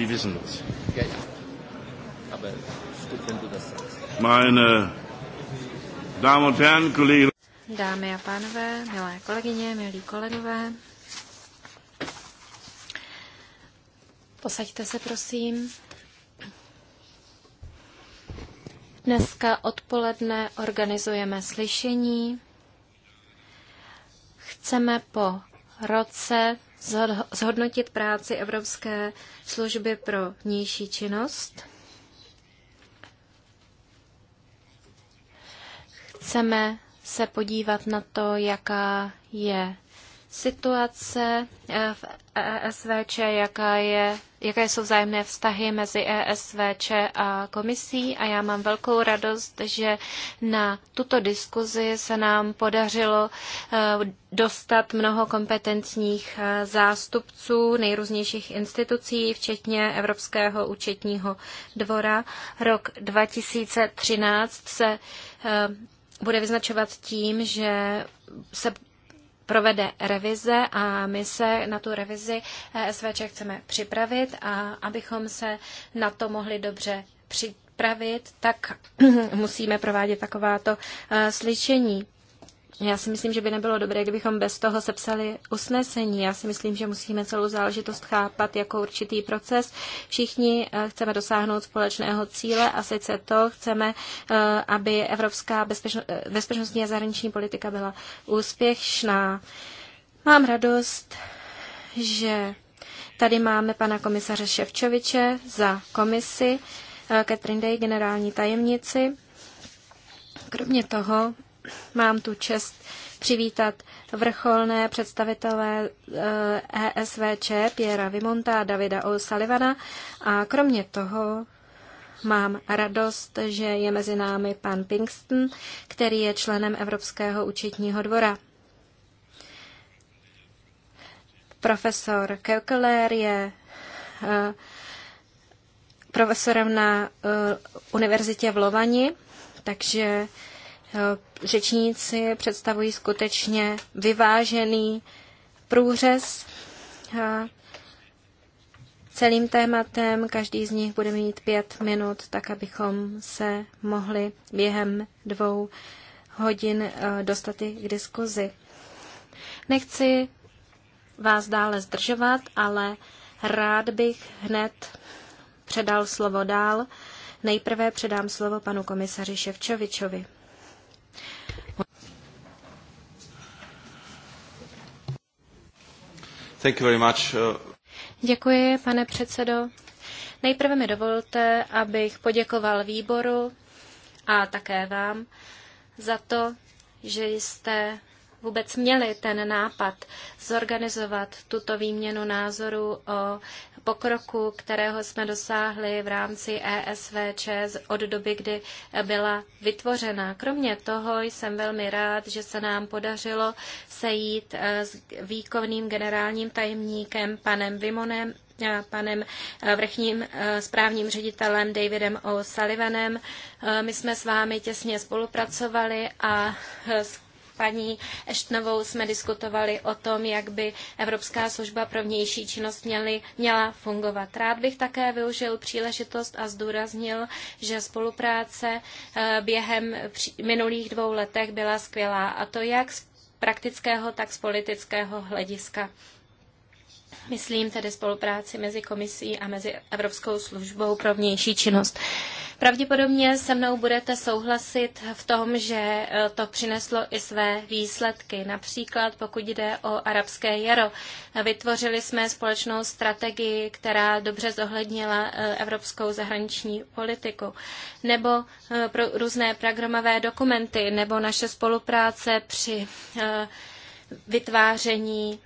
die wissen das. Ja, ja. Aber es gut, wenn du das sagst. Meine Damen und Herren, Kollegen. Dámy a pánové, milé kolegyně, milí kolegové, posaďte se prosím. Dneska odpoledne organizujeme slyšení. Chceme po roce zhodnotit práci Evropské služby pro vnější činnost. Chceme se podívat na to, jaká je situace eh, v ESVČ, jaká je jaké jsou vzájemné vztahy mezi ESVČ a komisí a já mám velkou radost, že na tuto diskuzi se nám podařilo eh, dostat mnoho kompetentních eh, zástupců nejrůznějších institucí, včetně Evropského účetního dvora. Rok 2013 se eh, bude vyznačovat tím, že se provede revize a my se na tu revizi eh, SVČ chceme připravit a abychom se na to mohli dobře připravit, tak musíme provádět takováto eh, slyšení. Já si myslím, že by nebylo dobré, kdybychom bez toho sepsali usnesení. Já si myslím, že musíme celou záležitost chápat jako určitý proces. Všichni eh, chceme dosáhnout společného cíle a sice to chceme, eh, aby evropská eh, bezpečnostní a zahraniční politika byla úspěšná. Mám radost, že tady máme pana komisaře Ševčoviče za komisi, Katrin Day, generální tajemnici. Kromě toho Mám tu čest přivítat vrcholné představitelé ESVČ eh, e Piera Vimonta a Davida O'Sullivana a kromě toho Mám radost, že je mezi námi pan Pinkston, který je členem Evropského účetního dvora. Profesor Keukeler je eh, profesorem na eh, univerzitě v Lovani, takže Eh, řečníci představují skutečně vyvážený průřez eh, celým tématem. Každý z nich bude mít pět minut, tak abychom se mohli během dvou hodin eh, dostat i k diskuzi. Nechci vás dále zdržovat, ale rád bych hned předal slovo dál. Nejprve předám slovo panu komisaři Ševčovičovi. Thank you very much. Uh, Děkuji, pane předsedo. Nejprve mi dovolte, abych poděkoval výboru a také vám za to, že jste vůbec měli ten nápad zorganizovat tuto výměnu názoru o pokroku, kterého jsme dosáhli v rámci ESVČ od doby, kdy byla vytvořena. Kromě toho jsem velmi rád, že se nám podařilo sejít eh, s výkonným generálním tajemníkem panem Vimonem panem eh, vrchním eh, správním ředitelem Davidem O'Sullivanem. My jsme s vámi těsně spolupracovali a paní Eštnovou jsme diskutovali o tom, jak by Evropská služba pro vnější činnost měla fungovat. Rád bych také využil příležitost a zdůraznil, že spolupráce eh, během minulých dvou letech byla skvělá, a to jak z praktického, tak z politického hlediska. Myslím tedy spolupráci mezi komisí a mezi Evropskou službou pro vnější činnost. Pravděpodobně se mnou budete souhlasit v tom, že eh, to přineslo i své výsledky. Například pokud jde o arabské jaro, eh, vytvořili jsme společnou strategii, která dobře zohlednila eh, evropskou zahraniční politiku, nebo pro různé programové dokumenty, nebo naše spolupráce při vytváření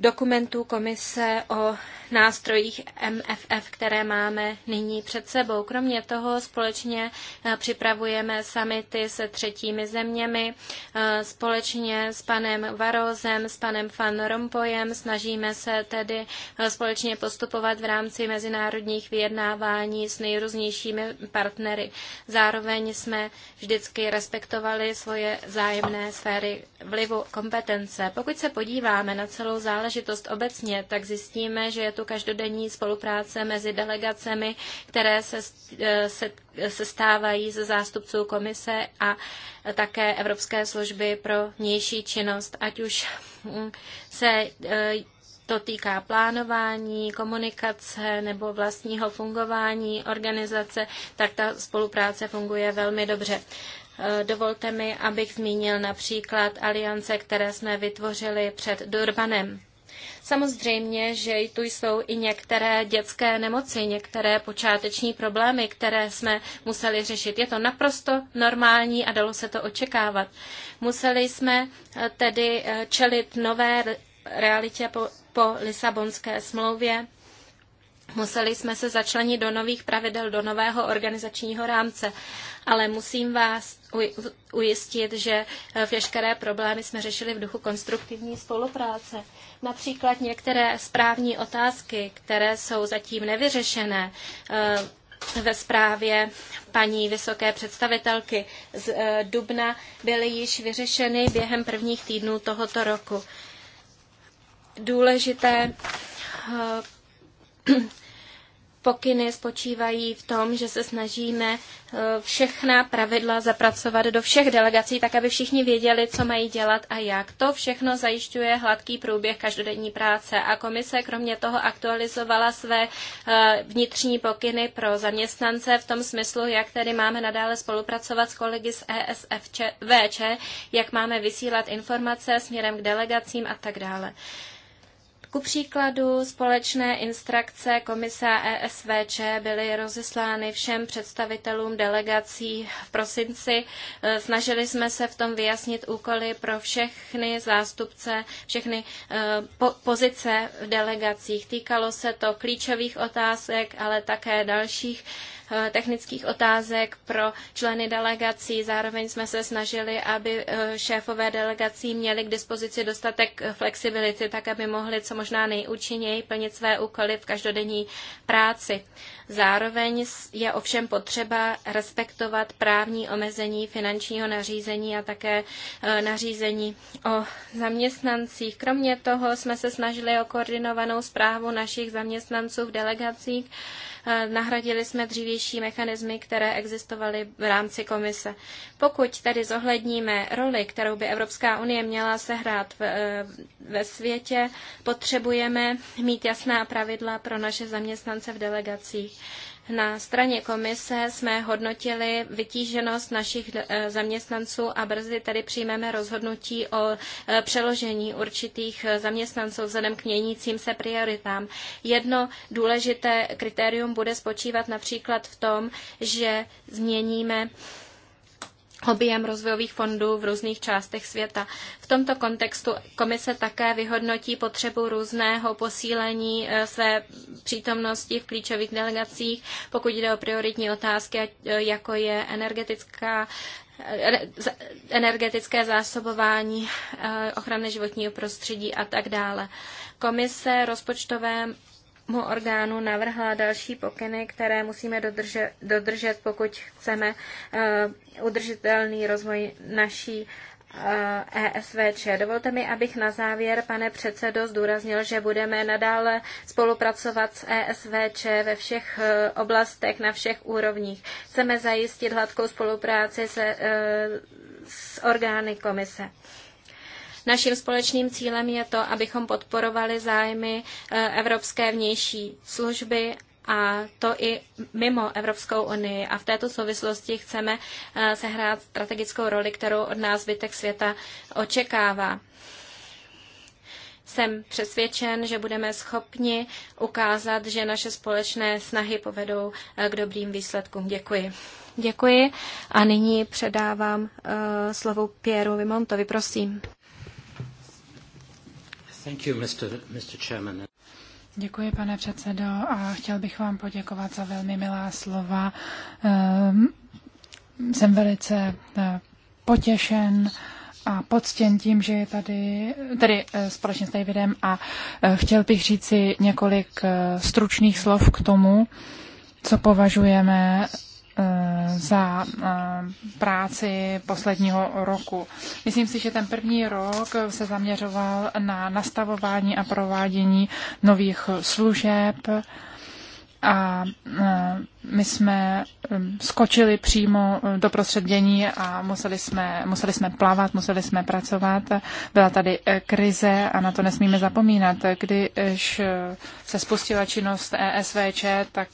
dokumentů komise o nástrojích MFF, které máme nyní před sebou. Kromě toho společně eh, připravujeme samity se třetími zeměmi. Eh, společně s panem Varozem, s panem Van Rompojem snažíme se tedy eh, společně postupovat v rámci mezinárodních vyjednávání s nejrůznějšími partnery. Zároveň jsme vždycky respektovali svoje zájemné sféry vlivu kompetence. Pokud se podíváme na celou záležitost, záležitost obecně, tak zjistíme, že je tu každodenní spolupráce mezi delegacemi, které se, e, se, se stávají ze zástupců komise a také Evropské služby pro vnější činnost, ať už mm, se e, to týká plánování, komunikace nebo vlastního fungování organizace, tak ta spolupráce funguje velmi dobře. E, dovolte mi, abych zmínil například aliance, které jsme vytvořili před Durbanem. Samozřejmě, že tu jsou i některé dětské nemoci, některé počáteční problémy, které jsme museli řešit. Je to naprosto normální a dalo se to očekávat. Museli jsme eh, tedy eh, čelit nové realitě po, po Lisabonské smlouvě. Museli jsme se začlenit do nových pravidel, do nového organizačního rámce. Ale musím vás ujistit, že eh, veškeré problémy jsme řešili v duchu konstruktivní spolupráce. Například některé správní otázky, které jsou zatím nevyřešené, eh, ve zprávě paní vysoké představitelky z eh, Dubna byly již vyřešeny během prvních týdnů tohoto roku. Důležité pokyny spočívají v tom, že se snažíme eh, všechna pravidla zapracovat do všech delegací, tak aby všichni věděli, co mají dělat a jak. To všechno zajišťuje hladký průběh každodenní práce a komise kromě toho aktualizovala své eh, vnitřní pokyny pro zaměstnance v tom smyslu, jak tedy máme nadále spolupracovat s kolegy z ESFVČ, jak máme vysílat informace směrem k delegacím a tak dále. Ku příkladu společné instrukce komise ESVČ byly rozeslány všem představitelům delegací v prosinci. E, snažili jsme se v tom vyjasnit úkoly pro všechny zástupce, všechny e, pozice v delegacích. Týkalo se to klíčových otázek, ale také dalších Eh, technických otázek pro členy delegací. Zároveň jsme se snažili, aby eh, šéfové delegací měli k dispozici dostatek eh, flexibility, tak aby mohli co možná nejúčinněji plnit své úkoly v každodenní práci. Zároveň je ovšem potřeba respektovat právní omezení finančního nařízení a také nařízení o zaměstnancích. Kromě toho jsme se snažili o koordinovanou zprávu našich zaměstnanců v delegacích, Eh, nahradili jsme dřívější mechanismy, které existovaly v rámci komise. Pokud tedy zohledníme roli, kterou by Evropská unie měla sehrát v, eh, ve světě, potřebujeme mít jasná pravidla pro naše zaměstnance v delegacích. Na straně komise jsme hodnotili vytíženost našich eh, zaměstnanců a brzy tedy přijmeme rozhodnutí o eh, přeložení určitých eh, zaměstnanců vzhledem k měnícím se prioritám. Jedno důležité kritérium bude spočívat například v tom, že změníme objem rozvojových fondů v různých částech světa. V tomto kontextu komise také vyhodnotí potřebu různého posílení eh, své přítomnosti v klíčových delegacích, pokud jde o prioritní otázky, eh, jako je energetická eh, energetické zásobování, ochrany životního prostředí a tak dále. Komise rozpočtové mu orgánu navrhla další pokyny, které musíme dodržet, dodržet pokud chceme uh, udržitelný rozvoj naší ESVČ. Eh, e Dovolte mi, abych na závěr, pane předsedo, zdůraznil, že budeme nadále spolupracovat s ESVČ ve všech eh, oblastech, na všech úrovních. Chceme zajistit hladkou spolupráci se, s orgány komise. Naším společným cílem je to, abychom podporovali zájmy eh, Evropské vnější služby a to i mimo Evropskou unii. A v této souvislosti chceme eh, sehrát strategickou roli, kterou od nás zbytek světa očekává. Jsem přesvědčen, že budeme schopni ukázat, že naše společné snahy povedou eh, k dobrým výsledkům. Děkuji. Děkuji a nyní předávám uh, slovo Pěru Vimontovi, prosím. Thank you, Mr. Chairman. Děkuji, pane předsedo, a chtěl bych vám poděkovat za velmi milá slova. Ehm, jsem velice eh, potěšen a poctěn tím, že je tady, tady eh, společně s Davidem a eh, chtěl bych říci několik stručných slov k tomu, co považujeme Eh, za eh, práci posledního roku. Myslím si, že ten první rok se zaměřoval na nastavování a provádění nových služeb a eh, my jsme skočili přímo do prostředění a museli jsme, museli jsme plavat, museli jsme pracovat. Byla tady krize a na to nesmíme zapomínat. Když se spustila činnost ESVČ, tak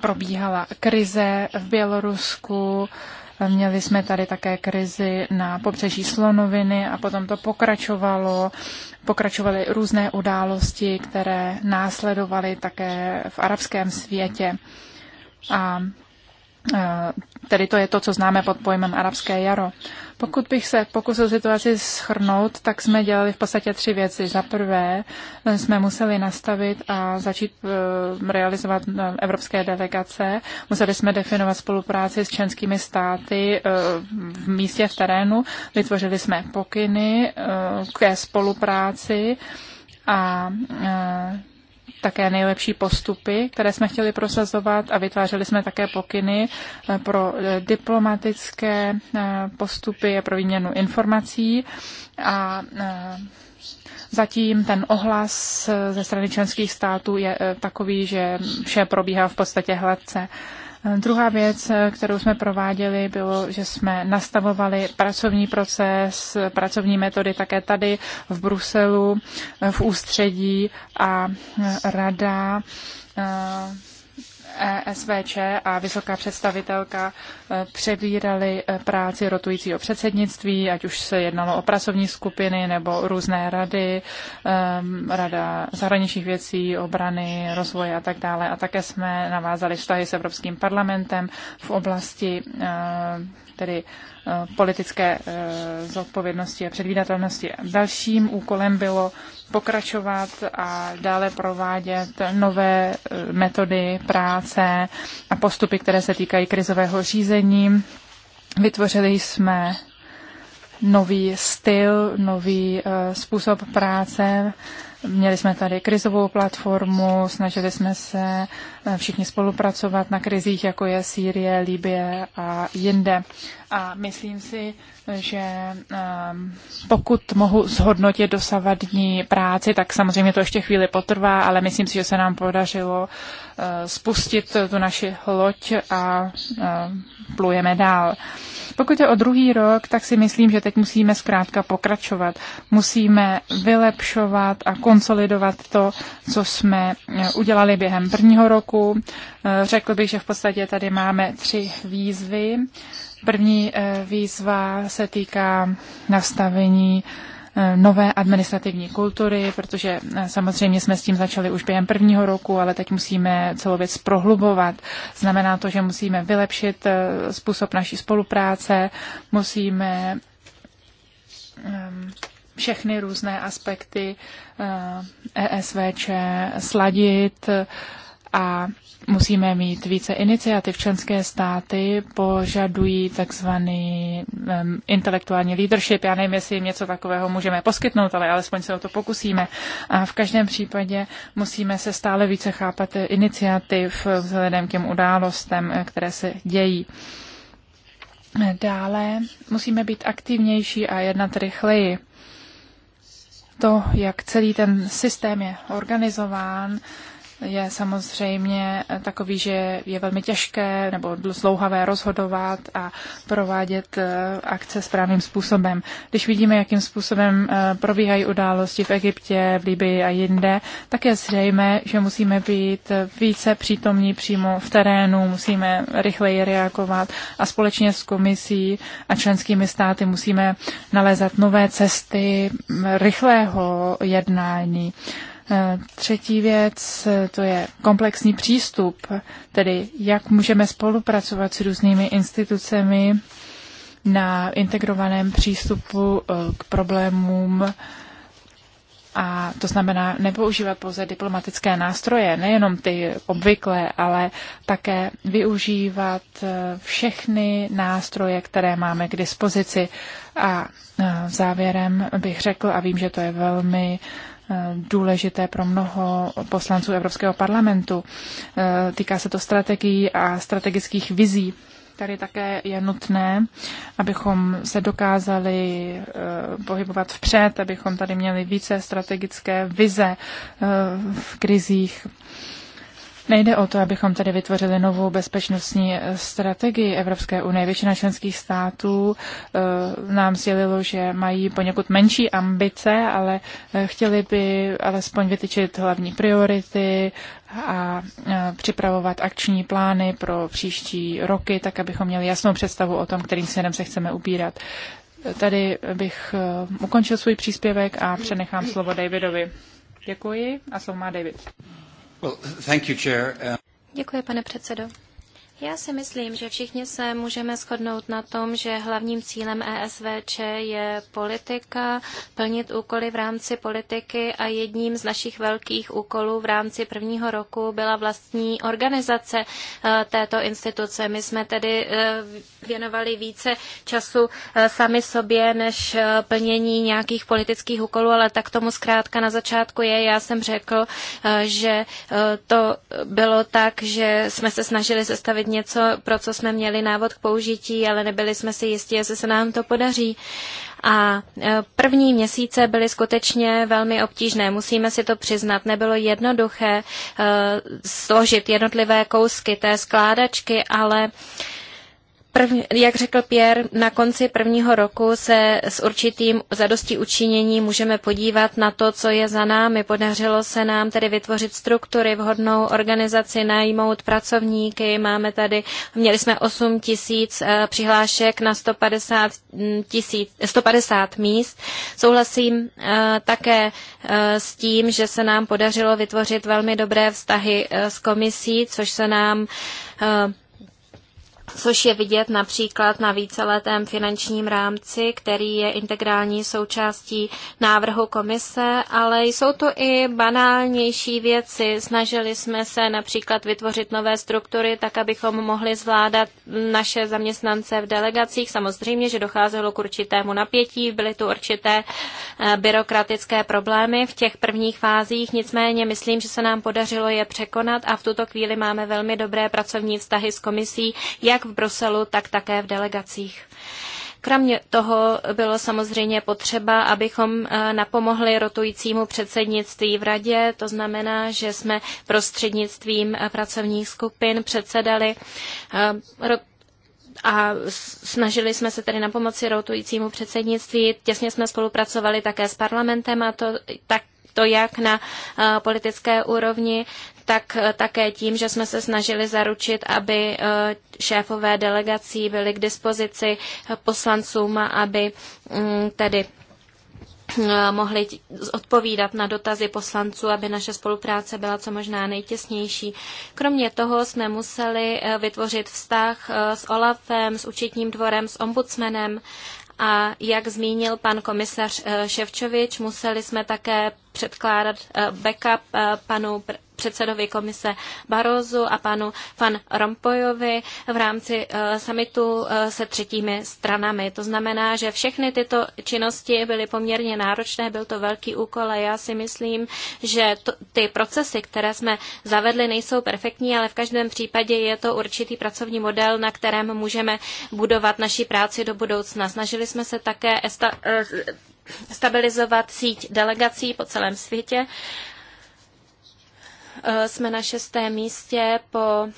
probíhala krize v Bělorusku, Měli jsme tady také krizi na pobřeží Slonoviny a potom to pokračovalo. Pokračovaly různé události, které následovaly také v arabském světě. A Eh, tedy to je to, co známe pod pojmem arabské jaro. Pokud bych se pokusil situaci schrnout, tak jsme dělali v podstatě tři věci. Za prvé eh, jsme museli nastavit a začít eh, realizovat evropské delegace. Museli jsme definovat spolupráci s členskými státy v místě, v terénu. Vytvořili jsme pokyny ke spolupráci a také nejlepší postupy, které jsme chtěli prosazovat a vytvářeli jsme také pokyny eh, pro eh, diplomatické eh, postupy a pro výměnu informací. A Zatím ten ohlas ze strany členských států je takový, že vše probíhá v podstatě hladce. Druhá věc, kterou jsme prováděli, bylo, že jsme nastavovali pracovní proces, pracovní metody také tady v Bruselu, v ústředí a rada ESVČ a vysoká představitelka eh, přebírali eh, práci rotujícího předsednictví, ať už se jednalo o pracovní skupiny nebo různé rady, ehm, rada zahraničních věcí, obrany, rozvoje a tak dále. A také jsme navázali vztahy s Evropským parlamentem v oblasti eh, tedy Eh, politické eh, zodpovědnosti a předvídatelnosti. Dalším úkolem bylo pokračovat a dále provádět nové eh, metody práce a postupy, které se týkají krizového řízení. Vytvořili jsme nový styl, nový způsob práce. Měli jsme tady krizovou platformu, snažili jsme se všichni spolupracovat na krizích, jako je Sýrie, Libie a jinde. A myslím si, že ehm, pokud mohu zhodnotit dosavadní práci, tak samozřejmě to ještě chvíli potrvá, ale myslím si, že se nám podařilo eh, spustit tu naši loď a eh, plujeme dál. Pokud je o druhý rok, tak si myslím, že teď musíme zkrátka pokračovat. Musíme vylepšovat a konsolidovat to, co jsme eh, udělali během prvního roku. Řekl bych, že v podstatě tady máme tři výzvy První eh, výzva se týká nastavení eh, nové administrativní kultury, protože eh, samozřejmě jsme s tím začali už během prvního roku, ale teď musíme celou věc prohlubovat. Znamená to, že musíme vylepšit způsob naší spolupráce, musíme ehm, všechny různé aspekty ESVČ e sladit, a musíme mít více iniciativ. Členské státy požadují takzvaný um, intelektuální leadership. Já nevím, jestli jim něco takového můžeme poskytnout, ale alespoň se o to pokusíme. A v každém případě musíme se stále více chápat iniciativ vzhledem k těm událostem, eh, které se dějí. Dále musíme být aktivnější a jednat rychleji to, jak celý ten systém je organizován, je samozřejmě takový, že je velmi těžké nebo zlouhavé rozhodovat a provádět eh, akce správným způsobem. Když vidíme, jakým způsobem eh, probíhají události v Egyptě, v Libii a jinde, tak je zřejmé, že musíme být více přítomní přímo v terénu, musíme rychleji reagovat a společně s komisí a členskými státy musíme nalézat nové cesty rychlého jednání. Eh, třetí věc, eh, to je komplexní přístup, tedy jak můžeme spolupracovat s různými institucemi na integrovaném přístupu eh, k problémům a to znamená nepoužívat pouze diplomatické nástroje, nejenom ty obvyklé, ale také využívat všechny nástroje, které máme k dispozici. A závěrem bych řekl, a vím, že to je velmi Eh, důležité pro mnoho poslanců Evropského parlamentu. Eh, týká se to strategií a strategických vizí. Tady také je nutné, abychom se dokázali eh, pohybovat vpřed, abychom tady měli více strategické vize v krizích Nejde o to, abychom tady vytvořili novou bezpečnostní eh, strategii Evropské unie. Většina členských států eh, nám sdělilo, že mají poněkud menší ambice, ale eh, chtěli by alespoň vytyčit hlavní priority a připravovat akční plány pro příští roky, tak abychom měli jasnou představu o tom, kterým směrem se chceme ubírat. Tady bych ukončil svůj příspěvek a přenechám slovo Davidovi. Děkuji a slovo má David. Děkuji, pane předsedo. Já si myslím, že všichni se můžeme shodnout na tom, že hlavním cílem ESVČ je politika, plnit úkoly v rámci politiky a jedním z našich velkých úkolů v rámci prvního roku byla vlastní organizace eh, této instituce. My jsme tedy eh, věnovali více času eh, sami sobě než eh, plnění nějakých politických úkolů, ale tak tomu zkrátka na začátku je. Já jsem řekl, eh, že to bylo tak, že jsme se snažili sestavit něco, pro co jsme měli návod k použití, ale nebyli jsme si jistí, jestli se nám to podaří. A první měsíce byly skutečně velmi obtížné, musíme si to přiznat. Nebylo jednoduché složit jednotlivé kousky té skládačky, ale Prv, jak řekl Pierre, na konci prvního roku se s určitým zadostí učinění můžeme podívat na to, co je za námi. Podařilo se nám tedy vytvořit struktury, vhodnou organizaci, najmout pracovníky. Máme tady, měli jsme 8 tisíc eh, přihlášek na 150, mm, tisíc, 150 míst. Souhlasím eh, také eh, s tím, že se nám podařilo vytvořit velmi dobré vztahy s komisí, což se nám což je vidět například na víceletém finančním rámci, který je integrální součástí návrhu komise, ale jsou to i banálnější věci. Snažili jsme se například vytvořit nové struktury, tak abychom mohli zvládat naše zaměstnance v delegacích. Samozřejmě, že docházelo k určitému napětí, byly tu určité eh, byrokratické problémy v těch prvních fázích, nicméně myslím, že se nám podařilo je překonat a v tuto chvíli máme velmi dobré pracovní vztahy s komisí, jak jak v Bruselu, tak také v delegacích. Kromě toho bylo samozřejmě potřeba, abychom eh, napomohli rotujícímu předsednictví v radě, to znamená, že jsme prostřednictvím eh, pracovních skupin předsedali eh, a snažili jsme se tedy na pomoci rotujícímu předsednictví. Těsně jsme spolupracovali také s parlamentem a to tak to jak na eh, politické úrovni, tak eh, také tím, že jsme se snažili zaručit, aby eh, šéfové delegací byly k dispozici poslancům, aby mm, tedy mohli odpovídat na dotazy poslanců, aby naše spolupráce byla co možná nejtěsnější. Kromě toho jsme museli vytvořit vztah s OLAFem, s Učitním dvorem, s ombudsmanem a jak zmínil pan komisař eh, Ševčovič, museli jsme také předkládat eh, backup eh, panu předsedovi komise Barozu a panu Van Rompojovi v rámci eh, samitu eh, se třetími stranami. To znamená, že všechny tyto činnosti byly poměrně náročné, byl to velký úkol a já si myslím, že to, ty procesy, které jsme zavedli, nejsou perfektní, ale v každém případě je to určitý pracovní model, na kterém můžeme budovat naši práci do budoucna. Snažili jsme se také esta, eh, stabilizovat síť delegací po celém světě. Eh, jsme na šestém místě po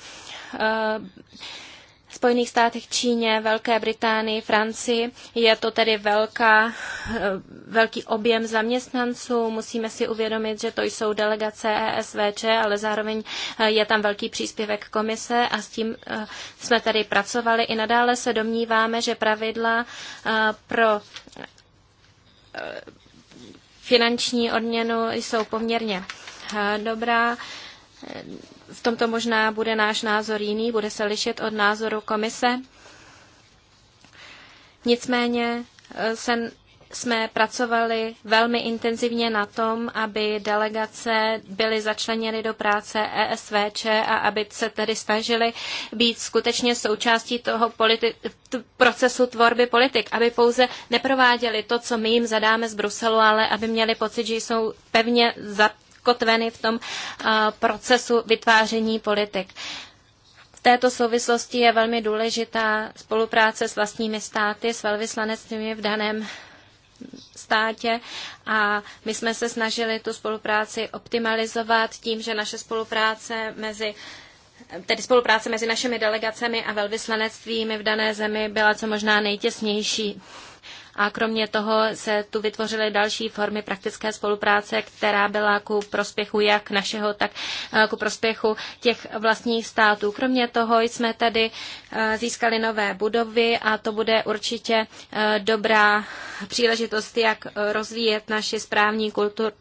eh, Spojených státech, Číně, Velké Británii, Francii. Je to tedy velká, eh, velký objem zaměstnanců. Musíme si uvědomit, že to jsou delegace ESVČ, ale zároveň je tam velký příspěvek komise a s tím jsme tady pracovali. I nadále se domníváme, že pravidla pro finanční odměnu jsou poměrně dobrá. V tomto možná bude náš názor jiný, bude se lišit od názoru komise. Nicméně jsem, eh, jsme pracovali velmi intenzivně na tom, aby delegace byly začleněny do práce ESVČ a aby se tedy snažili být skutečně součástí toho politi- procesu tvorby politik, aby pouze neprováděli to, co my jim zadáme z Bruselu, ale aby měli pocit, že jsou pevně za- zakotveny v tom eh, procesu vytváření politik. V této souvislosti je velmi důležitá spolupráce s vlastními státy, s velvyslanectvími v daném státě a my jsme se snažili tu spolupráci optimalizovat tím, že naše spolupráce mezi tedy spolupráce mezi našimi delegacemi a velvyslanectvími v dané zemi byla co možná nejtěsnější a kromě toho se tu vytvořily další formy praktické spolupráce, která byla ku prospěchu jak našeho, tak eh, ku prospěchu těch vlastních států. Kromě toho jsme tady eh, získali nové budovy a to bude určitě eh, dobrá příležitost, jak rozvíjet naši správní kulturu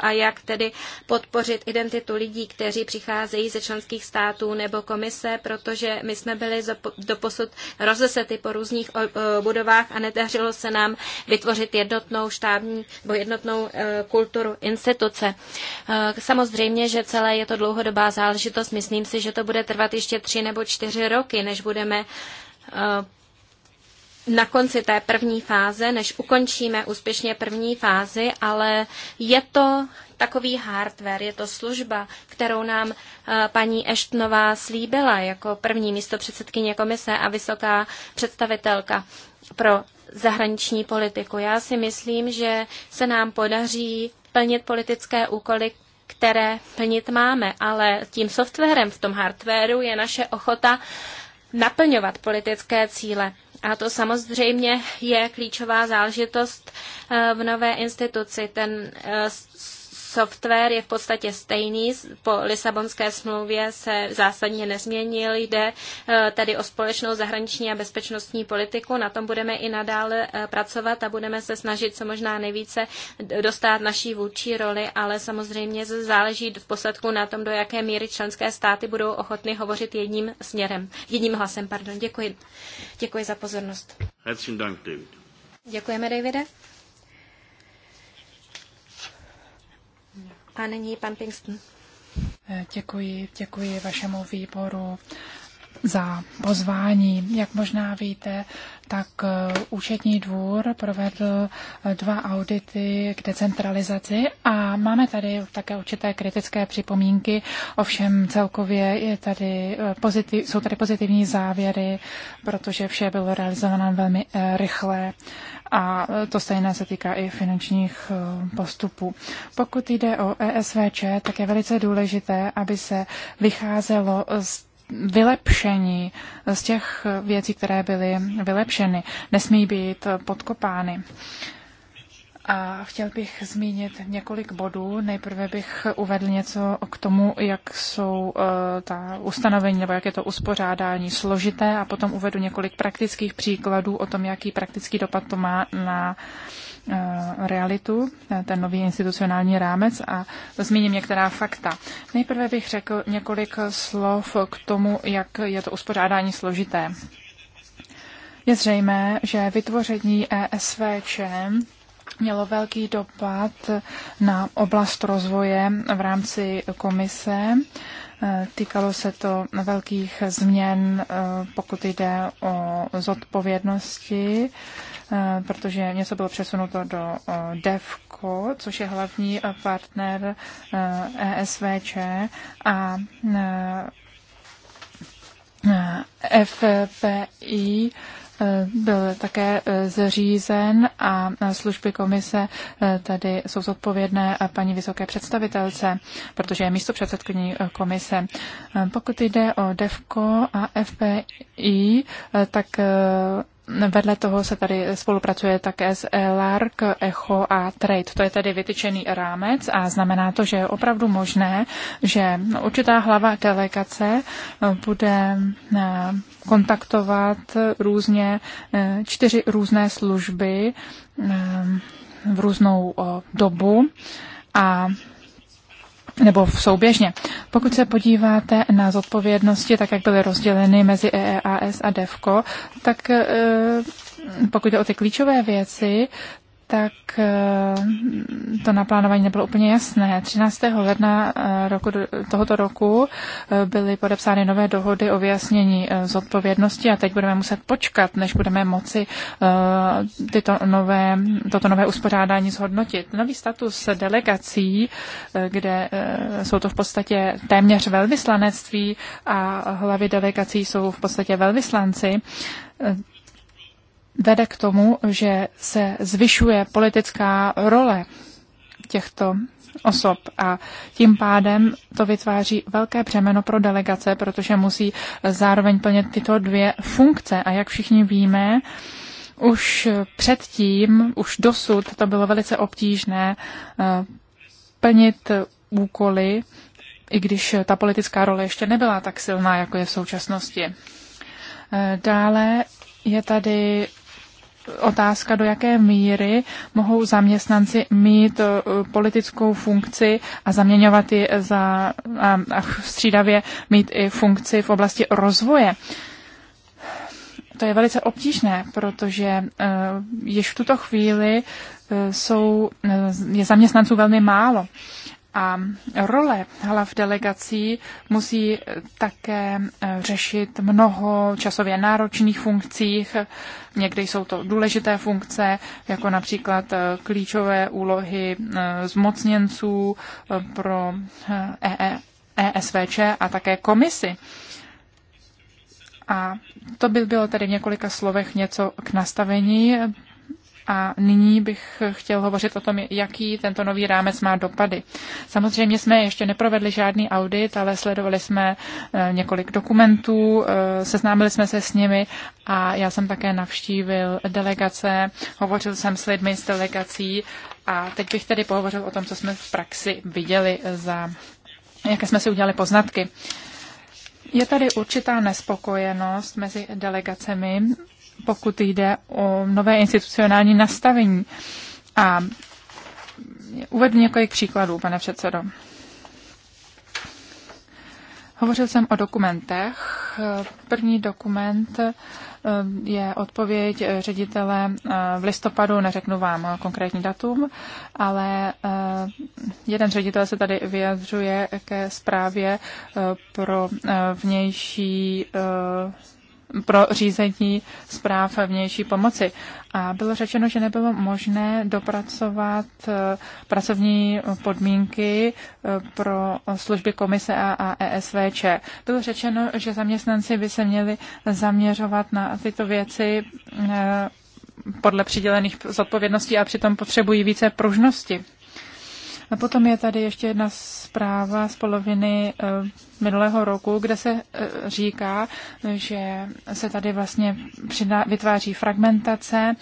a jak tedy podpořit identitu lidí, kteří přicházejí ze členských států nebo komise, protože my jsme byli doposud rozesety po různých budovách a nedařilo se nám nám vytvořit jednotnou štábní nebo jednotnou eh, kulturu instituce. Eh, samozřejmě, že celé je to dlouhodobá záležitost. Myslím si, že to bude trvat ještě tři nebo čtyři roky, než budeme eh, na konci té první fáze, než ukončíme úspěšně první fázi, ale je to takový hardware, je to služba, kterou nám paní Eštnová slíbila jako první místo předsedkyně komise a vysoká představitelka pro zahraniční politiku. Já si myslím, že se nám podaří plnit politické úkoly, které plnit máme, ale tím softwarem v tom hardwareu je naše ochota naplňovat politické cíle. A to samozřejmě je klíčová záležitost eh, v nové instituci. Ten eh, software je v podstatě stejný, po Lisabonské smlouvě se zásadně nezměnil, jde eh, tedy o společnou zahraniční a bezpečnostní politiku, na tom budeme i nadále eh, pracovat a budeme se snažit co možná nejvíce dostat naší vůči roli, ale samozřejmě záleží v posledku na tom, do jaké míry členské státy budou ochotny hovořit jedním směrem, jedním hlasem. Pardon. Děkuji. Děkuji za pozornost. Herzlichen Dank, David. Děkujeme, Davide. A nyní pan Děkuji, děkuji vašemu výboru za pozvání. Jak možná víte, tak eh, účetní dvůr provedl eh, dva audity k decentralizaci a máme tady také určité kritické připomínky, ovšem celkově je tady eh, pozitiv, jsou tady pozitivní závěry, protože vše bylo realizováno velmi rychle a to stejné se týká i finančních postupů. Pokud jde o ESVČ, tak je velice důležité, aby se vycházelo z vylepšení, z těch věcí, které byly vylepšeny, nesmí být podkopány. A chtěl bych zmínit několik bodů. Nejprve bych uvedl něco k tomu, jak jsou eh, ta ustanovení nebo jak je to uspořádání složité a potom uvedu několik praktických příkladů o tom, jaký praktický dopad to má na Eh, realitu, eh, ten nový institucionální rámec a zmíním některá fakta. Nejprve bych řekl několik slov k tomu, jak je to uspořádání složité. Je zřejmé, že vytvoření ESVČ mělo velký dopad na oblast rozvoje v rámci komise. Eh, týkalo se to velkých změn, pokud jde o zodpovědnosti Eh, protože něco bylo přesunuto do eh, DEVCO, což je hlavní eh, partner ESVČ e a FPI byl také zřízen a služby komise tady jsou zodpovědné paní vysoké představitelce, protože je místo předsedkyní komise. Pokud jde o DEVCO a FPI, tak vedle toho se tady spolupracuje také s LARC, ECHO a TRADE. To je tedy vytyčený rámec a znamená to, že je opravdu možné, že určitá hlava delegace eh, bude eh, kontaktovat různě eh, čtyři různé služby v různou dobu a nebo v souběžně. Pokud se podíváte na zodpovědnosti, tak jak byly rozděleny mezi EEAS a DEVCO, tak eh, pokud jde o ty klíčové věci, tak eh, to naplánování nebylo úplně jasné. 13. ledna eh, roku, tohoto roku eh, byly podepsány nové dohody o vyjasnění zodpovědnosti a teď budeme muset počkat, než budeme moci tyto nové, toto nové uspořádání zhodnotit. Nový status delegací, kde jsou to v podstatě téměř velvyslanectví a hlavy delegací jsou v podstatě velvyslanci, vede k tomu, že se zvyšuje politická role těchto osob a tím pádem to vytváří velké břemeno pro delegace, protože musí zároveň plnit tyto dvě funkce. A jak všichni víme, už předtím, už dosud to bylo velice obtížné eh, plnit úkoly, i když ta politická role ještě nebyla tak silná, jako je v současnosti. Eh, dále je tady otázka, do jaké míry mohou zaměstnanci mít eh, politickou funkci a zaměňovat ji za, a, a střídavě mít i funkci v oblasti rozvoje. To je velice obtížné, protože eh, již v tuto chvíli eh, jsou, je zaměstnanců velmi málo. A role hlav delegací musí také e, řešit mnoho časově náročných funkcích. Někdy jsou to důležité funkce, jako například e, klíčové úlohy e, zmocněnců pro ESVČ a také komisy. A to by bylo tedy v několika slovech něco k nastavení a nyní bych chtěl hovořit o tom, jaký tento nový rámec má dopady. Samozřejmě jsme ještě neprovedli žádný audit, ale sledovali jsme eh, několik dokumentů, eh, seznámili jsme se s nimi a já jsem také navštívil delegace, hovořil jsem s lidmi z delegací a teď bych tedy pohovořil o tom, co jsme v praxi viděli za jaké jsme si udělali poznatky. Je tady určitá nespokojenost mezi delegacemi pokud jde o nové institucionální nastavení. A uvedu několik příkladů, pane předsedo. Hovořil jsem o dokumentech. První dokument eh, je odpověď eh, ředitele eh, v listopadu, neřeknu vám konkrétní datum, ale jeden ředitel se tady vyjadřuje ke zprávě pro vnější pro řízení zpráv vnější pomoci. A bylo řečeno, že nebylo možné dopracovat eh, pracovní podmínky eh, pro služby komise a ESVČ. Bylo řečeno, že zaměstnanci by se měli zaměřovat na tyto věci eh, podle přidělených zodpovědností a přitom potřebují více pružnosti. A potom je tady ještě jedna zpráva z poloviny eh, minulého roku, kde se eh, říká, že se tady vlastně vytváří fragmentace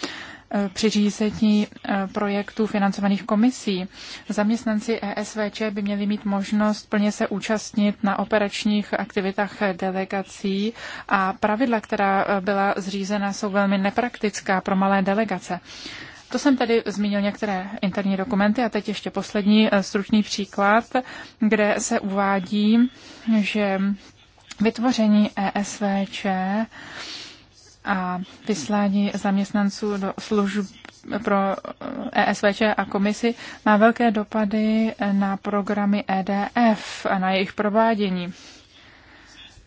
eh, při řízení projektů financovaných komisí. Zaměstnanci ESVČ by měli mít možnost plně se účastnit na operačních aktivitách delegací a pravidla, která byla zřízena, jsou velmi nepraktická pro malé delegace. To jsem tady zmínil některé interní dokumenty a teď ještě poslední eh, stručný příklad, kde se uvádí, že vytvoření ESVČ a vyslání zaměstnanců do služb pro ESVČ eh, e a komisi má velké dopady na programy EDF a na jejich provádění.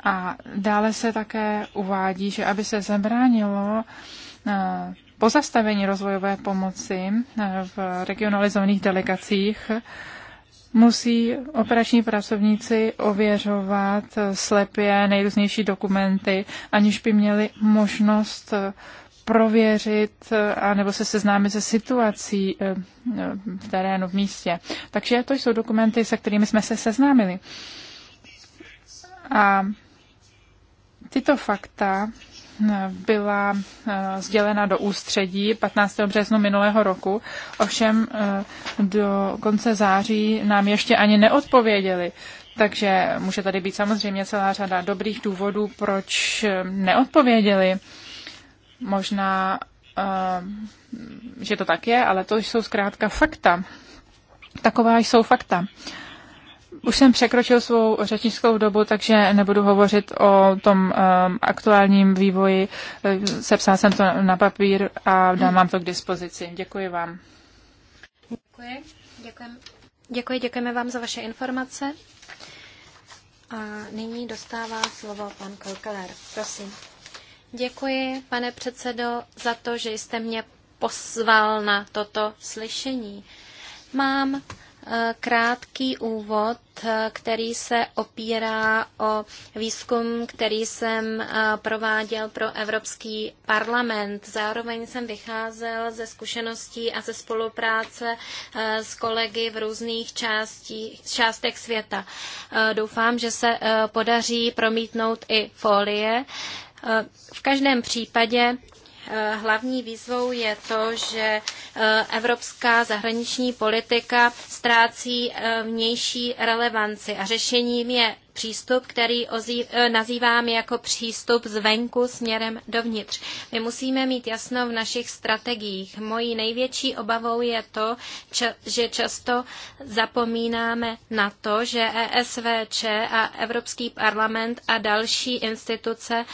A dále se také uvádí, že aby se zabránilo eh, pozastavení rozvojové pomoci v regionalizovaných delegacích musí operační pracovníci ověřovat slepě nejrůznější dokumenty, aniž by měli možnost prověřit anebo se seznámit se situací eh, eh, v terénu, v místě. Takže to jsou dokumenty, se kterými jsme se seznámili. A tyto fakta byla eh, sdělena do ústředí 15. březnu minulého roku, ovšem eh, do konce září nám ještě ani neodpověděli. Takže může tady být samozřejmě celá řada dobrých důvodů, proč eh, neodpověděli. Možná, že to tak je, ale to jsou zkrátka fakta. Taková jsou fakta už jsem překročil svou řečnickou dobu, takže nebudu hovořit o tom um, aktuálním vývoji. Eh, sepsal jsem to na papír a dám vám to k dispozici. Děkuji vám. Děkuji. Děkujeme. Děkuji, děkujeme vám za vaše informace. A nyní dostává slovo pan Kolkeler. Prosím. Děkuji, pane předsedo, za to, že jste mě pozval na toto slyšení. Mám krátký úvod, který se opírá o výzkum, který jsem eh, prováděl pro Evropský parlament. Zároveň jsem vycházel ze zkušeností a ze spolupráce eh, s kolegy v různých částí, částech světa. Eh, doufám, že se podaří promítnout i folie. V každém případě Eh, hlavní výzvou je to, že eh, evropská zahraniční politika ztrácí eh, vnější relevanci a řešením je přístup, který nazývám jako přístup zvenku směrem dovnitř. My musíme mít jasno v našich strategiích. Mojí největší obavou je to, že často zapomínáme na to, že ESVČ a Evropský parlament a další instituce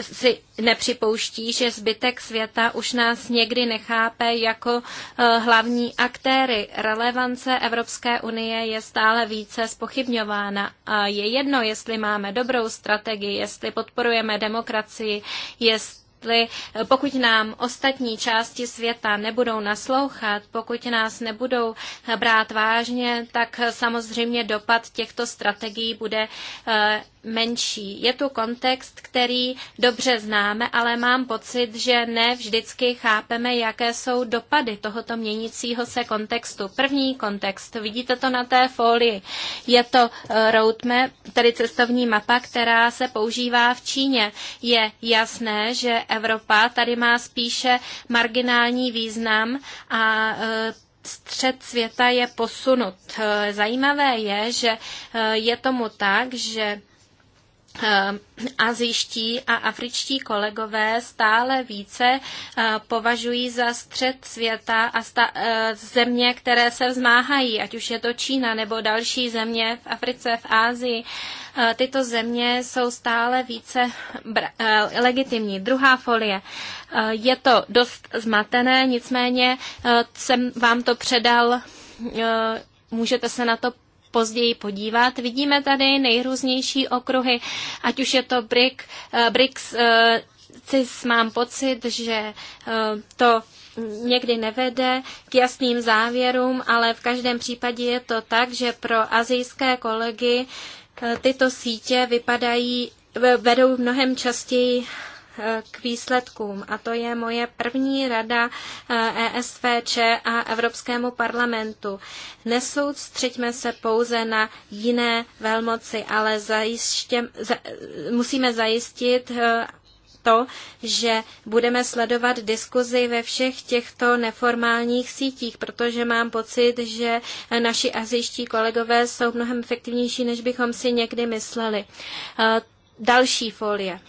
si nepřipouští, že zbytek světa už nás někdy nechápe jako eh, hlavní aktéry. Relevance Evropské unie je stále více spochybňována a je jedno, jestli máme dobrou strategii, jestli podporujeme demokracii, jestli jestli pokud nám ostatní části světa nebudou naslouchat, pokud nás nebudou brát vážně, tak samozřejmě dopad těchto strategií bude eh, menší. Je tu kontext, který dobře známe, ale mám pocit, že ne vždycky chápeme, jaké jsou dopady tohoto měnícího se kontextu. První kontext, vidíte to na té folii, je to eh, roadmap, tedy cestovní mapa, která se používá v Číně. Je jasné, že Evropa tady má spíše marginální význam a e, střed světa je posunut. E, zajímavé je, že e, je tomu tak, že Ehm, azijští a afričtí kolegové stále více eh, považují za střed světa a sta- eh, země, které se vzmáhají, ať už je to Čína nebo další země v Africe, v Ázii. Eh, tyto země jsou stále více legitimní. Druhá folie. Je to dost zmatené, nicméně jsem vám to předal můžete se na to později podívat. Vidíme tady nejrůznější okruhy, ať už je to BRIC, eh, BRICS, eh, CIS mám pocit, že eh, to někdy nevede k jasným závěrům, ale v každém případě je to tak, že pro azijské kolegy tyto sítě vypadají, vedou v mnohem častěji k výsledkům. A to je moje první rada ESVČ eh, e a Evropskému parlamentu. Nesoustřeďme se pouze na jiné velmoci, ale zajiště, za, musíme zajistit eh, to, že budeme sledovat diskuzi ve všech těchto neformálních sítích, protože mám pocit, že naši azijští kolegové jsou mnohem efektivnější, než bychom si někdy mysleli. Eh, další folie.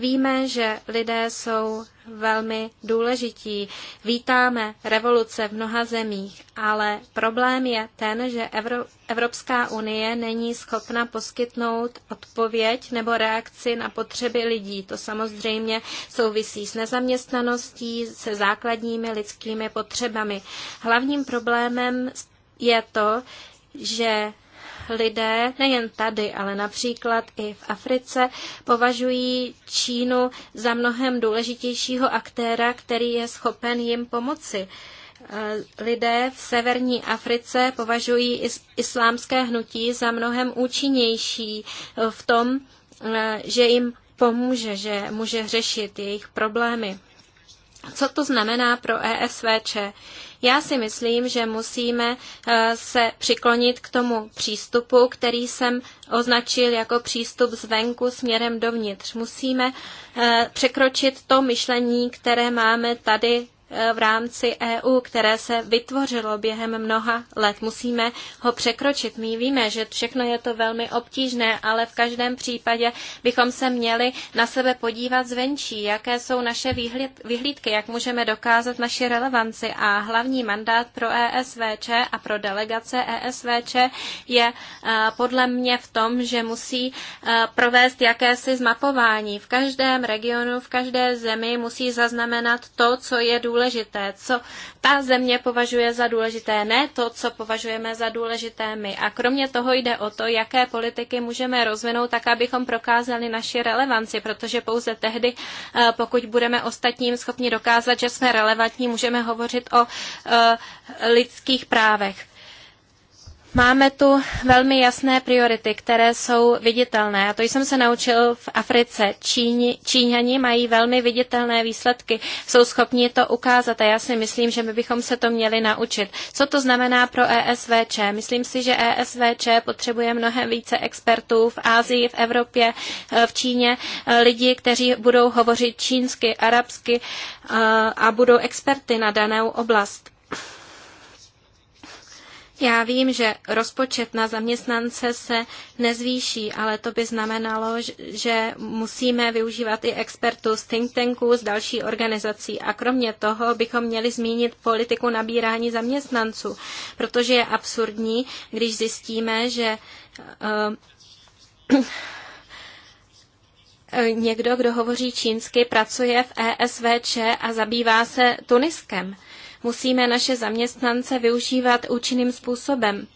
Víme, že lidé jsou velmi důležití. Vítáme revoluce v mnoha zemích, ale problém je ten, že Evropská unie není schopna poskytnout odpověď nebo reakci na potřeby lidí. To samozřejmě souvisí s nezaměstnaností, se základními lidskými potřebami. Hlavním problémem je to, že lidé, nejen tady, ale například i v Africe, považují Čínu za mnohem důležitějšího aktéra, který je schopen jim pomoci. E, lidé v severní Africe považují islámské hnutí za mnohem účinnější v tom, e, že jim pomůže, že může řešit jejich problémy. Co to znamená pro ESVČ? Já si myslím, že musíme eh, se přiklonit k tomu přístupu, který jsem označil jako přístup zvenku směrem dovnitř. Musíme eh, překročit to myšlení, které máme tady v rámci EU, které se vytvořilo během mnoha let. Musíme ho překročit. My víme, že všechno je to velmi obtížné, ale v každém případě bychom se měli na sebe podívat zvenčí, jaké jsou naše vyhlídky, jak můžeme dokázat naši relevanci. A hlavní mandát pro ESVČ a pro delegace ESVČ je eh, podle mě v tom, že musí eh, provést jakési zmapování. V každém regionu, v každé zemi musí zaznamenat to, co je důležité důležité, co ta země považuje za důležité, ne to, co považujeme za důležité my. A kromě toho jde o to, jaké politiky můžeme rozvinout tak, abychom prokázali naši relevanci, protože pouze tehdy, eh, pokud budeme ostatním schopni dokázat, že jsme relevantní, můžeme hovořit o eh, lidských právech. Máme tu velmi jasné priority, které jsou viditelné. A to jsem se naučil v Africe. Číni, Číňani mají velmi viditelné výsledky, jsou schopni to ukázat a já si myslím, že my bychom se to měli naučit. Co to znamená pro ESVČ? Myslím si, že ESVČ potřebuje mnohem více expertů v Ázii, v Evropě, eh, v Číně, eh, lidi, kteří budou hovořit čínsky, arabsky eh, a budou experty na danou oblast. Já vím, že rozpočet na zaměstnance se nezvýší, ale to by znamenalo, že musíme využívat i expertů z think tanků, z další organizací. A kromě toho bychom měli zmínit politiku nabírání zaměstnanců, protože je absurdní, když zjistíme, že eh, někdo, kdo hovoří čínsky, pracuje v ESVČ a zabývá se Tuniskem musíme naše zaměstnance využívat účinným způsobem.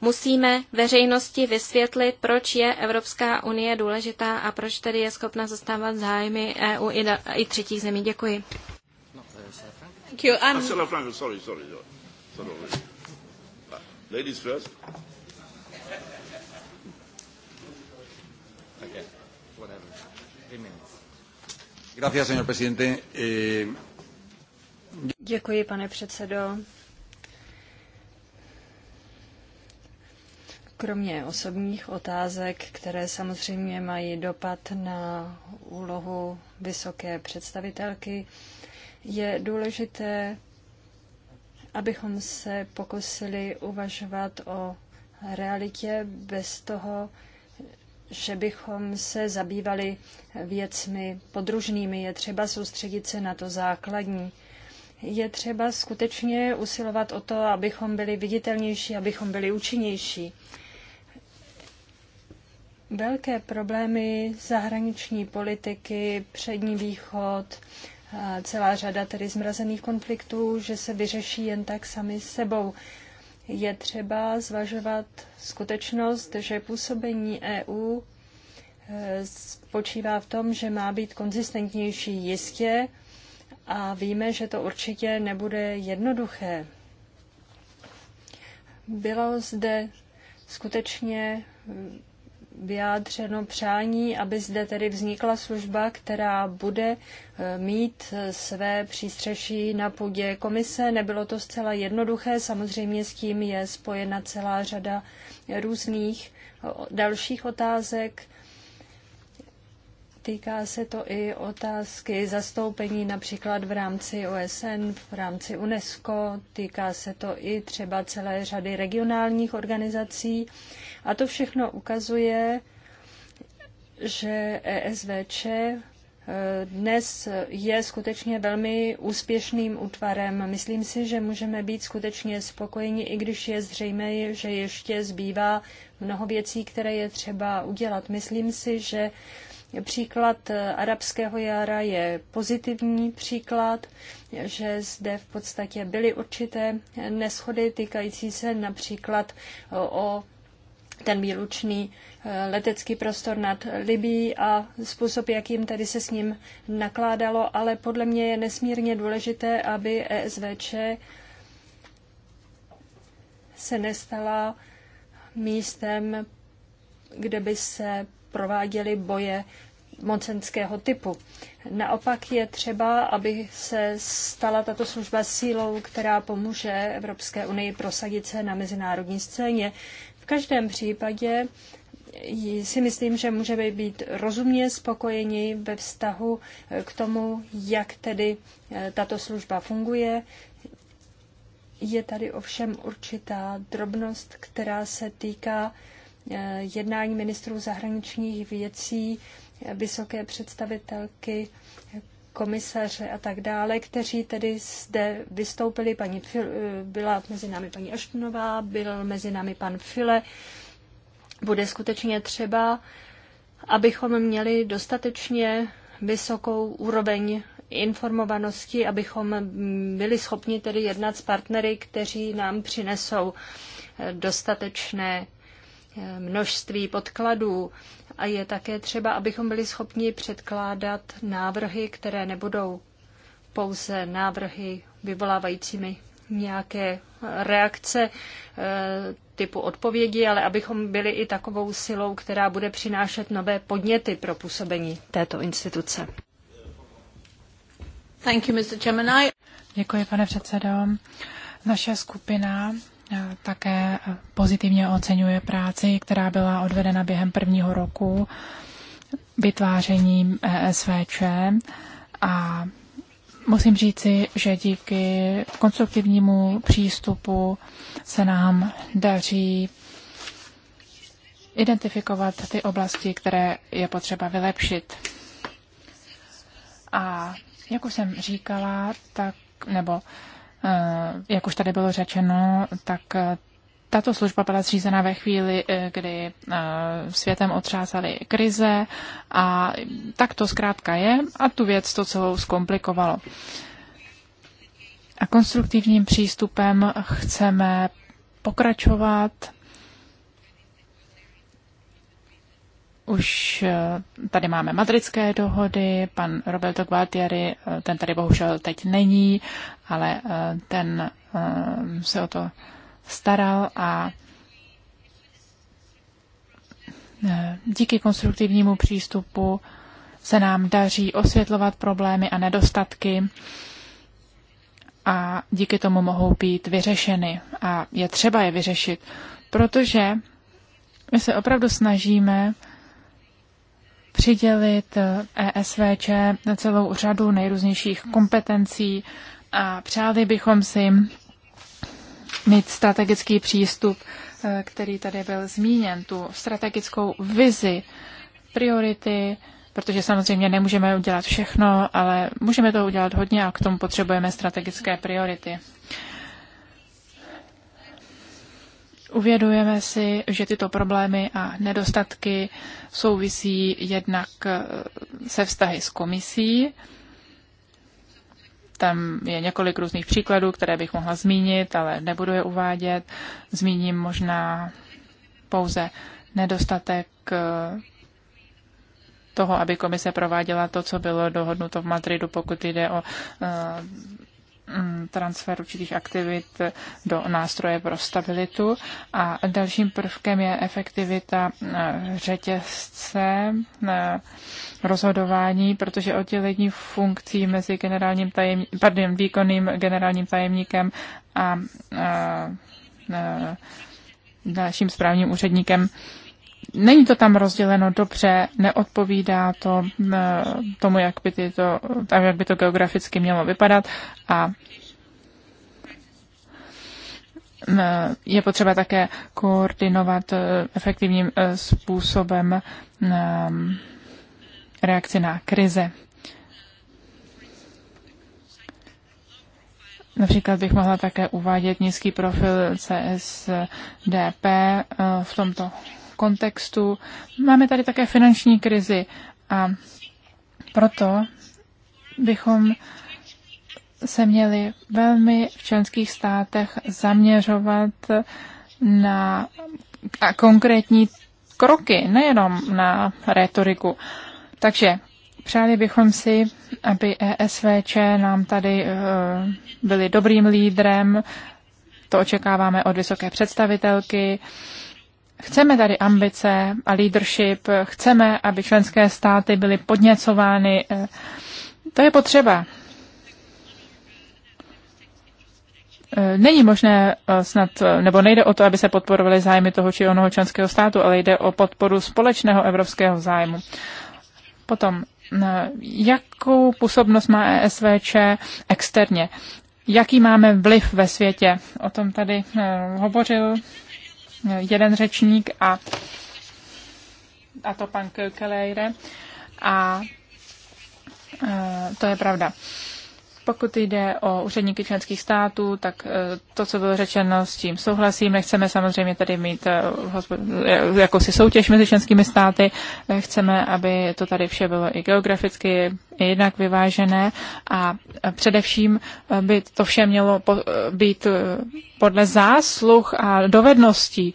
Musíme veřejnosti vysvětlit, proč je Evropská unie důležitá a proč tedy je schopna zastávat zájmy EU i, da, i třetích zemí. Děkuji. Thank you. Um, sorry, sorry, uh, Ladies first. Gracias, señor presidente. Eh... Děkuji, pane předsedo. Kromě osobních otázek, které samozřejmě mají dopad na úlohu vysoké představitelky, je důležité, abychom se pokusili uvažovat o realitě bez toho, že bychom se zabývali věcmi podružnými. Je třeba soustředit se na to základní je třeba skutečně usilovat o to, abychom byli viditelnější, abychom byli účinnější. Velké problémy zahraniční politiky, přední východ, celá řada tedy zmrazených konfliktů, že se vyřeší jen tak sami sebou. Je třeba zvažovat skutečnost, že působení EU e, spočívá v tom, že má být konzistentnější jistě, a víme, že to určitě nebude jednoduché. Bylo zde skutečně vyjádřeno přání, aby zde tedy vznikla služba, která bude eh, mít eh, své přístřeší na půdě komise. Nebylo to zcela jednoduché, samozřejmě s tím je spojena celá řada různých eh, dalších otázek. Týká se to i otázky zastoupení například v rámci OSN, v rámci UNESCO, týká se to i třeba celé řady regionálních organizací. A to všechno ukazuje, že ESVČ eh, dnes je skutečně velmi úspěšným útvarem. Myslím si, že můžeme být skutečně spokojeni, i když je zřejmé, že ještě zbývá mnoho věcí, které je třeba udělat. Myslím si, že Příklad eh, arabského jara je pozitivní příklad, že zde v podstatě byly určité neschody týkající se například eh, o ten výlučný eh, letecký prostor nad Libií a způsob, jakým tady se s ním nakládalo, ale podle mě je nesmírně důležité, aby ESVČ se nestala místem, kde by se prováděly boje mocenského typu. Naopak je třeba, aby se stala tato služba sílou, která pomůže Evropské unii prosadit se na mezinárodní scéně. V každém případě si myslím, že můžeme být rozumně spokojeni ve vztahu k tomu, jak tedy eh, tato služba funguje. Je tady ovšem určitá drobnost, která se týká Eh, jednání ministrů zahraničních věcí, eh, vysoké představitelky, eh, komisaře a tak dále, kteří tedy zde vystoupili. Paní, byla mezi námi paní Aštunová, byl mezi námi pan File. Bude skutečně třeba, abychom měli dostatečně vysokou úroveň informovanosti, abychom byli schopni tedy jednat s partnery, kteří nám přinesou dostatečné množství podkladů a je také třeba, abychom byli schopni předkládat návrhy, které nebudou pouze návrhy vyvolávajícími nějaké reakce eh, typu odpovědi, ale abychom byli i takovou silou, která bude přinášet nové podněty pro působení této instituce. Thank you, Mr. Děkuji, pane předsedo. Naše skupina Eh, také eh, pozitivně oceňuje práci, která byla odvedena během prvního roku vytvářením ESVČ eh, a musím říci, že díky konstruktivnímu přístupu se nám daří identifikovat ty oblasti, které je potřeba vylepšit. A jak už jsem říkala, tak nebo Eh, jak už tady bylo řečeno, tak eh, tato služba byla zřízena ve chvíli, eh, kdy světem otřásaly krize a tak to zkrátka je a tu věc to celou zkomplikovalo. A konstruktivním přístupem chceme pokračovat Už eh, tady máme madridské dohody, pan Roberto Gualtieri, eh, ten tady bohužel teď není, ale eh, ten se o to staral a díky konstruktivnímu přístupu se nám daří osvětlovat problémy a nedostatky a díky tomu mohou být vyřešeny a je třeba je vyřešit, protože my se opravdu snažíme přidělit ESVČ eh, e na celou řadu nejrůznějších kompetencí a přáli bychom si mít strategický přístup, eh, který tady byl zmíněn, tu strategickou vizi, priority, protože samozřejmě nemůžeme udělat všechno, ale můžeme to udělat hodně a k tomu potřebujeme strategické priority. Uvědujeme si, že tyto problémy a nedostatky souvisí jednak eh, se vztahy s komisí. Tam je několik různých příkladů, které bych mohla zmínit, ale nebudu je uvádět. Zmíním možná pouze nedostatek eh, toho, aby komise prováděla to, co bylo dohodnuto v Madridu, pokud jde o eh, Mm, transfer určitých aktivit do nástroje pro stabilitu. A dalším prvkem je efektivita mm, řetězce mm, rozhodování, protože oddělení funkcí mezi generálním tajemní, pardon, výkonným generálním tajemníkem a, a, a dalším správním úředníkem není to tam rozděleno dobře, neodpovídá to eh, tomu, jak by, tyto, jak by to geograficky mělo vypadat a eh, je potřeba také koordinovat eh, efektivním způsobem reakci na krize. Například bych mohla také uvádět nízký profil CSDP v tomto kontextu. Máme tady také finanční krizi a proto bychom se měli velmi v členských státech zaměřovat na konkrétní kroky, nejenom na retoriku. Takže přáli bychom si, aby ESVČ nám tady eh, byli dobrým lídrem, to očekáváme od vysoké představitelky, Chceme tady ambice a leadership, chceme, aby členské státy byly podněcovány. Eh, to je potřeba. Eh, není možné eh, snad, nebo nejde o to, aby se podporovaly zájmy toho či onoho členského státu, ale jde o podporu společného evropského zájmu. Potom, jakou působnost má ESVČ externě? Jaký máme vliv ve světě? O tom tady hovořil jeden řečník a, a to pan Kelejre. A e, to je pravda. Pokud jde o úředníky členských států, tak eh, to, co bylo řečeno, s tím souhlasím. Nechceme samozřejmě tady mít eh, eh, jakousi soutěž mezi členskými státy. Chceme, aby to tady vše bylo i geograficky jednak vyvážené a především by to vše mělo být podle zásluh a dovedností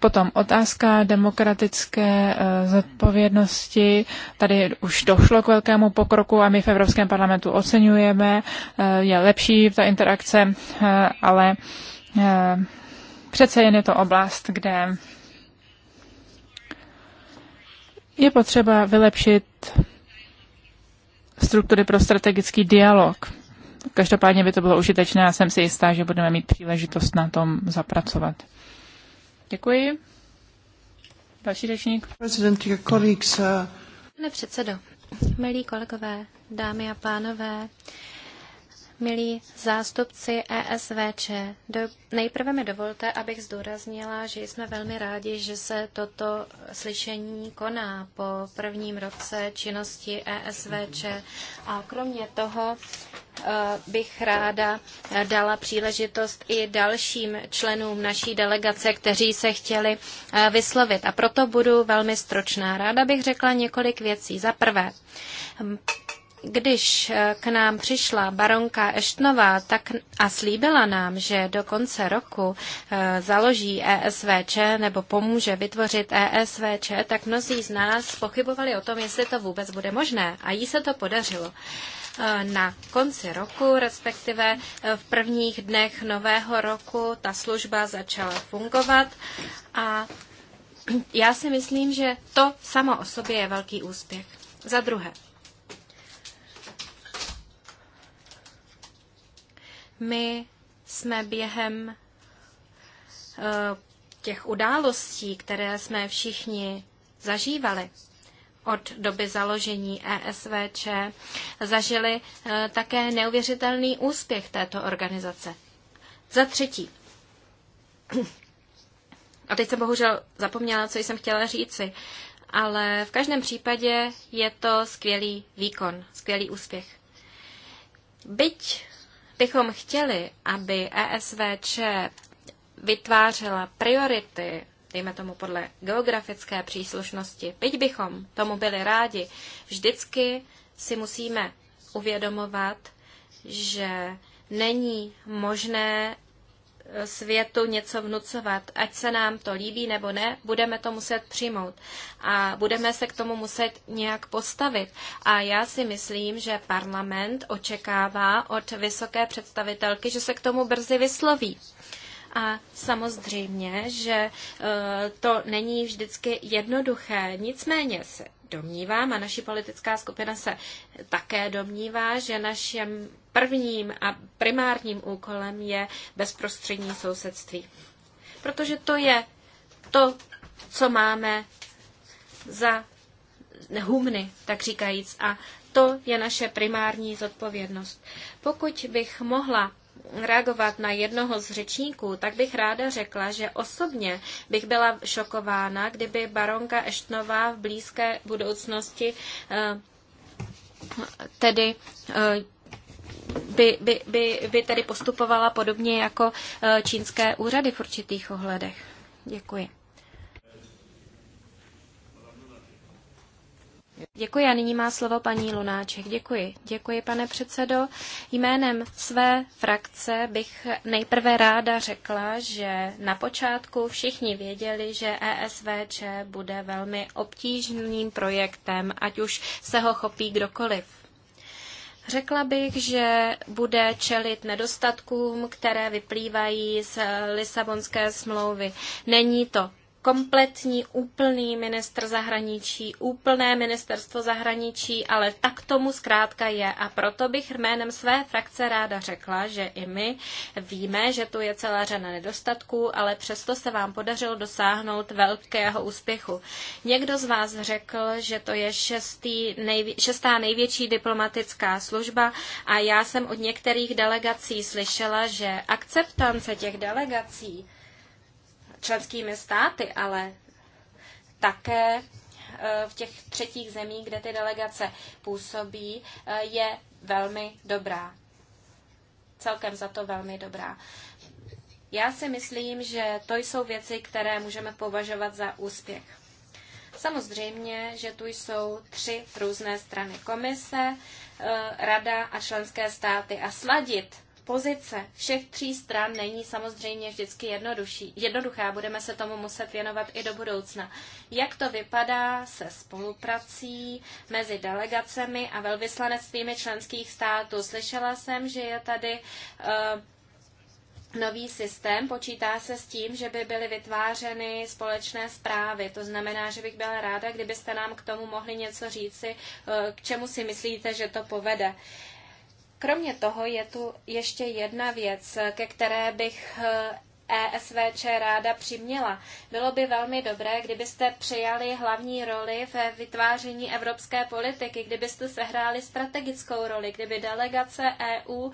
Potom otázka demokratické eh, zodpovědnosti. Tady už došlo k velkému pokroku a my v Evropském parlamentu oceňujeme. Eh, je lepší ta interakce, eh, ale přece jen je to oblast, kde je potřeba vylepšit struktury pro strategický dialog. Každopádně by to bylo užitečné a jsem si jistá, že budeme mít příležitost na tom zapracovat. Děkuji. Uh, Pane předsedo, milí kolegové, dámy a pánové, Milí zástupci ESVČ, do, nejprve mi dovolte, abych zdůraznila, že jsme velmi rádi, že se toto slyšení koná po prvním roce činnosti ESVČ. A kromě toho eh, bych ráda dala příležitost i dalším členům naší delegace, kteří se chtěli eh, vyslovit. A proto budu velmi stručná. Ráda bych řekla několik věcí. Za prvé, když eh, k nám přišla baronka Eštnová tak a slíbila nám, že do konce roku eh, založí ESVČ nebo pomůže vytvořit ESVČ, tak mnozí z nás pochybovali o tom, jestli to vůbec bude možné. A jí se to podařilo eh, na konci roku, respektive v prvních dnech nového roku ta služba začala fungovat a já si myslím, že to samo o sobě je velký úspěch. Za druhé, My jsme během eh, těch událostí, které jsme všichni zažívali od doby založení ESVČ, zažili eh, také neuvěřitelný úspěch této organizace. Za třetí. A teď jsem bohužel zapomněla, co jsem chtěla říci, ale v každém případě je to skvělý výkon, skvělý úspěch. Byť bychom chtěli, aby ESVČ vytvářela priority, dejme tomu podle geografické příslušnosti, byť bychom tomu byli rádi, vždycky si musíme uvědomovat, že není možné světu něco vnucovat. Ať se nám to líbí nebo ne, budeme to muset přijmout. A budeme se k tomu muset nějak postavit. A já si myslím, že parlament očekává od vysoké představitelky, že se k tomu brzy vysloví. A samozřejmě, že e, to není vždycky jednoduché. Nicméně se domnívám a naší politická skupina se také domnívá, že našem prvním a primárním úkolem je bezprostřední sousedství. Protože to je to, co máme za humny, tak říkajíc, a to je naše primární zodpovědnost. Pokud bych mohla reagovat na jednoho z řečníků, tak bych ráda řekla, že osobně bych byla šokována, kdyby baronka Eštnová v blízké budoucnosti eh, tedy eh, by, by, by, by tedy postupovala podobně jako eh, čínské úřady v určitých ohledech. Děkuji. Děkuji a nyní má slovo paní Lunáček. Děkuji. Děkuji, pane předsedo. Jménem své frakce bych nejprve ráda řekla, že na počátku všichni věděli, že ESVČ bude velmi obtížným projektem, ať už se ho chopí kdokoliv. Řekla bych, že bude čelit nedostatkům, které vyplývají z Lisabonské smlouvy. Není to kompletní, úplný ministr zahraničí, úplné ministerstvo zahraničí, ale tak tomu zkrátka je. A proto bych jménem své frakce ráda řekla, že i my víme, že tu je celá řada nedostatků, ale přesto se vám podařilo dosáhnout velkého úspěchu. Někdo z vás řekl, že to je šestý, nejvě- šestá největší diplomatická služba a já jsem od některých delegací slyšela, že akceptance těch delegací členskými státy, ale také e, v těch třetích zemích, kde ty delegace působí, e, je velmi dobrá. Celkem za to velmi dobrá. Já si myslím, že to jsou věci, které můžeme považovat za úspěch. Samozřejmě, že tu jsou tři různé strany komise, e, rada a členské státy a sladit pozice všech tří stran není samozřejmě vždycky jednodušší, jednoduchá. Budeme se tomu muset věnovat i do budoucna. Jak to vypadá se spoluprací mezi delegacemi a velvyslanectvími členských států? Slyšela jsem, že je tady uh, nový systém. Počítá se s tím, že by byly vytvářeny společné zprávy. To znamená, že bych byla ráda, kdybyste nám k tomu mohli něco říci, uh, k čemu si myslíte, že to povede. Uh, Kromě toho je tu ještě jedna věc, ke které bych ESVČ eh, e ráda přiměla. Bylo by velmi dobré, kdybyste přijali hlavní roli ve vytváření evropské politiky, kdybyste sehráli strategickou roli, kdyby delegace EU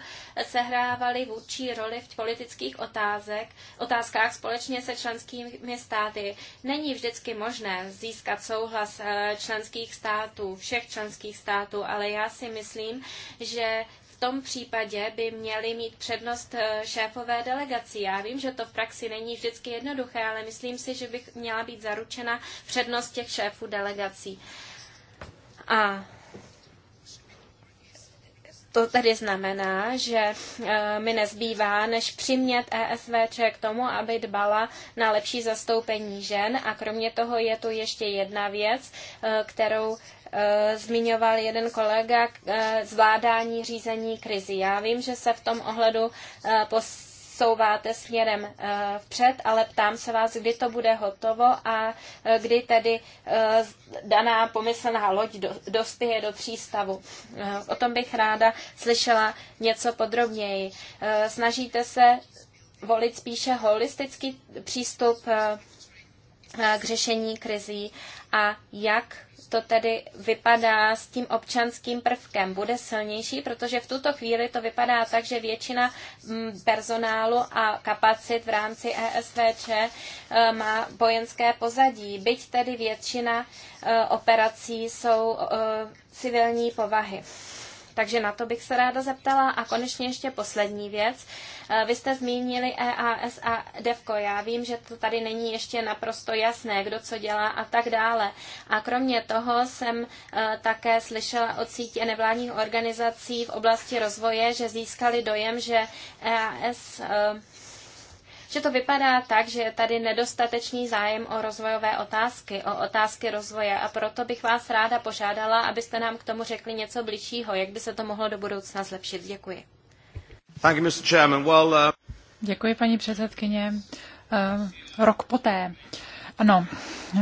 sehrávaly vůči roli v politických otázek, otázkách společně se členskými státy. Není vždycky možné získat souhlas eh, členských států, všech členských států, ale já si myslím, že tom případě by měli mít přednost eh, šéfové delegací. Já vím, že to v praxi není vždycky jednoduché, ale myslím si, že bych měla být zaručena přednost těch šéfů delegací. A to tedy znamená, že eh, mi nezbývá, než přimět ESVČ k tomu, aby dbala na lepší zastoupení žen. A kromě toho je tu ještě jedna věc, eh, kterou Eh, zmiňoval jeden kolega, eh, zvládání řízení krizi. Já vím, že se v tom ohledu eh, posouváte směrem vpřed, ale ptám se vás, kdy to bude hotovo a kdy tedy daná pomyslná loď dospěje do přístavu. O tom bych ráda slyšela něco podrobněji. Snažíte se volit spíše holistický přístup k řešení krizí a jak to tedy vypadá s tím občanským prvkem? Bude silnější, protože v tuto chvíli to vypadá tak, že většina mm, personálu a kapacit v rámci ESVČ e, má vojenské pozadí, byť tedy většina e, operací jsou e, civilní povahy. Takže na to bych se ráda zeptala. A konečně ještě poslední věc. Eh, vy jste zmínili EAS a DEVKO. Já vím, že to tady není ještě naprosto jasné, kdo co dělá a tak dále. A kromě toho jsem eh, také slyšela od sítě nevládních organizací v oblasti rozvoje, že získali dojem, že EAS eh, že to vypadá tak, že je tady nedostatečný zájem o rozvojové otázky, o otázky rozvoje a proto bych vás ráda požádala, abyste nám k tomu řekli něco bližšího, jak by se to mohlo do budoucna zlepšit. Děkuji. Uh, Děkuji, paní předsedkyně. Uh, rok poté. Ano, uh,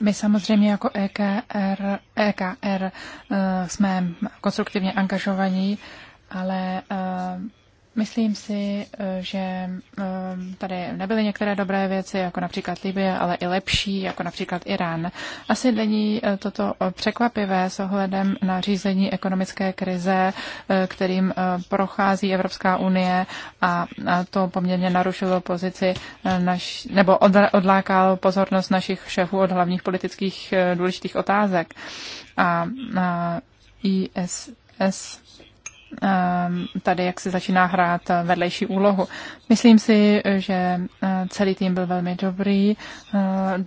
my samozřejmě jako EKR, EKR uh, jsme konstruktivně angažovaní, ale Myslím si, eh, že eh, tady nebyly některé dobré věci, jako například Libie, ale i lepší, jako například Irán. Asi není eh, toto překvapivé s ohledem na řízení ekonomické krize, kterým prochází Evropská unie a to poměrně narušilo pozici naš, nebo odlákalo pozornost našich šéfů od hlavních politických důležitých otázek. A ISS Ehm, tady jak se začíná hrát vedlejší úlohu. Myslím si, že eh, celý tým byl velmi dobrý. Eh,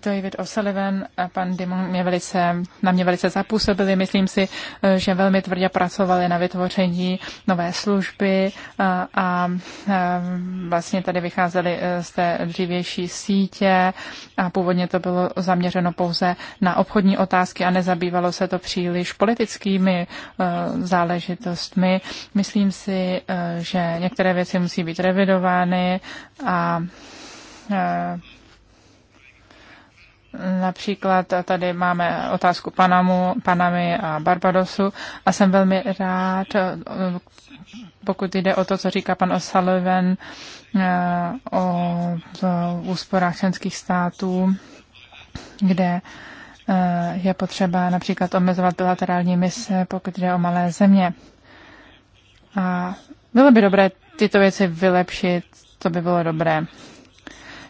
David O'Sullivan a pan Dimon mě velice, na mě velice zapůsobili. Myslím si, eh, že velmi tvrdě pracovali na vytvoření nové služby a, a ehm, vlastně tady vycházeli z té dřívější sítě a původně to bylo zaměřeno pouze na obchodní otázky a nezabývalo se to příliš politickými záležitostmi Myslím si, eh, že některé věci musí být revidovány a eh, Například tady máme otázku Panamu, Panamy a Barbadosu a jsem velmi rád, eh, pokud jde o to, co říká pan O'Sullivan o úsporách členských států, kde je potřeba například omezovat bilaterální mise, pokud jde o malé země. A bylo by dobré tyto věci vylepšit, to by bylo dobré.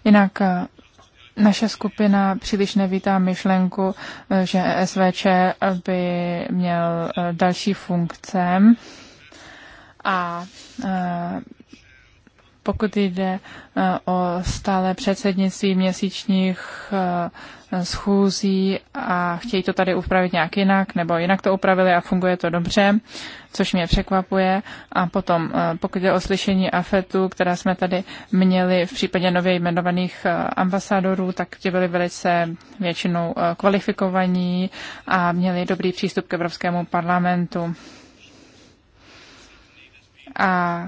Jinak eh, naše skupina příliš nevítá myšlenku, eh, že SVČ by měl eh, další funkce a pokud jde e, o stále předsednictví měsíčních e, schůzí a chtějí to tady upravit nějak jinak, nebo jinak to upravili a funguje to dobře, což mě překvapuje. A potom, e, pokud jde o slyšení AFETu, která jsme tady měli v případě nově jmenovaných ambasádorů, tak ti byli velice většinou kvalifikovaní a měli dobrý přístup k Evropskému parlamentu. A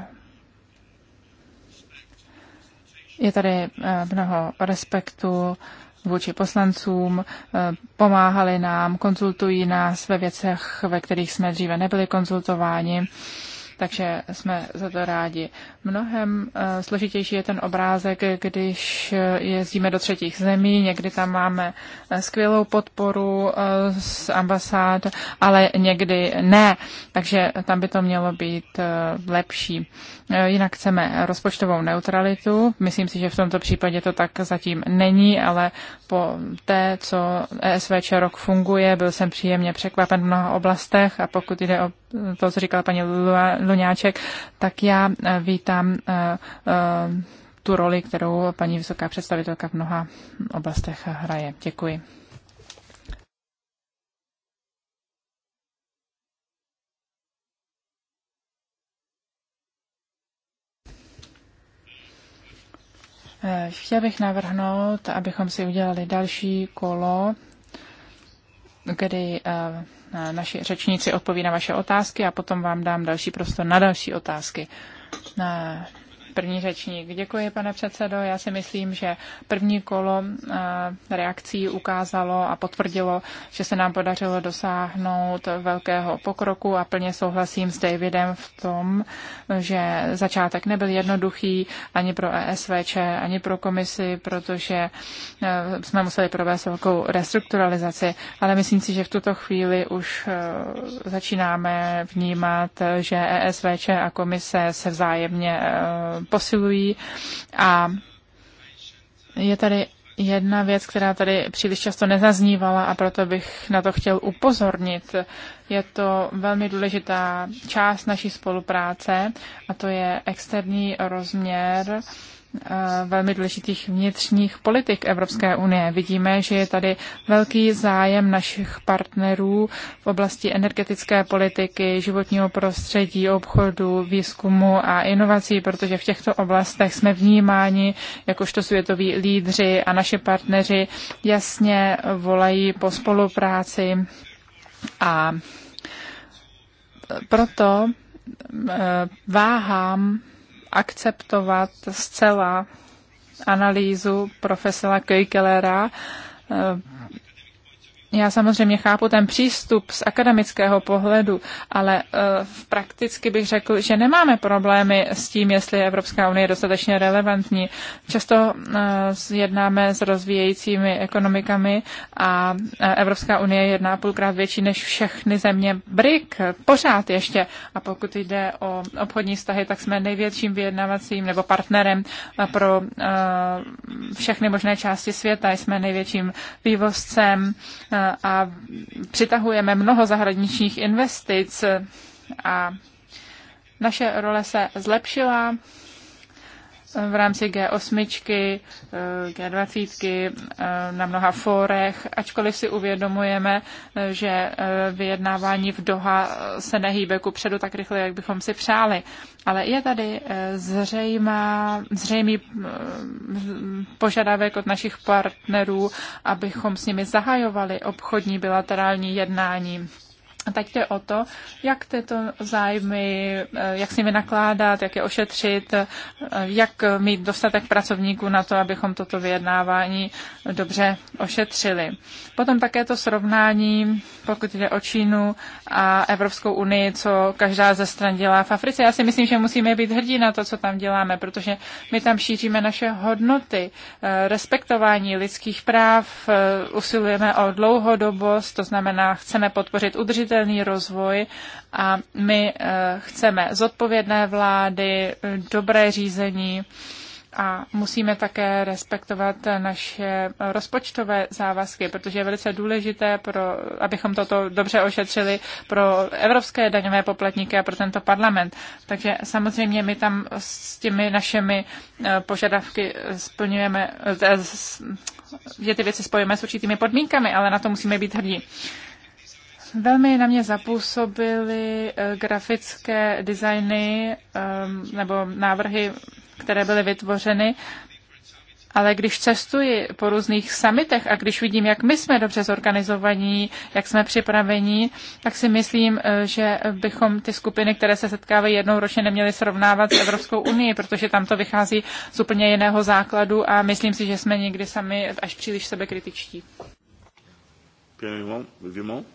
je tady eh, mnoho respektu vůči poslancům, eh, pomáhali nám, konzultují nás ve věcech, ve kterých jsme dříve nebyli konzultováni takže jsme za to rádi. Mnohem eh, složitější je ten obrázek, když eh, jezdíme do třetích zemí, někdy tam máme eh, skvělou podporu z ambasád, ale někdy ne, takže tam by to mělo být lepší. Jinak chceme rozpočtovou neutralitu, myslím si, že v tomto případě to tak zatím není, ale po té, co ESVČ rok funguje, byl jsem příjemně překvapen v mnoha oblastech a pokud jde o to, co říkala paní Luňáček, tak já eh, vítám eh, eh, tu roli, kterou paní vysoká představitelka v mnoha oblastech hraje. Děkuji. Chtěl bych navrhnout, abychom si udělali další kolo, kdy naši řečníci odpoví na vaše otázky a potom vám dám další prostor na další otázky. První řečník. Děkuji, pane předsedo. Já si myslím, že první kolo eh, reakcí ukázalo a potvrdilo, že se nám podařilo dosáhnout velkého pokroku a plně souhlasím s Davidem v tom, že začátek nebyl jednoduchý ani pro ESVČ, ani pro komisi, protože eh, jsme museli provést velkou restrukturalizaci, ale myslím si, že v tuto chvíli už eh, začínáme vnímat, že ESVČ a komise se vzájemně posilují a je tady jedna věc, která tady příliš často nezaznívala a proto bych na to chtěl upozornit. Je to velmi důležitá část naší spolupráce a to je externí rozměr Eh, velmi důležitých vnitřních politik Evropské unie. Vidíme, že je tady velký zájem našich partnerů v oblasti energetické politiky, životního prostředí, obchodu, výzkumu a inovací, protože v těchto oblastech jsme vnímáni jakožto světoví lídři a naši partneři jasně volají po spolupráci a proto eh, váhám akceptovat zcela analýzu profesora Keukelera eh, já samozřejmě chápu ten přístup z akademického pohledu, ale eh, v prakticky bych řekl, že nemáme problémy s tím, jestli Evropská unie je dostatečně relevantní. Často eh, jednáme s rozvíjejícími ekonomikami a eh, Evropská unie je jedna půlkrát větší než všechny země BRIC, pořád ještě. A pokud jde o obchodní vztahy, tak jsme největším vyjednavacím nebo partnerem pro všechny možné části světa. Jsme největším vývozcem a přitahujeme mnoho zahraničních investic a naše role se zlepšila v rámci G8, G20 eh, na mnoha fórech, ačkoliv si uvědomujeme, eh, že eh, vyjednávání v Doha se nehýbe ku předu tak rychle, jak bychom si přáli. Ale je tady zřejmá, zřejmý požadavek od našich partnerů, abychom s nimi zahajovali obchodní bilaterální jednání. A teď jde o to, jak tyto zájmy, eh, jak s nimi nakládat, jak je ošetřit, eh, jak mít dostatek pracovníků na to, abychom toto vyjednávání dobře ošetřili. Potom také to srovnání, pokud jde o Čínu a Evropskou unii, co každá ze stran dělá v Africe. Já si myslím, že musíme být hrdí na to, co tam děláme, protože my tam šíříme naše hodnoty, eh, respektování lidských práv, usilujeme o dlouhodobost, to znamená, chceme podpořit udržitelnost udržitelný rozvoj a my eh, chceme zodpovědné vlády, eh, dobré řízení a musíme také respektovat naše rozpočtové závazky, protože je velice důležité, pro, abychom toto dobře ošetřili pro evropské daňové poplatníky a pro tento parlament. Takže samozřejmě my tam s těmi našimi eh, požadavky splňujeme, že ty věci spojíme s určitými podmínkami, ale na to musíme být hrdí. Velmi na mě zapůsobily eh, grafické designy ehm, nebo návrhy, které byly vytvořeny ale když cestuji po různých samitech a když vidím, jak my jsme dobře zorganizovaní, jak jsme připraveni, tak si myslím, eh, že bychom ty skupiny, které se setkávají jednou ročně, neměli srovnávat s Evropskou unii, protože tam to vychází z úplně jiného základu a myslím si, že jsme někdy sami až příliš sebekritičtí. Vimont.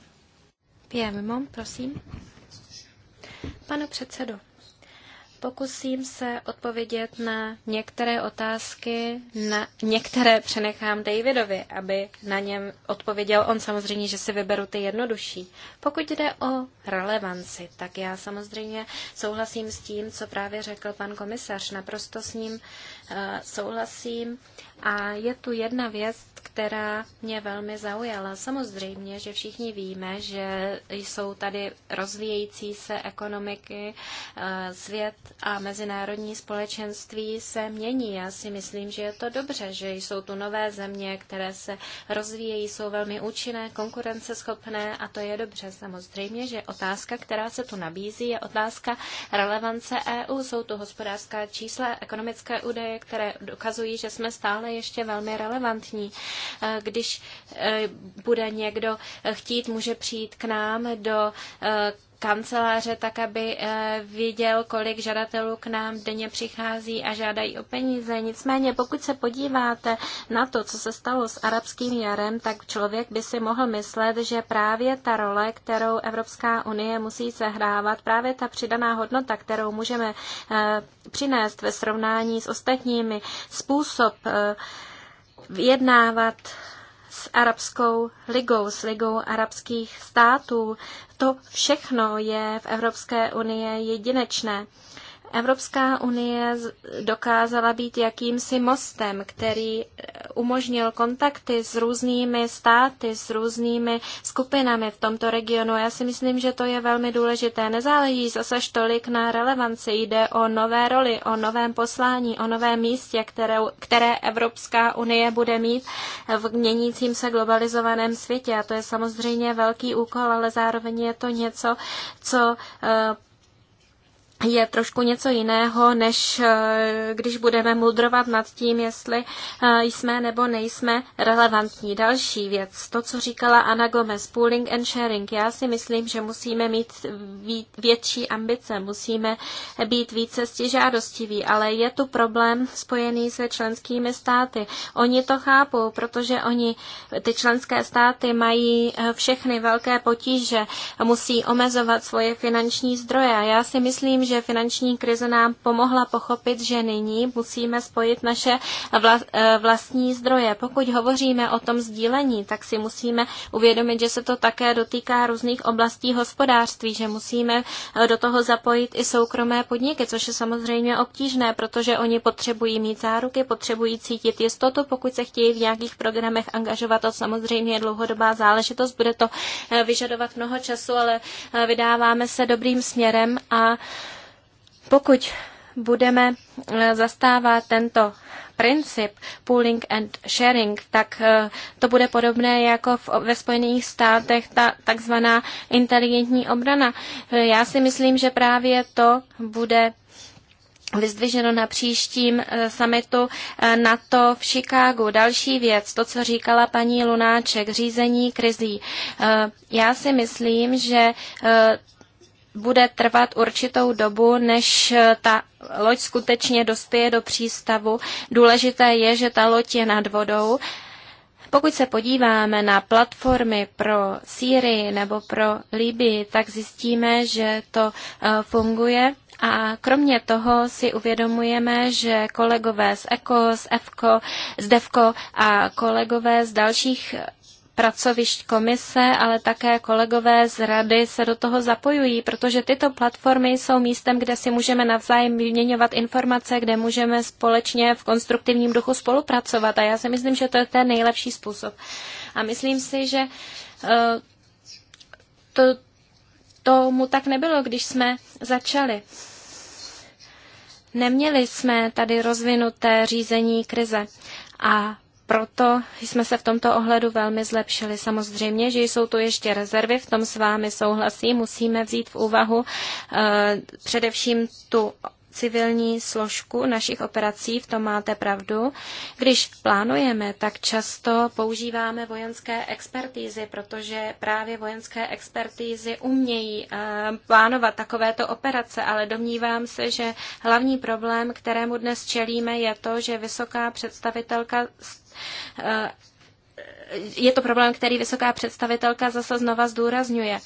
Pierre prosím. Pane předsedo, pokusím se odpovědět na některé otázky, na některé přenechám Davidovi, aby na něm odpověděl on samozřejmě, že si vyberu ty jednodušší. Pokud jde o relevanci, tak já samozřejmě souhlasím s tím, co právě řekl pan komisař. Naprosto s ním uh, souhlasím. A je tu jedna věc, která mě velmi zaujala. Samozřejmě, že všichni víme, že jsou tady rozvíjející se ekonomiky, eh, svět a mezinárodní společenství se mění. Já si myslím, že je to dobře, že jsou tu nové země, které se rozvíjejí, jsou velmi účinné, konkurenceschopné a to je dobře. Samozřejmě, že otázka, která se tu nabízí, je otázka relevance EU. Jsou tu hospodářská čísla, ekonomické údaje, které dokazují, že jsme stále stále ještě velmi relevantní. Eh, když eh, bude někdo chtít, může přijít k nám do eh, kanceláře, tak aby eh, viděl, kolik žadatelů k nám denně přichází a žádají o peníze. Nicméně, pokud se podíváte na to, co se stalo s arabským jarem, tak člověk by si mohl myslet, že právě ta role, kterou Evropská unie musí sehrávat, právě ta přidaná hodnota, kterou můžeme eh, přinést ve srovnání s ostatními, způsob eh, vyjednávat s Arabskou ligou, s ligou arabských států. To všechno je v Evropské unii jedinečné. Evropská unie dokázala být jakýmsi mostem, který eh, umožnil kontakty s různými státy, s různými skupinami v tomto regionu. Já si myslím, že to je velmi důležité. Nezáleží zase tolik na relevanci. Jde o nové roli, o novém poslání, o novém místě, které, které Evropská unie bude mít v měnícím se globalizovaném světě. A to je samozřejmě velký úkol, ale zároveň je to něco, co eh, je trošku něco jiného, než eh, když budeme mudrovat nad tím, jestli eh, jsme nebo nejsme relevantní. Další věc, to, co říkala Ana Gomez, pooling and sharing. Já si myslím, že musíme mít větší ambice, musíme být více stěžádostiví, ale je tu problém spojený se členskými státy. Oni to chápou, protože oni, ty členské státy mají eh, všechny velké potíže, musí omezovat svoje finanční zdroje. Já si myslím, že finanční krize nám pomohla pochopit, že nyní musíme spojit naše eh, vlastní zdroje. Pokud hovoříme o tom sdílení, tak si musíme uvědomit, že se to také dotýká různých oblastí hospodářství, že musíme eh, do toho zapojit i soukromé podniky, což je samozřejmě obtížné, protože oni potřebují mít záruky, potřebují cítit jistotu, pokud se chtějí v nějakých programech angažovat. To samozřejmě je dlouhodobá záležitost, bude to eh, vyžadovat mnoho času, ale vydáváme se dobrým směrem a pokud budeme eh, zastávat tento princip pooling and sharing, tak eh, to bude podobné jako v, ve Spojených státech ta takzvaná inteligentní obrana. Eh, já si myslím, že právě to bude vyzdviženo na příštím summitu NATO v Chicagu. Další věc, to, co říkala paní Lunáček, řízení krizí. Já si myslím, že bude trvat určitou dobu, než ta loď skutečně dospěje do přístavu. Důležité je, že ta loď je nad vodou. Pokud se podíváme na platformy pro Sýrii nebo pro Libii, tak zjistíme, že to eh, funguje. A kromě toho si uvědomujeme, že kolegové z ECO, z EFCO, z DEVCO a kolegové z dalších pracovišť komise, ale také kolegové z rady se do toho zapojují, protože tyto platformy jsou místem, kde si můžeme navzájem vyměňovat informace, kde můžeme společně v konstruktivním duchu spolupracovat. A já si myslím, že to je ten nejlepší způsob. A myslím si, že eh, to, tomu tak nebylo, když jsme začali. Neměli jsme tady rozvinuté řízení krize a proto jsme se v tomto ohledu velmi zlepšili. Samozřejmě, že jsou tu ještě rezervy, v tom s vámi souhlasím. Musíme vzít v úvahu uh, především tu civilní složku našich operací, v tom máte pravdu. Když plánujeme, tak často používáme vojenské expertízy, protože právě vojenské expertízy umějí e, plánovat takovéto operace, ale domnívám se, že hlavní problém, kterému dnes čelíme, je to, že vysoká představitelka Eh, je to problém, který vysoká představitelka zase znova zdůrazňuje.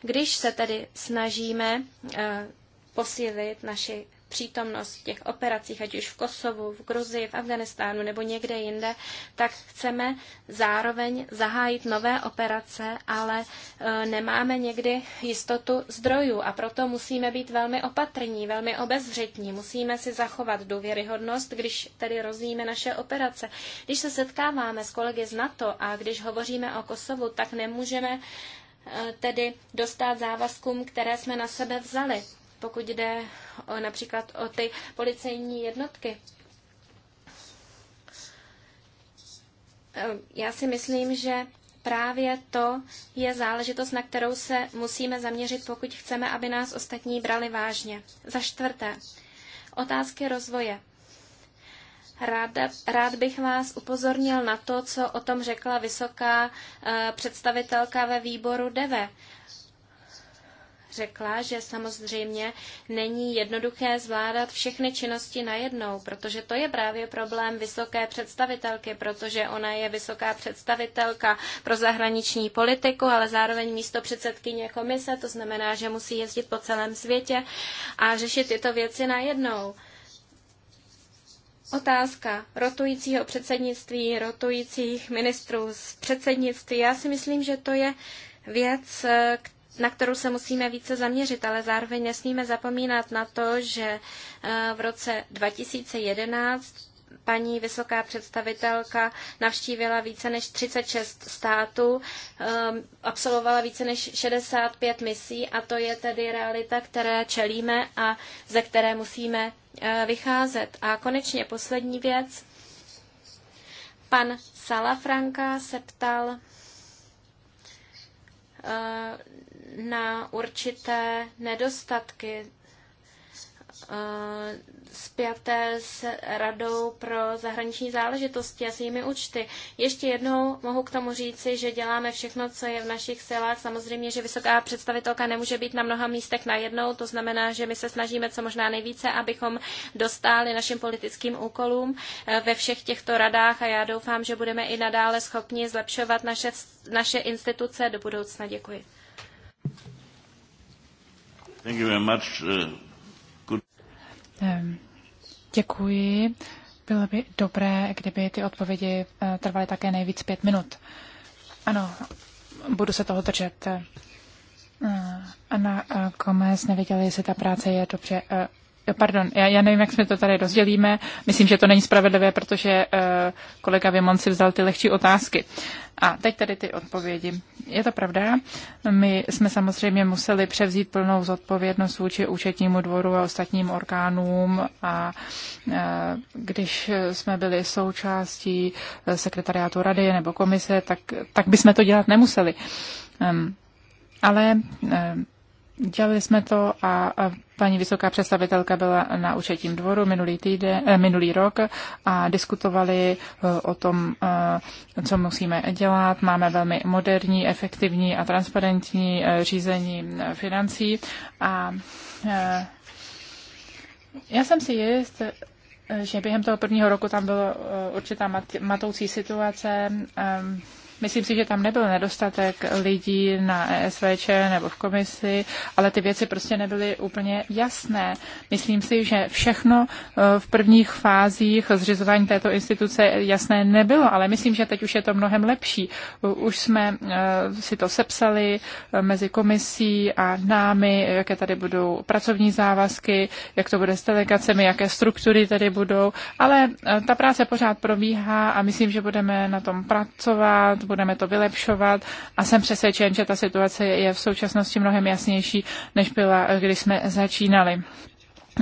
Když se tedy snažíme eh, posílit naši přítomnost v těch operacích, ať už v Kosovu, v Gruzii, v Afganistánu nebo někde jinde, tak chceme zároveň zahájit nové operace, ale e, nemáme někdy jistotu zdrojů a proto musíme být velmi opatrní, velmi obezřetní. Musíme si zachovat důvěryhodnost, když tedy rozvíjíme naše operace. Když se setkáváme s kolegy z NATO a když hovoříme o Kosovu, tak nemůžeme e, tedy dostat závazkům, které jsme na sebe vzali pokud jde o, například o ty policejní jednotky. Já si myslím, že právě to je záležitost, na kterou se musíme zaměřit, pokud chceme, aby nás ostatní brali vážně. Za čtvrté, otázky rozvoje. Rád, rád bych vás upozornil na to, co o tom řekla vysoká e, představitelka ve výboru DEVE řekla, že samozřejmě není jednoduché zvládat všechny činnosti najednou, protože to je právě problém vysoké představitelky, protože ona je vysoká představitelka pro zahraniční politiku, ale zároveň místo předsedkyně komise, to znamená, že musí jezdit po celém světě a řešit tyto věci najednou. Otázka rotujícího předsednictví, rotujících ministrů z předsednictví. Já si myslím, že to je věc, která na kterou se musíme více zaměřit, ale zároveň nesmíme zapomínat na to, že eh, v roce 2011 paní vysoká představitelka navštívila více než 36 států, eh, absolvovala více než 65 misí a to je tedy realita, které čelíme a ze které musíme eh, vycházet. A konečně poslední věc. Pan Salafranka se ptal na určité nedostatky eh, spjaté s Radou pro zahraniční záležitosti a s jejími účty. Ještě jednou mohu k tomu říci, že děláme všechno, co je v našich silách. Samozřejmě, že vysoká představitelka nemůže být na mnoha místech najednou, to znamená, že my se snažíme co možná nejvíce, abychom dostáli našim politickým úkolům eh, ve všech těchto radách a já doufám, že budeme i nadále schopni zlepšovat naše, naše instituce do budoucna. Děkuji. Thank you very much. Uh, good. Ehm, děkuji. Bylo by dobré, kdyby ty odpovědi eh, trvaly také nejvíc pět minut. Ano, budu se toho držet. Eh, Anna eh, Gomez nevěděla, jestli ta práce je dobře Pardon, já, já nevím, jak jsme to tady rozdělíme. Myslím, že to není spravedlivé, protože uh, kolega Vimon si vzal ty lehčí otázky. A teď tady ty odpovědi. Je to pravda? My jsme samozřejmě museli převzít plnou zodpovědnost vůči účetnímu dvoru a ostatním orgánům a eh, když jsme byli součástí eh, sekretariátu rady nebo komise, tak, tak bychom to dělat nemuseli. Ale dělali jsme to a Paní vysoká představitelka byla na účetním dvoru minulý, týden, eh, minulý rok a diskutovali eh, o tom, eh, co musíme dělat. Máme velmi moderní, efektivní a transparentní řízení financí a já jsem si jist, že během toho prvního roku tam byla určitá matoucí situace. Myslím si, že tam nebyl nedostatek lidí na ESVČ nebo v komisi, ale ty věci prostě nebyly úplně jasné. Myslím si, že všechno eh, v prvních fázích zřizování této instituce jasné nebylo, ale myslím, že teď už je to mnohem lepší. Už jsme eh, si to sepsali eh, mezi komisí a námi, jaké tady budou pracovní závazky, jak to bude s delegacemi, jaké struktury tady budou, ale ta práce pořád probíhá a myslím, že budeme na tom pracovat, budeme to vylepšovat a jsem přesvědčen, že ta situace je v současnosti mnohem jasnější, než byla, když jsme začínali.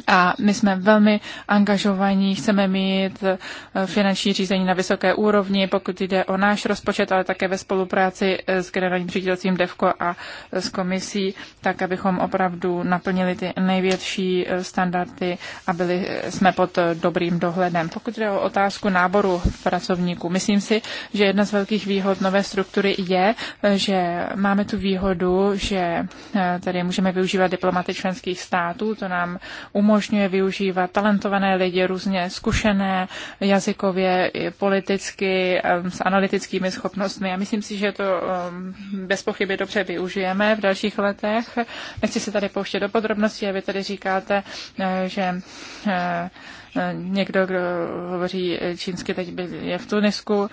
A my jsme velmi angažovaní, chceme mít eh, finanční řízení na vysoké úrovni, pokud jde o náš rozpočet, ale také ve spolupráci eh, s generálním ředitelstvím DEVKO a eh, s komisí, tak abychom opravdu naplnili ty největší standardy a byli jsme pod dobrým dohledem. Pokud jde o otázku náboru pracovníků, myslím si, že jedna z velkých výhod nové struktury je, že máme tu výhodu, že tady můžeme využívat diplomaty členských států, to nám umožňuje využívat talentované lidi, různě zkušené jazykově, politicky, s analytickými schopnostmi. Já myslím si, že to bez pochyby dobře využijeme v dalších letech. Nechci se tady pouštět do podrobností, a vy tady říkáte, eh, že eh, Někdo, kdo hovoří čínsky, teď je v Tunisku.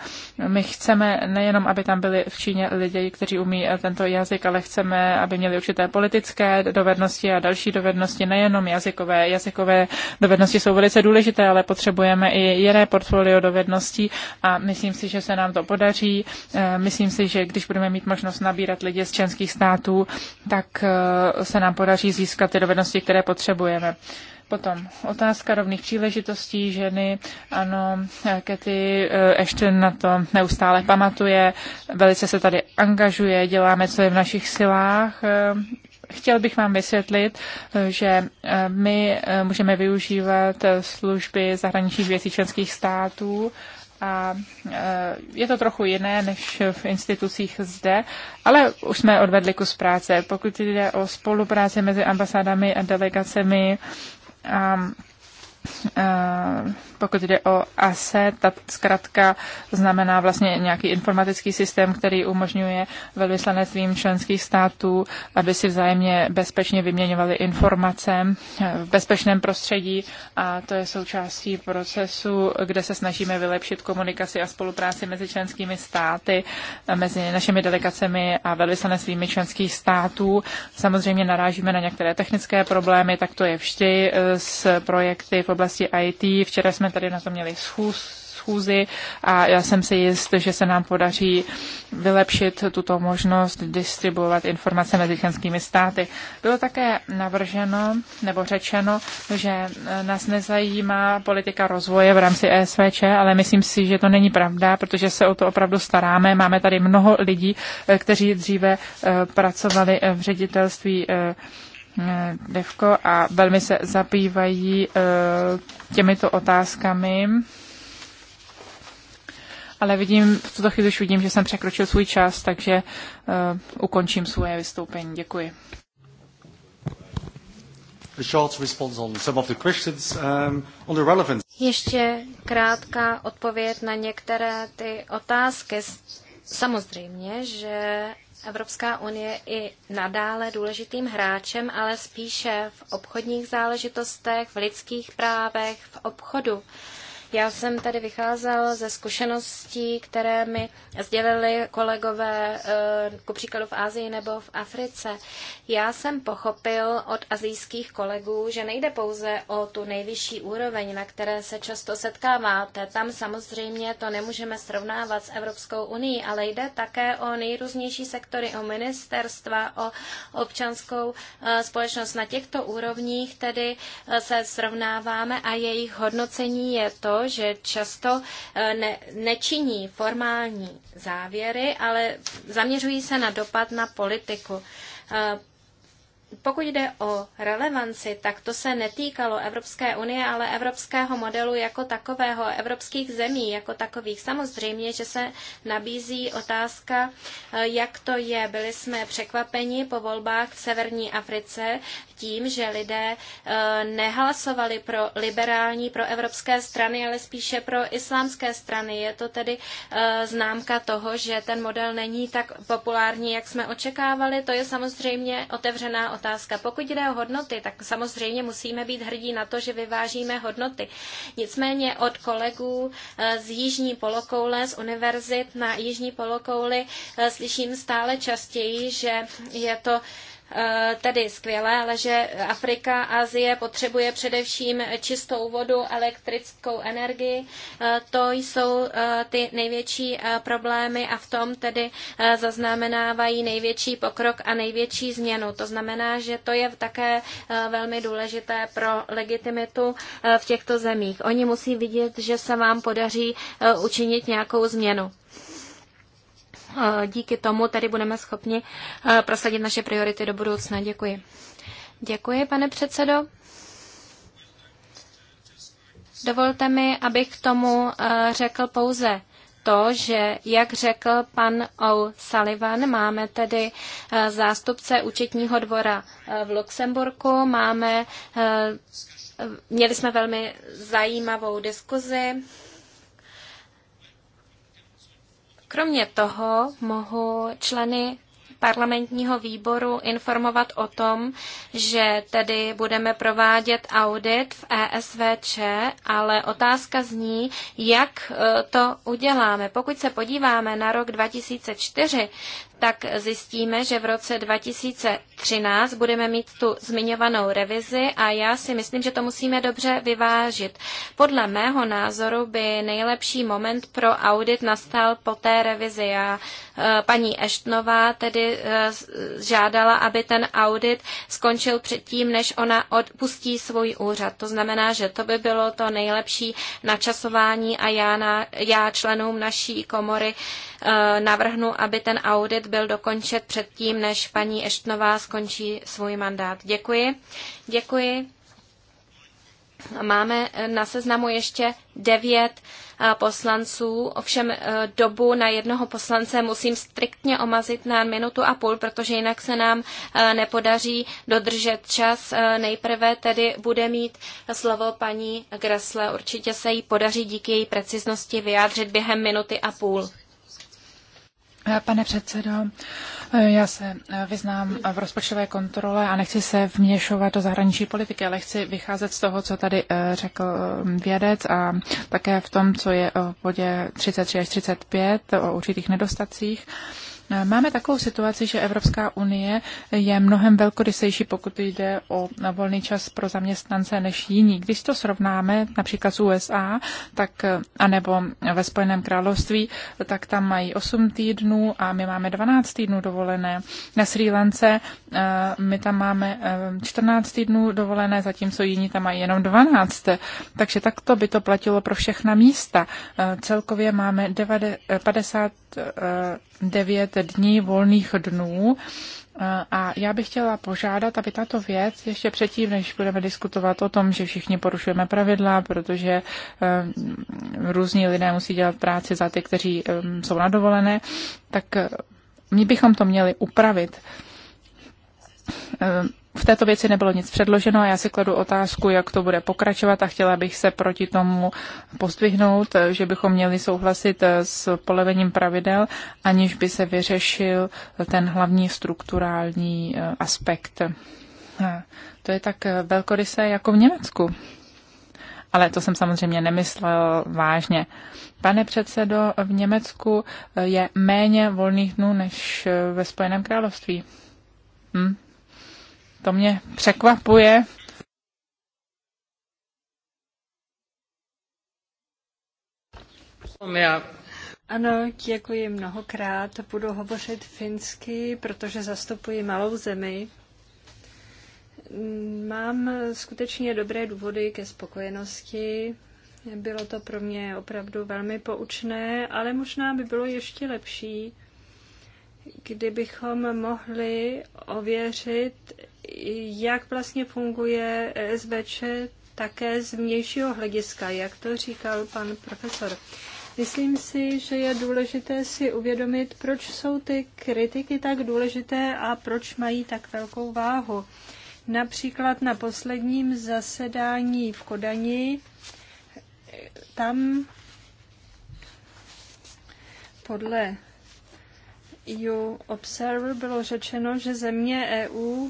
My chceme nejenom, aby tam byli v Číně lidé, kteří umí tento jazyk, ale chceme, aby měli určité politické dovednosti a další dovednosti, nejenom jazykové. Jazykové dovednosti jsou velice důležité, ale potřebujeme i jiné portfolio dovedností a myslím si, že se nám to podaří. Eh, myslím si, že když budeme mít možnost nabírat lidi z členských států, tak eh, se nám podaří získat ty dovednosti, které potřebujeme. Potom otázka rovných příležitostí ženy. Ano, Kety ještě eh, na to neustále pamatuje, velice se tady angažuje, děláme, co je v našich silách. Eh, chtěl bych vám vysvětlit, eh, že my můžeme využívat služby zahraničních věcí členských států a je to trochu jiné než v institucích zde, ale už jsme odvedli kus práce. Pokud jde o spolupráci mezi ambasádami a delegacemi, a, a pokud jde o ASE, ta zkrátka znamená vlastně nějaký informatický systém, který umožňuje velvyslanectvím členských států, aby si vzájemně bezpečně vyměňovali informace eh, v bezpečném prostředí a to je součástí procesu, kde se snažíme vylepšit komunikaci a spolupráci mezi členskými státy, eh, mezi našimi delegacemi a velvyslanectvími členských států. Samozřejmě narážíme na některé technické problémy, tak to je vždy eh, s projekty v oblasti IT. Včera jsme tady na to měli schůz, schůzi a já jsem si jist, že se nám podaří vylepšit tuto možnost distribuovat informace mezi členskými státy. Bylo také navrženo nebo řečeno, že nás nezajímá politika rozvoje v rámci ESVČ, ale myslím si, že to není pravda, protože se o to opravdu staráme. Máme tady mnoho lidí, eh, kteří dříve eh, pracovali eh, v ředitelství Devko a velmi se zabývají eh, těmito otázkami. Ale vidím, v tuto chvíli už vidím, že jsem překročil svůj čas, takže uh, ukončím svoje vystoupení. Děkuji. Um, Ještě krátká odpověď na některé ty otázky. Samozřejmě, že Evropská unie i nadále důležitým hráčem, ale spíše v obchodních záležitostech, v lidských právech, v obchodu. Já jsem tady vycházel ze zkušeností, které mi sdělili kolegové, eh, ku příkladu v Ázii nebo v Africe. Já jsem pochopil od azijských kolegů, že nejde pouze o tu nejvyšší úroveň, na které se často setkáváte. Tam samozřejmě to nemůžeme srovnávat s Evropskou unii, ale jde také o nejrůznější sektory, o ministerstva, o občanskou eh, společnost. Na těchto úrovních tedy eh, se srovnáváme a jejich hodnocení je to, že často eh, ne, nečiní formální závěry, ale zaměřují se na dopad na politiku. Eh, pokud jde o relevanci, tak to se netýkalo Evropské unie, ale evropského modelu jako takového, evropských zemí jako takových. Samozřejmě, že se nabízí otázka, eh, jak to je. Byli jsme překvapeni po volbách v severní Africe tím, že lidé eh, nehlasovali pro liberální, pro evropské strany, ale spíše pro islámské strany. Je to tedy eh, známka toho, že ten model není tak populární, jak jsme očekávali. To je samozřejmě otevřená otázka otázka. Pokud jde o hodnoty, tak samozřejmě musíme být hrdí na to, že vyvážíme hodnoty. Nicméně od kolegů eh, z jižní polokoule, z univerzit na jižní polokouli eh, slyším stále častěji, že je to Eh, tedy skvělé, ale že Afrika, Asie potřebuje především čistou vodu, elektrickou energii. Eh, to jsou eh, ty největší problémy a v tom tedy zaznamenávají největší pokrok a největší změnu. To znamená, že to je také velmi důležité pro legitimitu v těchto zemích. Oni musí vidět, že se vám podaří učinit nějakou změnu. Eh, díky tomu tady budeme schopni eh, prosadit naše priority do budoucna. Děkuji. Děkuji, pane předsedo. Dovolte mi, abych k tomu eh, řekl pouze to, že, jak řekl pan O'Sullivan, máme tedy zástupce účetního dvora v Luxemburku, máme, měli jsme velmi zajímavou diskuzi Kromě toho mohu členy parlamentního výboru informovat o tom, že tedy budeme provádět audit v ESVČ, ale otázka zní, jak e, to uděláme. Pokud se podíváme na rok 2004, tak zjistíme, že v roce 2013 budeme mít tu zmiňovanou revizi a já si myslím, že to musíme dobře vyvážit. Podle mého názoru by nejlepší moment pro audit nastal po té revizi. a eh, paní Eštnová tedy eh, žádala, aby ten audit skončil předtím, než ona odpustí svůj úřad. To znamená, že to by bylo to nejlepší načasování a já, na, já členům naší komory Eh, navrhnu, aby ten audit byl dokončen předtím, než paní Eštnová skončí svůj mandát. Děkuji. Děkuji. Máme eh, na seznamu ještě devět eh, poslanců, ovšem dobu na jednoho poslance musím striktně omazit na minutu a půl, protože jinak se nám nepodaří dodržet čas. Nejprve tedy bude mít slovo paní Gresle. Určitě se jí podaří díky její preciznosti vyjádřit během minuty a půl. Pane předsedo, já se vyznám v rozpočtové kontrole a nechci se vměšovat do zahraniční politiky, ale chci vycházet z toho, co tady eh, řekl mm, vědec a také v tom, co je v bodě 33 až 35 o určitých nedostacích. Máme takovou situaci, že Evropská unie je mnohem velkorysejší, pokud jde o volný čas pro zaměstnance než jiní. Když to srovnáme například s USA, tak, anebo ve Spojeném království, tak tam mají 8 týdnů a my máme 12 týdnů dovolené. Na Sri Lance eh, my tam máme 14 eh, týdnů dovolené, zatímco jiní tam mají jenom 12. Takže takto by to platilo pro všechna místa. Eh, celkově máme 50 59 10 dní volných dnů. A já bych chtěla požádat, aby tato věc ještě předtím, než budeme diskutovat o tom, že všichni porušujeme pravidla, protože eh, různí lidé musí dělat práci za ty, kteří eh, jsou na dovolené, tak eh, my bychom to měli upravit v této věci nebylo nic předloženo a já si kladu otázku, jak to bude pokračovat a chtěla bych se proti tomu postvihnout, že bychom měli souhlasit s polevením pravidel, aniž by se vyřešil ten hlavní strukturální eh, aspekt. Eh, to je tak eh, velkorysé jako v Německu. Ale to jsem samozřejmě nemyslel vážně. Pane předsedo, v Německu je méně volných dnů než ve Spojeném království. Hm? To mě překvapuje. Já ano, děkuji mnohokrát. Budu hovořit finsky, protože zastupuji malou zemi. Mám skutečně dobré důvody ke spokojenosti. Bylo to pro mě opravdu velmi poučné, ale možná by bylo ještě lepší, kdybychom mohli ověřit, jak vlastně funguje ESVČ také z vnějšího hlediska, jak to říkal pan profesor. Myslím si, že je důležité si uvědomit, proč jsou ty kritiky tak důležité a proč mají tak velkou váhu. Například na posledním zasedání v Kodani, tam podle EU Observer bylo řečeno, že země EU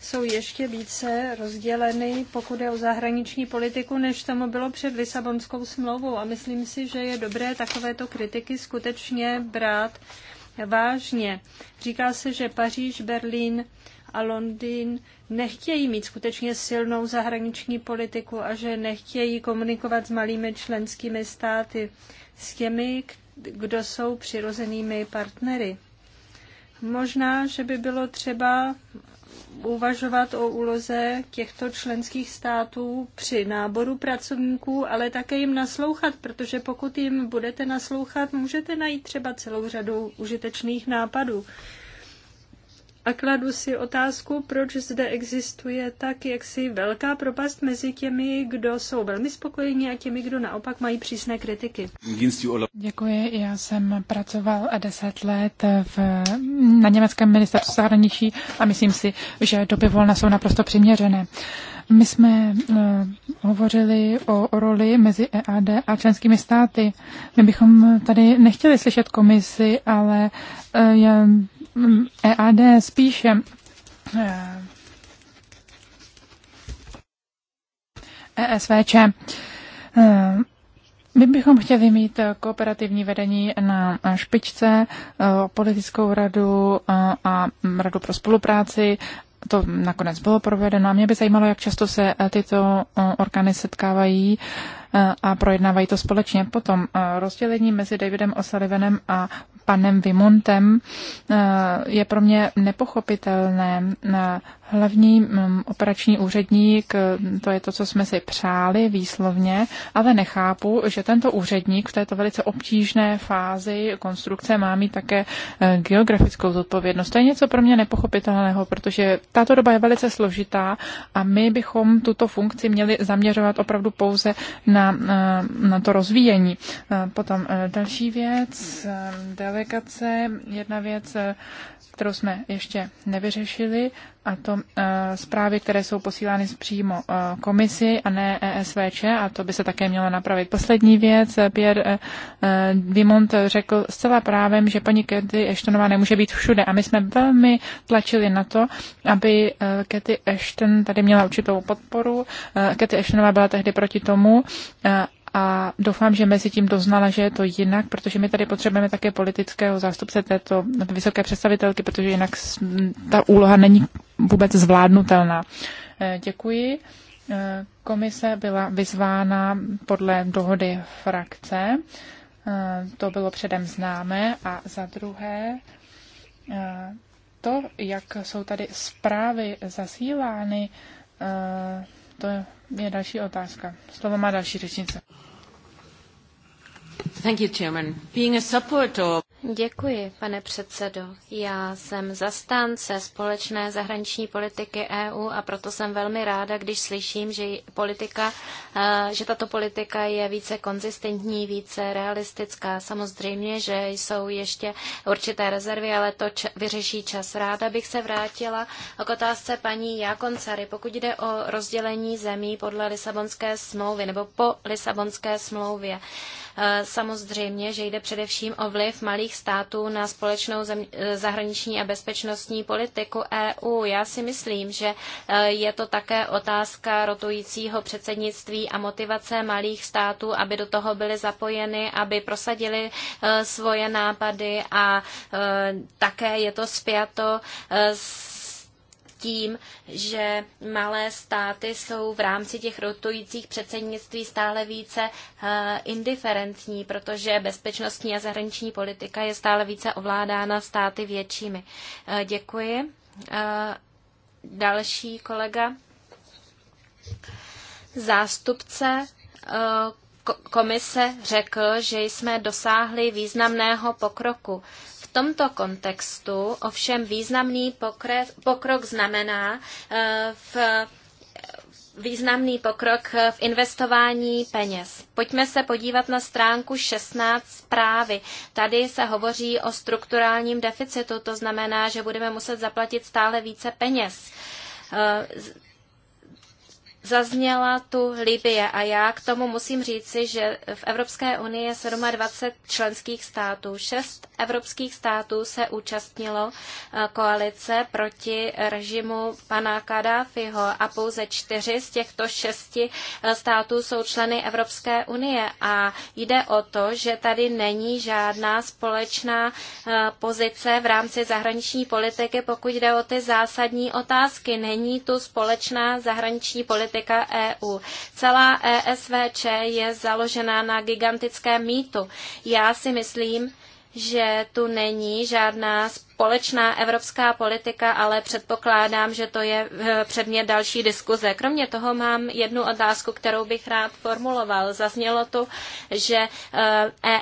jsou ještě více rozděleny, pokud je o zahraniční politiku, než tomu bylo před Lisabonskou smlouvou. A myslím si, že je dobré takovéto kritiky skutečně brát vážně. Říká se, že Paříž, Berlín a Londýn nechtějí mít skutečně silnou zahraniční politiku a že nechtějí komunikovat s malými členskými státy, s těmi, kdo jsou přirozenými partnery. Možná, že by bylo třeba uvažovat o úloze těchto členských států při náboru pracovníků, ale také jim naslouchat, protože pokud jim budete naslouchat, můžete najít třeba celou řadu užitečných nápadů. A kladu si otázku, proč zde existuje tak jaksi velká propast mezi těmi, kdo jsou velmi spokojeni a těmi, kdo naopak mají přísné kritiky. Děkuji, já jsem pracoval deset let v, na německém ministerstvu zahraničí a myslím si, že doby volna jsou naprosto přiměřené. My jsme uh, hovořili o, o roli mezi EAD a členskými státy. My bychom tady nechtěli slyšet komisi, ale uh, EAD spíše ESVČ. Eh, e eh, my bychom chtěli mít eh, kooperativní vedení na špičce, politickou radu a radu pro spolupráci. To nakonec bylo provedeno a mě by zajímalo, jak často se tyto orgány setkávají a projednávají to společně. Potom rozdělení mezi Davidem O'Sullivanem a panem Vimontem je pro mě nepochopitelné. Hlavní operační úředník, to je to, co jsme si přáli výslovně, ale nechápu, že tento úředník v této velice obtížné fázi konstrukce má mít také e, geografickou zodpovědnost. To je něco pro mě nepochopitelného, protože tato doba je velice složitá a my bychom tuto funkci měli zaměřovat opravdu pouze na na, to rozvíjení. Eh, potom eh, další věc, eh, delegace. Jedna věc kterou jsme ještě nevyřešili, a to eh, zprávy, které jsou posílány přímo eh, komisi a ne ESVČ, a to by se také mělo napravit. Poslední věc, eh, Pierre Dimont řekl zcela právem, že paní Kety Eštonová nemůže být všude a my jsme velmi tlačili na to, aby Kety Ešton tady měla určitou podporu. Kety Eštonová byla tehdy proti tomu a doufám, že mezi tím doznala, že je to jinak, protože my tady potřebujeme také politického zástupce této vysoké představitelky, protože jinak ta úloha není vůbec zvládnutelná. Eh, děkuji. Eh, komise byla vyzvána podle dohody frakce. Eh, to bylo předem známé. A za druhé, to, jak jsou tady zprávy zasílány, to je další otázka. Slovo má další řečnice. Děkuji, pane předsedo. Já jsem zastánce společné zahraniční politiky EU a proto jsem velmi ráda, když slyším, že, politika, eh, že tato politika je více konzistentní, více realistická. Samozřejmě, že jsou ještě určité rezervy, ale to č- vyřeší čas. Ráda bych se vrátila k otázce paní Jakoncary. Pokud jde o rozdělení zemí podle Lisabonské smlouvy nebo po Lisabonské smlouvě, Eh, samozřejmě, že jde především o vliv malých států na společnou zem, eh, zahraniční a bezpečnostní politiku EU. Já si myslím, že eh, je to také otázka rotujícího předsednictví a motivace malých států, aby do toho byly zapojeny, aby prosadili svoje nápady a také je to spjato s tím, že malé státy jsou v rámci těch rotujících předsednictví stále více eh, indiferentní, protože bezpečnostní a zahraniční politika je stále více ovládána státy většími. Eh, děkuji. Eh, další kolega. Zástupce komise řekl, že jsme dosáhli významného pokroku tomto kontextu ovšem významný pokrev, pokrok znamená eh, v významný pokrok v investování peněz. Pojďme se podívat na stránku 16 zprávy. Tady se hovoří o strukturálním deficitu, to znamená, že budeme muset zaplatit stále více peněz. Eh, Zazněla tu Libie a já k tomu musím říci, že v Evropské unii je 27 členských států. Šest evropských států se účastnilo eh, koalice proti režimu pana Kadáfiho a pouze čtyři z těchto šesti eh, států jsou členy Evropské unie a jde o to, že tady není žádná společná eh, pozice v rámci zahraniční politiky, pokud jde o ty zásadní otázky. Není tu společná zahraniční politika politika EU. Celá ESVČ je založená na gigantickém mýtu. Já si myslím, že tu není žádná společná evropská politika, ale předpokládám, že to je eh, předmět další diskuze. Kromě toho mám jednu otázku, kterou bych rád formuloval. Zaznělo tu, že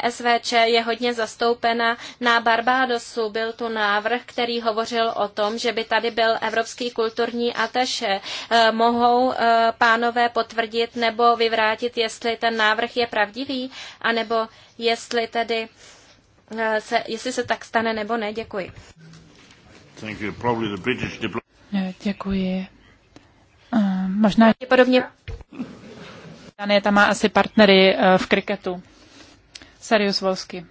ESVČ eh, e je hodně zastoupena na Barbadosu. Byl tu návrh, který hovořil o tom, že by tady byl evropský kulturní ateše. Eh, mohou pánové potvrdit nebo vyvrátit, jestli ten návrh je pravdivý, anebo jestli tedy Eh, se, jestli se tak stane nebo ne. Děkuji. Eh, děkuji. Uh, možná podobně. Danie tam má asi partnery uh, v kriketu. Serius Volsky.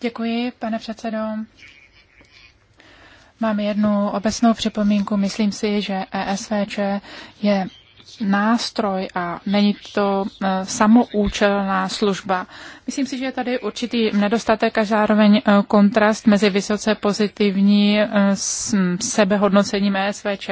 Děkuji, pane předsedo. Mám jednu obecnou připomínku. Myslím si, že ESVČ je nástroj a není to eh, samoučelná služba. Myslím si, že je tady určitý nedostatek a zároveň eh, kontrast mezi vysoce pozitivní eh, sebehodnocením ESVČ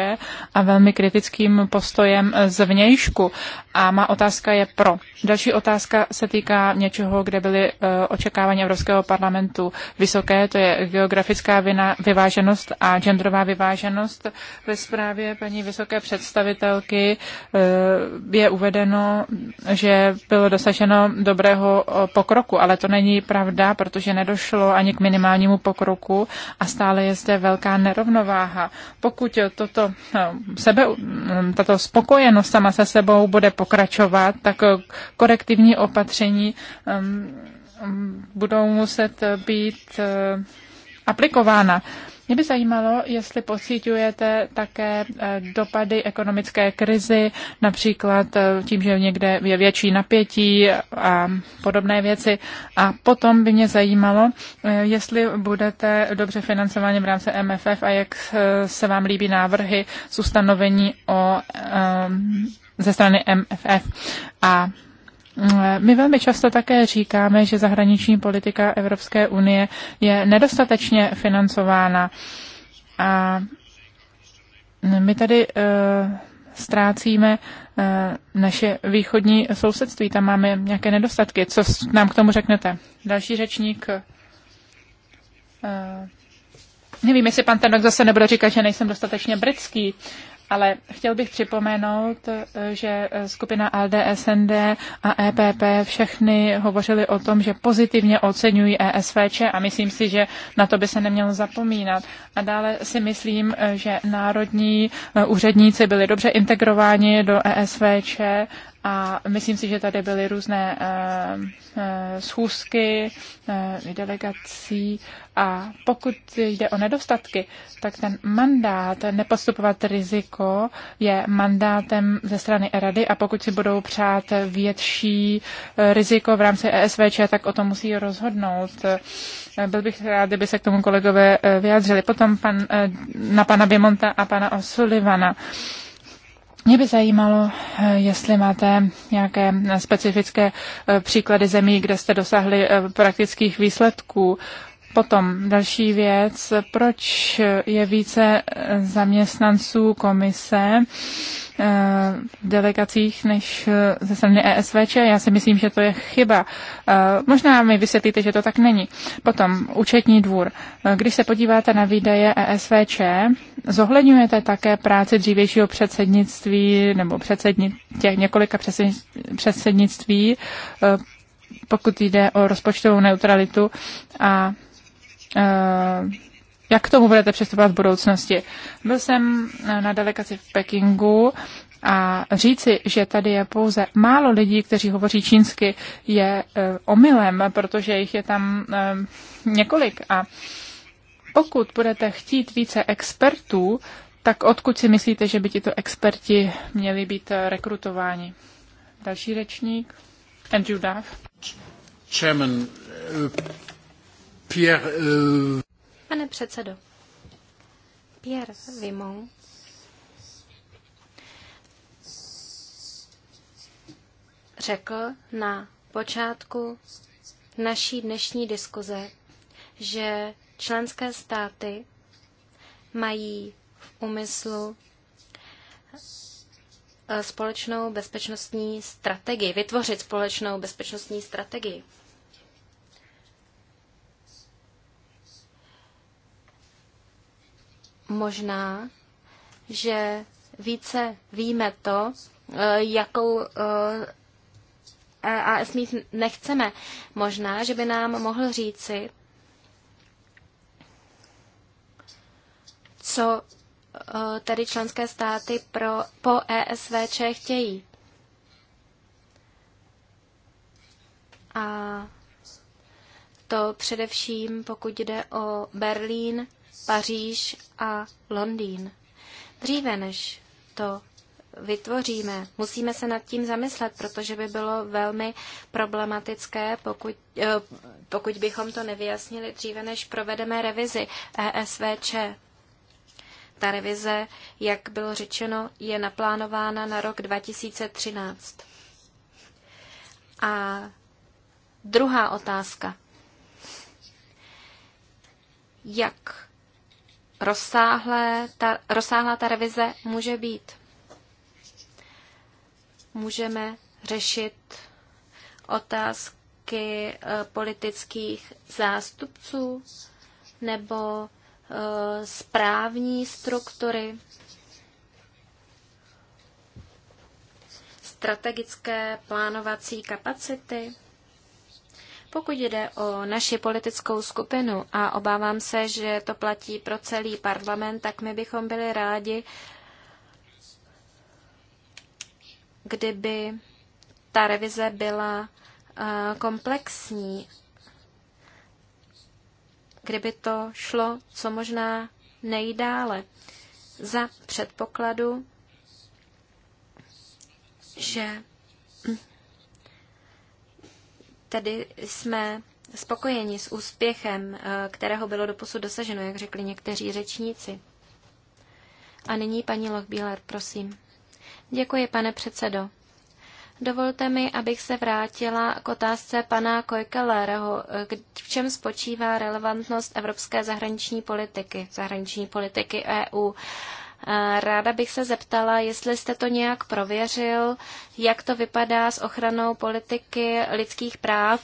a velmi kritickým postojem zvnějšku. A má otázka je pro. Další otázka se týká něčeho, kde byly očekávání Evropského parlamentu vysoké, to je geografická vyváženost a genderová vyváženost. Ve zprávě paní vysoké představitelky Eh, je uvedeno, že bylo dosaženo dobrého eh, pokroku, ale to není pravda, protože nedošlo ani k minimálnímu pokroku a stále je zde velká nerovnováha. Pokud toto eh, sebe, mm, tato spokojenost sama se sebou bude pokračovat, tak korektivní opatření mm, mm, budou muset být aplikována. Mě by zajímalo, jestli pocítujete také eh, dopady ekonomické krizi, například eh, tím, že někde je větší napětí a podobné věci. A potom by mě zajímalo, eh, jestli budete dobře financováni v rámci MFF a jak se vám líbí návrhy z ustanovení o, ze strany MFF. A my velmi často také říkáme, že zahraniční politika Evropské unie je nedostatečně financována. A my tady eh, ztrácíme eh, naše východní sousedství, tam máme nějaké nedostatky. Co nám k tomu řeknete? Další řečník. Eh, nevím, jestli pan Tenok zase nebude říkat, že nejsem dostatečně britský, ale chtěl bych připomenout, že skupina ADSND a EPP všechny hovořili o tom, že pozitivně oceňují ESVČ a myslím si, že na to by se nemělo zapomínat. A dále si myslím, že národní úředníci byli dobře integrováni do ESVČ a myslím si, že tady byly různé eh, eh, schůzky eh, delegací a pokud jde o nedostatky, tak ten mandát nepostupovat riziko je mandátem ze strany Rady a pokud si budou přát větší riziko v rámci ESVČ, tak o tom musí rozhodnout. Byl bych rád, kdyby se k tomu kolegové vyjádřili. Potom pan, na pana Bimonta a pana O'Sullivana. Mě by zajímalo, eh, jestli máte nějaké specifické eh, příklady zemí, kde jste dosáhli eh, praktických výsledků Potom další věc, proč je více zaměstnanců komise eh, v delegacích než eh, ze strany ESVČ? Já si myslím, že to je chyba. Eh, možná mi vysvětlíte, že to tak není. Potom účetní dvůr. Když se podíváte na výdaje ESVČ, zohledňujete také práci dřívějšího předsednictví nebo předsedni, těch několika předsednictví, pokud jde o rozpočtovou neutralitu a Eh, jak k tomu budete přistupovat v budoucnosti. Byl jsem na delegaci v Pekingu a říci, že tady je pouze málo lidí, kteří hovoří čínsky, je eh, omylem, protože jich je tam eh, několik. A pokud budete chtít více expertů, tak odkud si myslíte, že by tito experti měli být rekrutováni? Další řečník, Andrew Duff. Chairman, Pierre, uh... Pane předsedo, Pierre Vimon řekl na počátku naší dnešní diskuze, že členské státy mají v úmyslu eh, společnou bezpečnostní strategii, vytvořit společnou bezpečnostní strategii. možná, že více víme to, eh, jakou eh, a mít nechceme. Možná, že by nám mohl říci, co eh, tedy členské státy pro, po ESVČ chtějí. A to především, pokud jde o Berlín, Paříž a Londýn. Dříve než to vytvoříme, musíme se nad tím zamyslet, protože by bylo velmi problematické, pokud, eh, pokud bychom to nevyjasnili dříve, než provedeme revizi ESVČ. Ta revize, jak bylo řečeno, je naplánována na rok 2013. A druhá otázka. Jak rozsáhlé, ta, rozsáhlá ta revize může být. Můžeme řešit otázky eh, politických zástupců nebo eh, správní struktury, strategické plánovací kapacity. Pokud jde o naši politickou skupinu, a obávám se, že to platí pro celý parlament, tak my bychom byli rádi, kdyby ta revize byla komplexní, kdyby to šlo co možná nejdále za předpokladu, že tedy jsme spokojeni s úspěchem, eh, kterého bylo doposud dosaženo, jak řekli někteří řečníci. A nyní paní Lochbíler, prosím. Děkuji, pane předsedo. Dovolte mi, abych se vrátila k otázce pana Kojkelereho, eh, v čem spočívá relevantnost evropské zahraniční politiky, zahraniční politiky EU. Eh, Ráda bych se zeptala, jestli jste to nějak prověřil, jak to vypadá s ochranou politiky lidských práv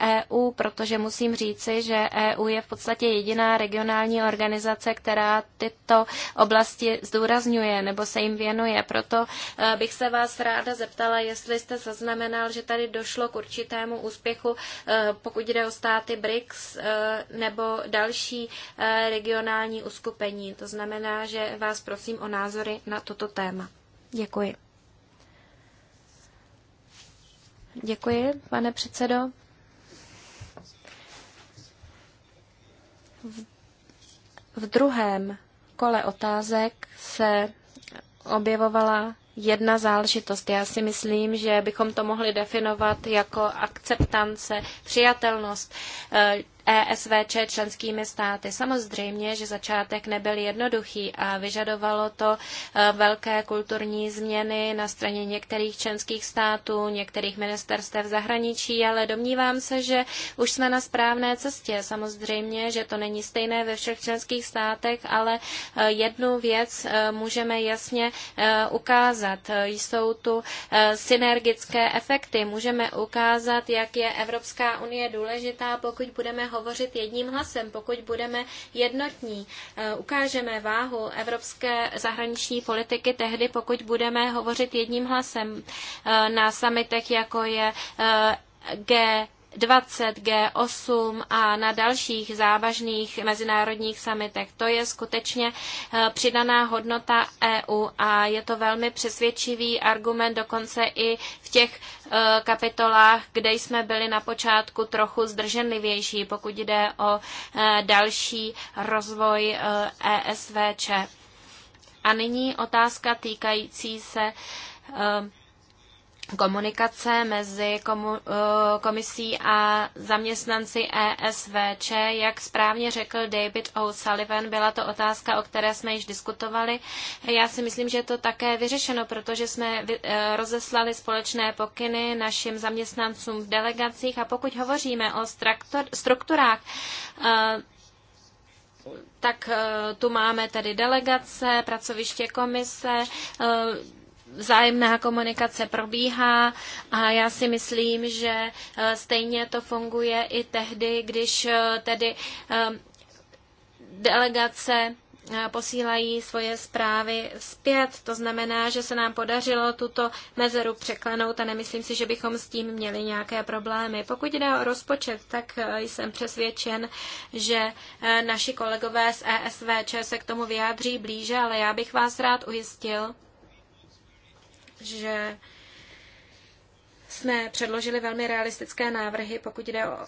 EU, eh, e protože musím říci, že EU je v podstatě jediná regionální organizace, která tyto oblasti zdůrazňuje nebo se jim věnuje. Proto eh, bych se vás ráda zeptala, jestli jste zaznamenal, že tady došlo k určitému úspěchu, eh, pokud jde o státy BRICS nebo další regionální uskupení. To znamená, že vás prosím o názory na toto téma. Děkuji. Děkuji, pane předsedo. V druhém kole otázek se objevovala jedna záležitost. Já si myslím, že bychom to mohli definovat jako akceptance, přijatelnost eh, ESVČ členskými státy. Samozřejmě, že začátek nebyl jednoduchý a vyžadovalo to e, velké kulturní změny na straně některých členských států, některých ministerstev zahraničí, ale domnívám se, že už jsme na správné cestě. Samozřejmě, že to není stejné ve všech členských státech, ale e, jednu věc e, můžeme jasně ukázat. Jsou tu synergické efekty. Můžeme ukázat, jak je Evropská unie důležitá, pokud budeme hovořit jedním hlasem, pokud budeme jednotní. Eh, ukážeme váhu evropské zahraniční politiky tehdy, pokud budeme hovořit jedním hlasem eh, na samitech, jako je eh, G G20, G8 a na dalších závažných mezinárodních samitech. To je skutečně eh, přidaná hodnota EU a je to velmi přesvědčivý argument dokonce i v těch eh, kapitolách, kde jsme byli na počátku trochu zdrženlivější, pokud jde o eh, další rozvoj ESVČ. E a nyní otázka týkající se komunikace mezi komu, eh, komisí a zaměstnanci ESVČ. Jak správně řekl David O'Sullivan, byla to otázka, o které jsme již diskutovali. Já si myslím, že je to také vyřešeno, protože jsme eh, rozeslali společné pokyny našim zaměstnancům v delegacích a pokud hovoříme o strukturách, eh, tak tu máme tedy delegace, pracoviště komise, vzájemná komunikace probíhá a já si myslím, že eh, stejně to funguje i tehdy, když eh, tedy eh, delegace posílají svoje zprávy zpět. To znamená, že se nám podařilo tuto mezeru překlenout a nemyslím si, že bychom s tím měli nějaké problémy. Pokud jde o rozpočet, tak jsem přesvědčen, že naši kolegové z ESVČ se k tomu vyjádří blíže, ale já bych vás rád ujistil, že jsme předložili velmi realistické návrhy, pokud jde o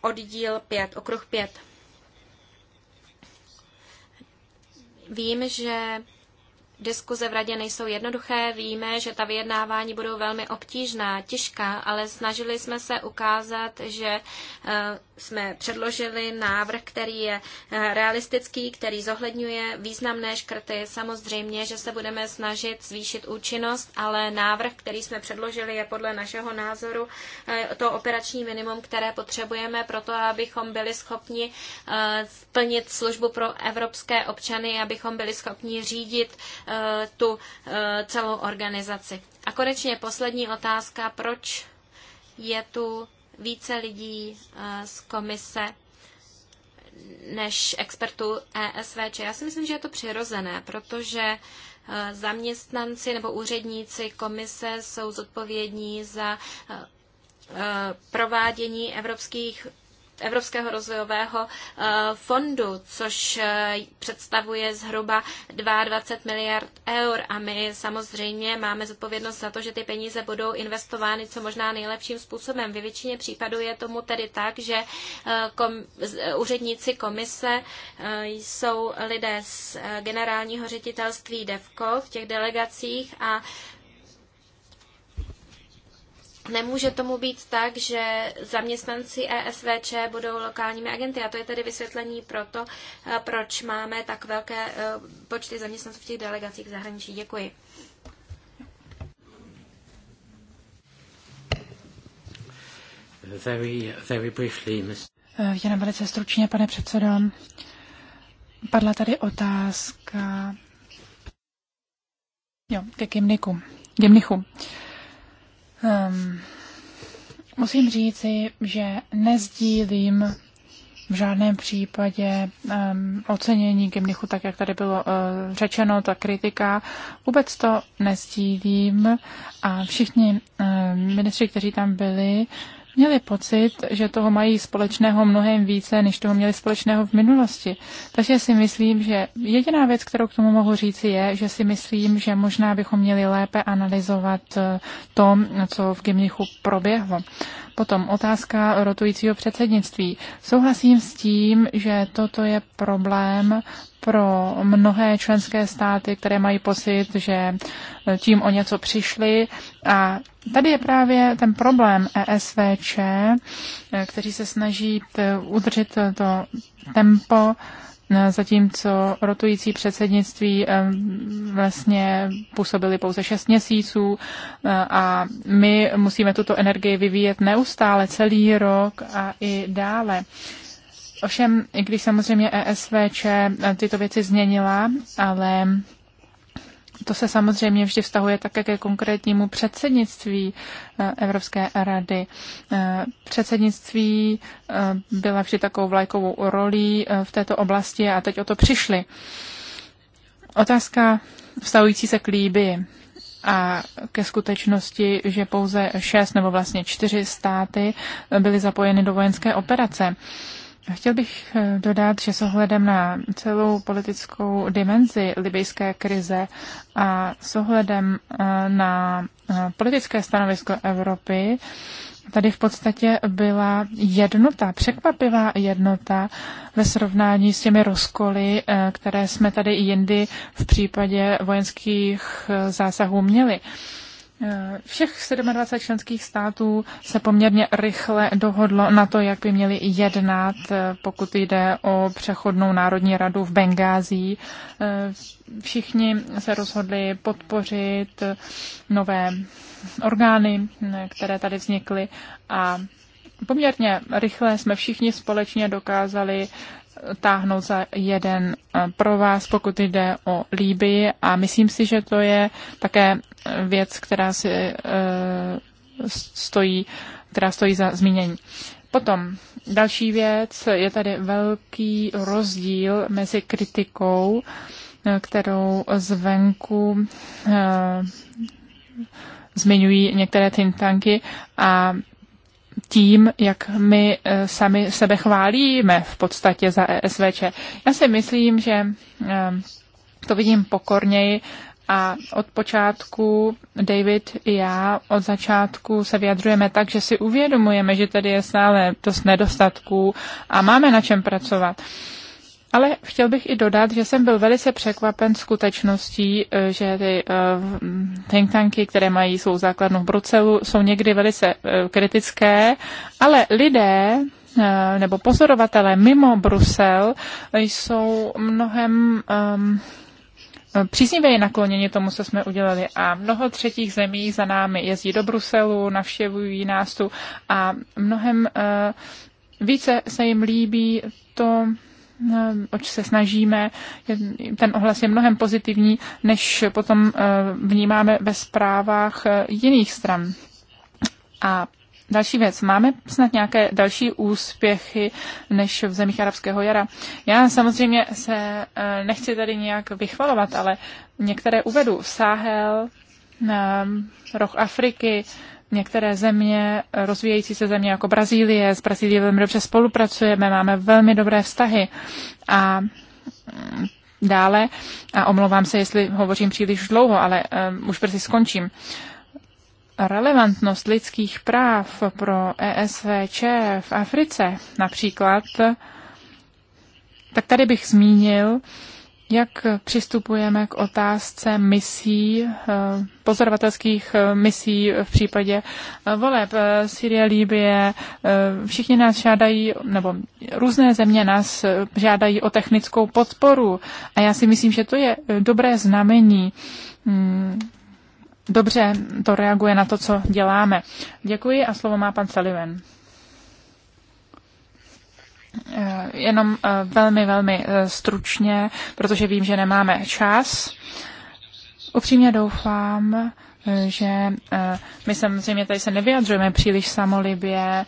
oddíl 5, okruh 5. Vím, že diskuze v radě nejsou jednoduché, víme, že ta vyjednávání budou velmi obtížná, těžká, ale snažili jsme se ukázat, že eh, jsme předložili návrh, který je eh, realistický, který zohledňuje významné škrty. Samozřejmě, že se budeme snažit zvýšit účinnost, ale návrh, který jsme předložili, je podle našeho názoru eh, to operační minimum, které potřebujeme pro to, abychom byli schopni eh, splnit službu pro evropské občany, abychom byli schopni řídit tu celou organizaci. A konečně poslední otázka, proč je tu více lidí eh, z komise než expertů ESVČ. Já si myslím, že je to přirozené, protože eh, zaměstnanci nebo úředníci komise jsou zodpovědní za eh, provádění evropských Evropského rozvojového eh, fondu, což eh, představuje zhruba 22 miliard eur a my samozřejmě máme zodpovědnost za to, že ty peníze budou investovány co možná nejlepším způsobem. Ve většině případů je tomu tedy tak, že eh, kom, úředníci komise jsou lidé z generálního ředitelství DEVKO v těch delegacích a Nemůže tomu být tak, že zaměstnanci ESVČ budou lokálními agenty. A to je tedy vysvětlení pro to, eh, proč máme tak velké eh, počty zaměstnanců v těch delegacích zahraničí. Děkuji. Very, very briefly, Ms. Eh, jenom velice stručně, pane předsedo. Padla tady otázka jo, ke Gimniku. Gimnichu. Gimnichu. Um, musím říci, že nezdílím v žádném případě um, ocenění Gimlichu, tak jak tady bylo uh, řečeno, ta kritika, vůbec to nestílím a všichni uh, ministři, kteří tam byli, měli pocit, že toho mají společného mnohem více, než toho měli společného v minulosti. Takže si myslím, že jediná věc, kterou k tomu mohu říci, je, že si myslím, že možná bychom měli lépe analyzovat eh, to, co v Gimnichu proběhlo. Potom otázka rotujícího předsednictví. Souhlasím s tím, že toto je problém pro mnohé členské státy, které mají pocit, že tím o něco přišli. A tady je právě ten problém ESVČ, kteří se snaží udržet to tempo, zatímco rotující předsednictví eh, vlastně působili pouze 6 měsíců eh, a my musíme tuto energii vyvíjet neustále celý rok a i dále. Ovšem, i když samozřejmě ESVČ eh, tyto věci změnila, ale to se samozřejmě vždy vztahuje také ke konkrétnímu předsednictví eh, Evropské rady. Eh, předsednictví byla vždy takovou vlajkovou rolí v této oblasti a teď o to přišli. Otázka vztahující se k Líbii a ke skutečnosti, že pouze šest nebo vlastně čtyři státy byly zapojeny do vojenské operace. Chtěl bych eh, dodat, že s ohledem na celou politickou dimenzi libijské krize a s ohledem eh, na eh, politické stanovisko Evropy, tady v podstatě byla jednota, překvapivá jednota ve srovnání s těmi rozkoly, které jsme tady i jindy v případě vojenských zásahů měli. Všech 27 členských států se poměrně rychle dohodlo na to, jak by měli jednat, eh, pokud jde o přechodnou Národní radu v Bengází. Eh, všichni se rozhodli podpořit nové orgány, eh, které tady vznikly a poměrně rychle jsme všichni společně dokázali táhnout za jeden eh, pro vás, pokud jde o Líbii a myslím si, že to je také věc, která si eh, stojí, která stojí za zmínění. Potom další věc, je tady velký rozdíl mezi kritikou, eh, kterou zvenku zmiňují některé think tanky a tím, jak my eh, sami sebe chválíme v podstatě za ESVČ. Já si myslím, že eh, to vidím pokorněji a od počátku David i já od začátku se vyjadřujeme tak, že si uvědomujeme, že tady je stále dost nedostatků a máme na čem pracovat. Ale chtěl bych i dodat, že jsem byl velice překvapen skutečností, eh, že ty eh, think tanky, které mají svou základnu v Bruselu, jsou někdy velice eh, kritické, ale lidé nebo pozorovatelé mimo Brusel jsou mnohem um, příznivěji nakloněni tomu, co jsme udělali. A mnoho třetích zemí za námi jezdí do Bruselu, navštěvují nás tu a mnohem uh, více se jim líbí to, Eh, oč se snažíme, ten ohlas je mnohem pozitivní, než potom eh, vnímáme ve zprávách eh, jiných stran. A Další věc. Máme snad nějaké další úspěchy než v zemích arabského jara? Já samozřejmě se nechci tady nějak vychvalovat, ale některé uvedu. Sahel, roh Afriky, některé země, rozvíjející se země jako Brazílie, s Brazílií velmi dobře spolupracujeme, máme velmi dobré vztahy a mm, dále, a omlouvám se, jestli hovořím příliš dlouho, ale um, už brzy skončím. Relevantnost lidských práv pro ESVČ v Africe například, tak tady bych zmínil, jak přistupujeme k otázce misí, eh, pozorovatelských eh, misí v případě eh, voleb Syrie, Líbie. Všichni nás žádají, nebo různé země nás žádají o technickou podporu. A já si myslím, že to je dobré znamení. Hmm, dobře to reaguje na to, co děláme. Děkuji a slovo má pan Sullivan. Eh, jenom eh, velmi, velmi eh, stručně, protože vím, že nemáme čas. Upřímně doufám, že eh, my samozřejmě tady se nevyjadřujeme příliš samolibě.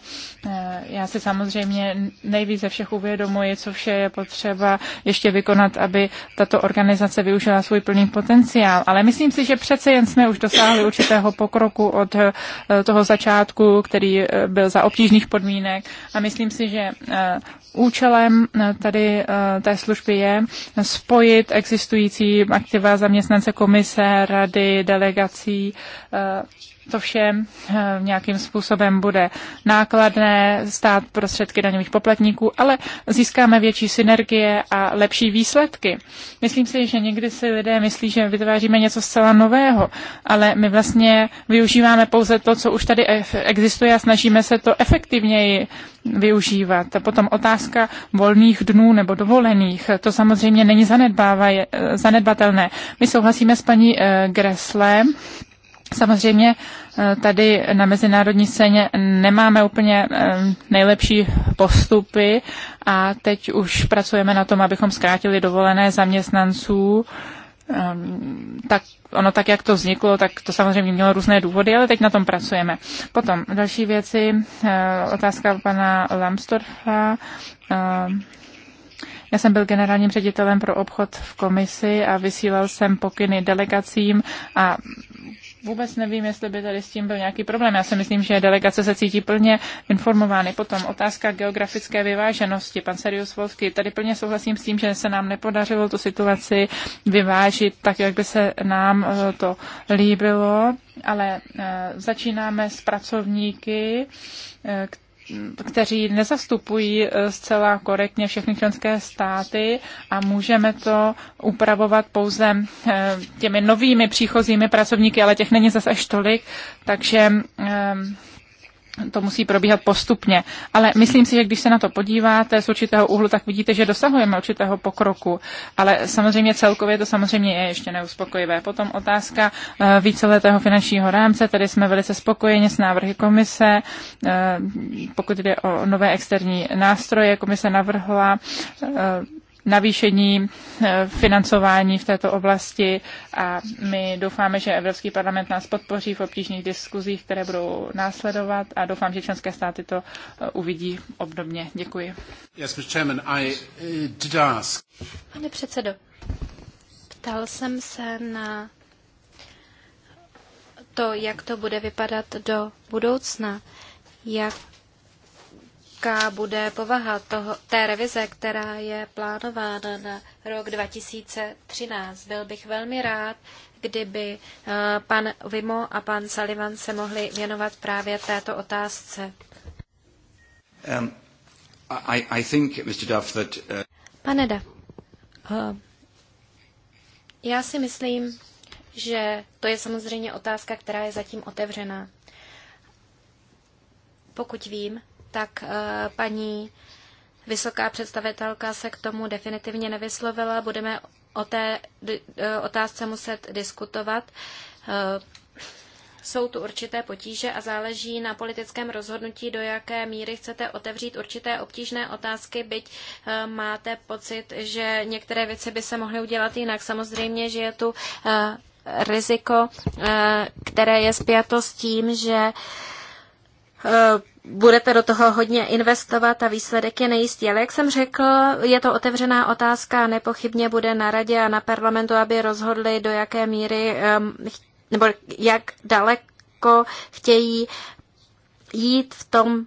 Eh, já si samozřejmě nejvíce všech uvědomuji, co vše je potřeba ještě vykonat, aby tato organizace využila svůj plný potenciál. Ale myslím si, že přece jen jsme už dosáhli určitého pokroku od eh, toho začátku, který byl za obtížných podmínek. A myslím si, že účelem tady té služby je spojit existující aktiva zaměstnance komise, rady, delegací, to vše eh, nějakým způsobem bude nákladné, stát prostředky daňových poplatníků, ale získáme větší synergie a lepší výsledky. Myslím si, že někdy si lidé myslí, že vytváříme něco zcela nového, ale my vlastně využíváme pouze to, co už tady existuje a snažíme se to efektivněji využívat. Potom otázka volných dnů nebo dovolených, to samozřejmě není eh, zanedbatelné. My souhlasíme s paní eh, Greslem. Samozřejmě eh, tady na mezinárodní scéně nemáme úplně eh, nejlepší postupy a teď už pracujeme na tom, abychom zkrátili dovolené zaměstnanců. Ehm, tak ono tak, jak to vzniklo, tak to samozřejmě mělo různé důvody, ale teď na tom pracujeme. Potom další věci, eh, otázka pana Lamstorfa. Ehm, já jsem byl generálním ředitelem pro obchod v komisi a vysílal jsem pokyny delegacím a vůbec nevím, jestli by tady s tím byl nějaký problém. Já si myslím, že delegace se cítí plně informovány. Potom otázka geografické vyváženosti. Pan Serius Volsky, tady plně souhlasím s tím, že se nám nepodařilo tu situaci vyvážit tak, jak by se nám eh, to líbilo, ale eh, začínáme s pracovníky, eh, kteří nezastupují eh, zcela korektně všechny členské státy a můžeme to upravovat pouze eh, těmi novými příchozími pracovníky, ale těch není zase až tolik, takže eh, to musí probíhat postupně. Ale myslím si, že když se na to podíváte z určitého úhlu, tak vidíte, že dosahujeme určitého pokroku. Ale samozřejmě celkově to samozřejmě je ještě neuspokojivé. Potom otázka eh, víceletého finančního rámce. Tady jsme velice spokojeni s návrhy komise. Eh, pokud jde o nové externí nástroje, komise navrhla eh, navýšení eh, financování v této oblasti a my doufáme, že Evropský parlament nás podpoří v obtížných diskuzích, které budou následovat a doufám, že členské státy to eh, uvidí obdobně. Děkuji. Yes, Chairman, I eh, did ask. Pane předsedo, ptal jsem se na to, jak to bude vypadat do budoucna, jak jaká bude povaha toho, té revize, která je plánována na rok 2013. Byl bych velmi rád, kdyby eh, pan Vimo a pan Salivan se mohli věnovat právě této otázce. Um, I, I think, Mr. Duff, that, uh... Pane Duff, uh, já si myslím, že to je samozřejmě otázka, která je zatím otevřená. Pokud vím, tak eh, paní vysoká představitelka se k tomu definitivně nevyslovila. Budeme o té eh, otázce muset diskutovat. Eh, jsou tu určité potíže a záleží na politickém rozhodnutí, do jaké míry chcete otevřít určité obtížné otázky, byť máte pocit, že některé věci by se mohly udělat jinak. Samozřejmě, že je tu riziko, které je spjato s tím, že Eh, budete do toho hodně investovat a výsledek je nejistý. Ale jak jsem řekl, je to otevřená otázka a nepochybně bude na radě a na parlamentu, aby rozhodli, do jaké míry nebo jak daleko chtějí jít v tom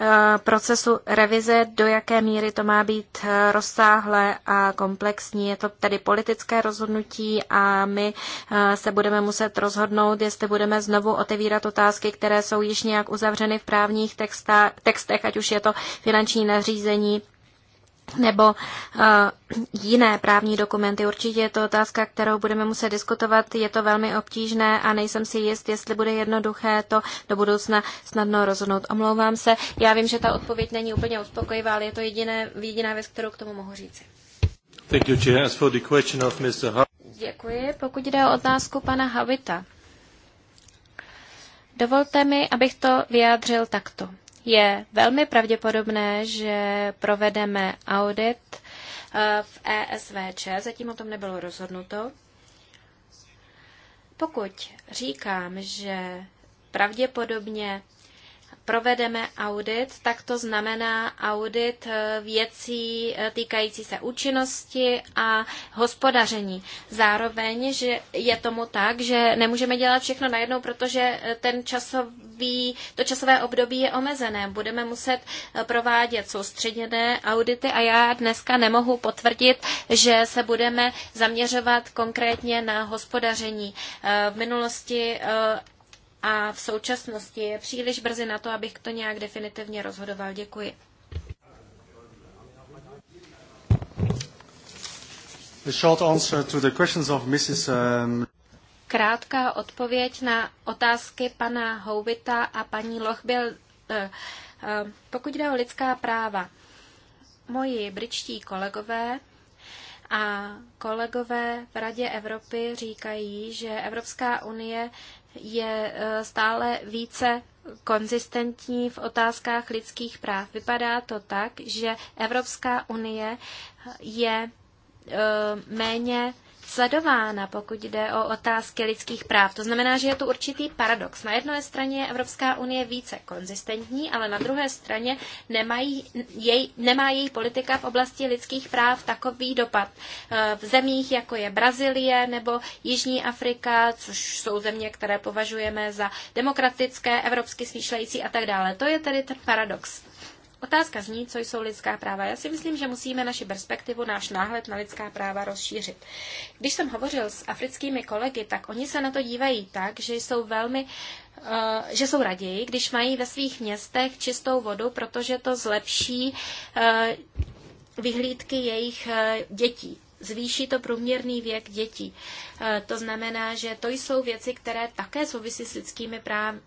Eh, procesu revize, do jaké míry to má být eh, rozsáhlé a komplexní. Je to tedy politické rozhodnutí a my eh, se budeme muset rozhodnout, jestli budeme znovu otevírat otázky, které jsou již nějak uzavřeny v právních textech, ať už je to finanční nařízení nebo eh, jiné právní dokumenty. Určitě je to otázka, kterou budeme muset diskutovat. Je to velmi obtížné a nejsem si jist, jestli bude jednoduché to do budoucna snadno rozhodnout. Omlouvám se. Já vím, že ta odpověď není úplně uspokojivá, ale je to jediné, jediná věc, kterou k tomu mohu říci. Thank you, for the question of Mr. Děkuji. Pokud jde o otázku pana Havita, dovolte mi, abych to vyjádřil takto je velmi pravděpodobné, že provedeme audit eh, v ESVČ, zatím o tom nebylo rozhodnuto. Pokud říkám, že pravděpodobně provedeme audit, tak to znamená audit eh, věcí eh, týkající se účinnosti a hospodaření. Zároveň, že je tomu tak, že nemůžeme dělat všechno najednou, protože eh, ten časový, to časové období je omezené. Budeme muset provádět soustředěné audity a já dneska nemohu potvrdit, že se budeme zaměřovat konkrétně na hospodaření. V minulosti a v současnosti je příliš brzy na to, abych to nějak definitivně rozhodoval. Děkuji. The short answer to the questions of Mrs. Um, Krátká odpověď na otázky pana Houvita a paní Lochbil. Eh, eh, pokud jde o lidská práva, moji britští kolegové a kolegové v Radě Evropy říkají, že Evropská unie je eh, stále více konzistentní v otázkách lidských práv. Vypadá to tak, že Evropská unie je eh, méně sledována, pokud jde o otázky lidských práv. To znamená, že je tu určitý paradox. Na jedné straně je Evropská unie více konzistentní, ale na druhé straně nemají, jej, nemá její politika v oblasti lidských práv takový dopad. Eh, v zemích, jako je Brazílie nebo Jižní Afrika, což jsou země, které považujeme za demokratické, evropsky smýšlející a tak dále. To je tedy ten paradox. Otázka zní, co jsou lidská práva. Já si myslím, že musíme naši perspektivu, náš náhled na lidská práva rozšířit. Když jsem hovořil s africkými kolegy, tak oni se na to dívají tak, že jsou velmi eh, že jsou raději, když mají ve svých městech čistou vodu, protože to zlepší eh, vyhlídky jejich eh, dětí zvýší to průměrný věk dětí. Eh, to znamená, že to jsou věci, které také souvisí s lidskými právy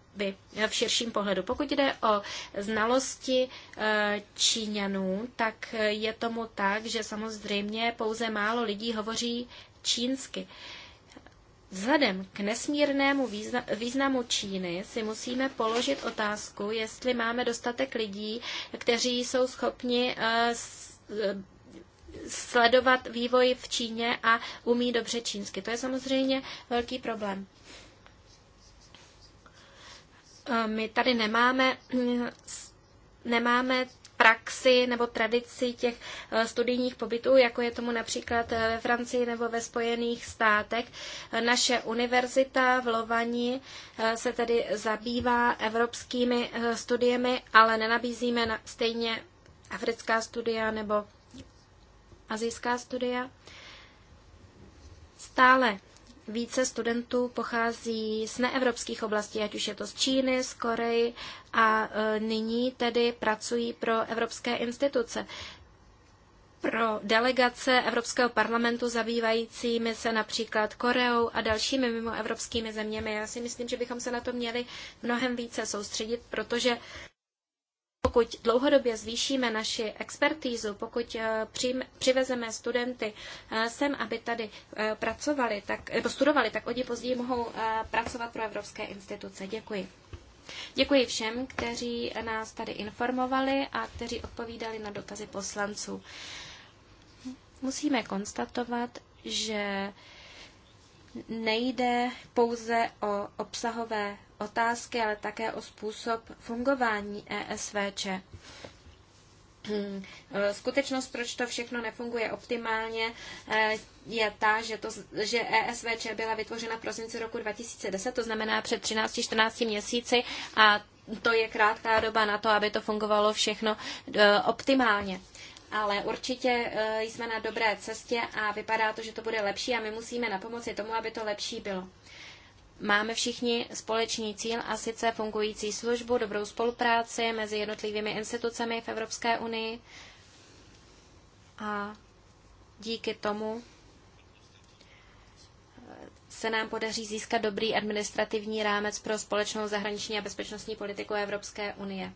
eh, v širším pohledu. Pokud jde o znalosti eh, Číňanů, tak je tomu tak, že samozřejmě pouze málo lidí hovoří čínsky. Vzhledem k nesmírnému významu Číny si musíme položit otázku, jestli máme dostatek lidí, kteří jsou schopni sledovat vývoj v Číně a umí dobře čínsky. To je samozřejmě velký problém. Eh, my tady nemáme, nemáme praxi nebo tradici těch eh, studijních pobytů, jako je tomu například eh, ve Francii nebo ve Spojených státech. Naše univerzita v Lovani se tedy zabývá evropskými studiemi, ale nenabízíme stejně africká studia nebo azijská studia. Stále více studentů pochází z neevropských oblastí, ať už je to z Číny, z Koreji a e, nyní tedy pracují pro evropské instituce. Pro delegace Evropského parlamentu zabývajícími se například Koreou a dalšími mimoevropskými zeměmi. Já si myslím, že bychom se na to měli mnohem více soustředit, protože pokud dlouhodobě zvýšíme naši expertízu, pokud eh, přivezeme studenty eh, sem, aby tady eh, pracovali, tak, nebo studovali, tak oni později mohou pracovat pro evropské instituce. Děkuji. Děkuji všem, kteří nás tady informovali a kteří odpovídali na dotazy poslanců. Musíme konstatovat, že nejde pouze o obsahové otázky, ale také o způsob fungování ESVČ. Skutečnost, proč to všechno nefunguje optimálně, eh, je ta, že, to, že ESVČ byla vytvořena v prosinci roku 2010, to znamená před 13-14 měsíci a to je krátká doba na to, aby to fungovalo všechno eh, optimálně ale určitě eh, jsme na dobré cestě a vypadá to, že to bude lepší a my musíme na pomoci tomu, aby to lepší bylo máme všichni společný cíl a sice fungující službu, dobrou spolupráci mezi jednotlivými institucemi v Evropské unii a díky tomu se nám podaří získat dobrý administrativní rámec pro společnou zahraniční a bezpečnostní politiku Evropské unie.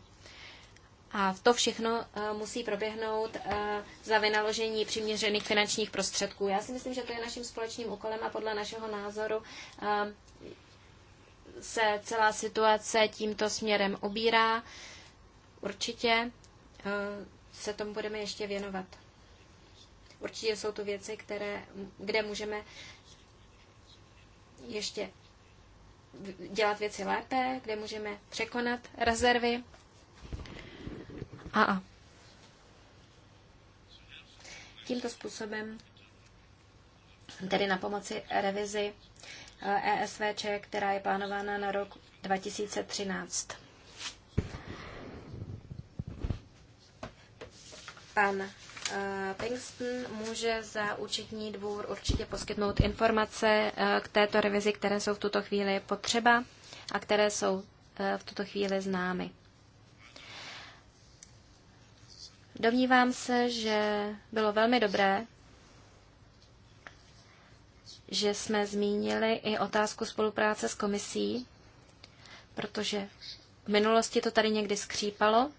A to všechno eh, musí proběhnout eh, za vynaložení přiměřených finančních prostředků. Já si myslím, že to je naším společným úkolem a podle našeho názoru eh, se celá situace tímto směrem ubírá. Určitě eh, se tomu budeme ještě věnovat. Určitě jsou to věci, které, kde můžeme ještě dělat věci lépe, kde můžeme překonat rezervy. A, a. tímto způsobem tedy na pomoci revizi ESVČ, eh, e která je plánována na rok 2013. Pan eh, Pinkston může za účetní dvůr určitě poskytnout informace eh, k této revizi, které jsou v tuto chvíli potřeba a které jsou v tuto chvíli známy. Domnívám se, že bylo velmi dobré že jsme zmínili i otázku spolupráce s komisí, protože v minulosti to tady někdy skřípalo.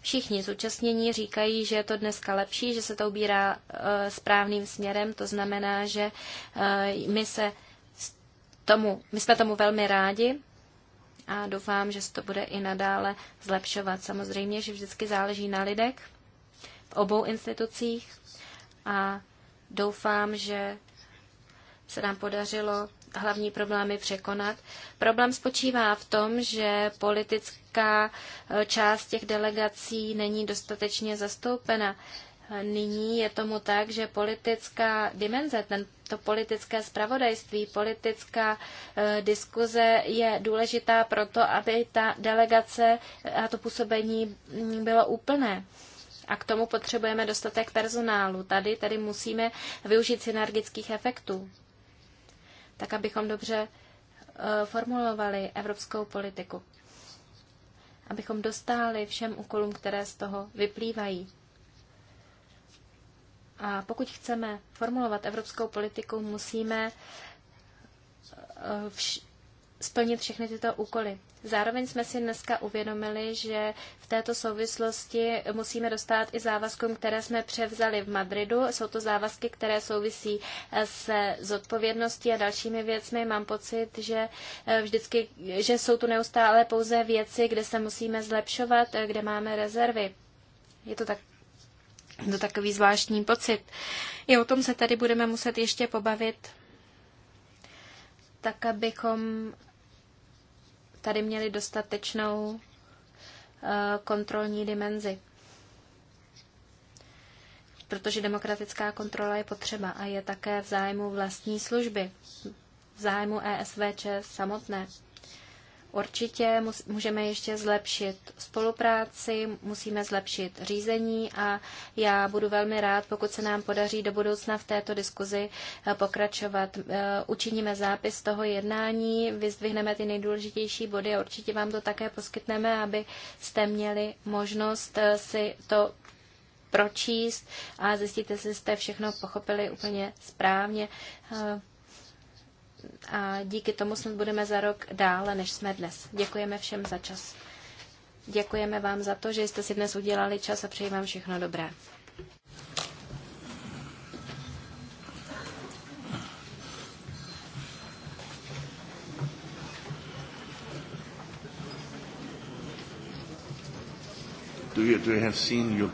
Všichni zúčastnění říkají, že je to dneska lepší, že se to ubírá e, správným směrem, to znamená, že e, my, se tomu, my jsme tomu velmi rádi a doufám, že se to bude i nadále zlepšovat. Samozřejmě, že vždycky záleží na lidech v obou institucích a doufám, že se nám podařilo hlavní problémy překonat. Problém spočívá v tom, že politická e, část těch delegací není dostatečně zastoupena. Nyní je tomu tak, že politická dimenze, to politické spravodajství, politická e, diskuze je důležitá proto, aby ta delegace a to působení bylo úplné. A k tomu potřebujeme dostatek personálu. Tady, tady musíme využít synergických efektů tak abychom dobře eh, formulovali evropskou politiku, abychom dostáli všem úkolům, které z toho vyplývají. A pokud chceme formulovat evropskou politiku, musíme eh, splnit všechny tyto úkoly. Zároveň jsme si dneska uvědomili, že v této souvislosti musíme dostat i závazkům, které jsme převzali v Madridu. Jsou to závazky, které souvisí eh, se zodpovědností a dalšími věcmi. Mám pocit, že eh, vždycky, že jsou tu neustále pouze věci, kde se musíme zlepšovat, eh, kde máme rezervy. Je to tak to takový zvláštní pocit. I o tom se tady budeme muset ještě pobavit tak abychom tady měli dostatečnou eh, kontrolní dimenzi. Protože demokratická kontrola je potřeba a je také v zájmu vlastní služby, v zájmu ESVČ samotné. Určitě můžeme ještě zlepšit spolupráci, musíme zlepšit řízení a já budu velmi rád, pokud se nám podaří do budoucna v této diskuzi eh, pokračovat. Eh, učiníme zápis toho jednání, vyzdvihneme ty nejdůležitější body a určitě vám to také poskytneme, aby jste měli možnost eh, si to pročíst a zjistíte, jestli jste všechno pochopili úplně správně a díky tomu snad budeme za rok dále, než jsme dnes. Děkujeme všem za čas. Děkujeme vám za to, že jste si dnes udělali čas a přeji vám všechno dobré. Do you, do you have seen your...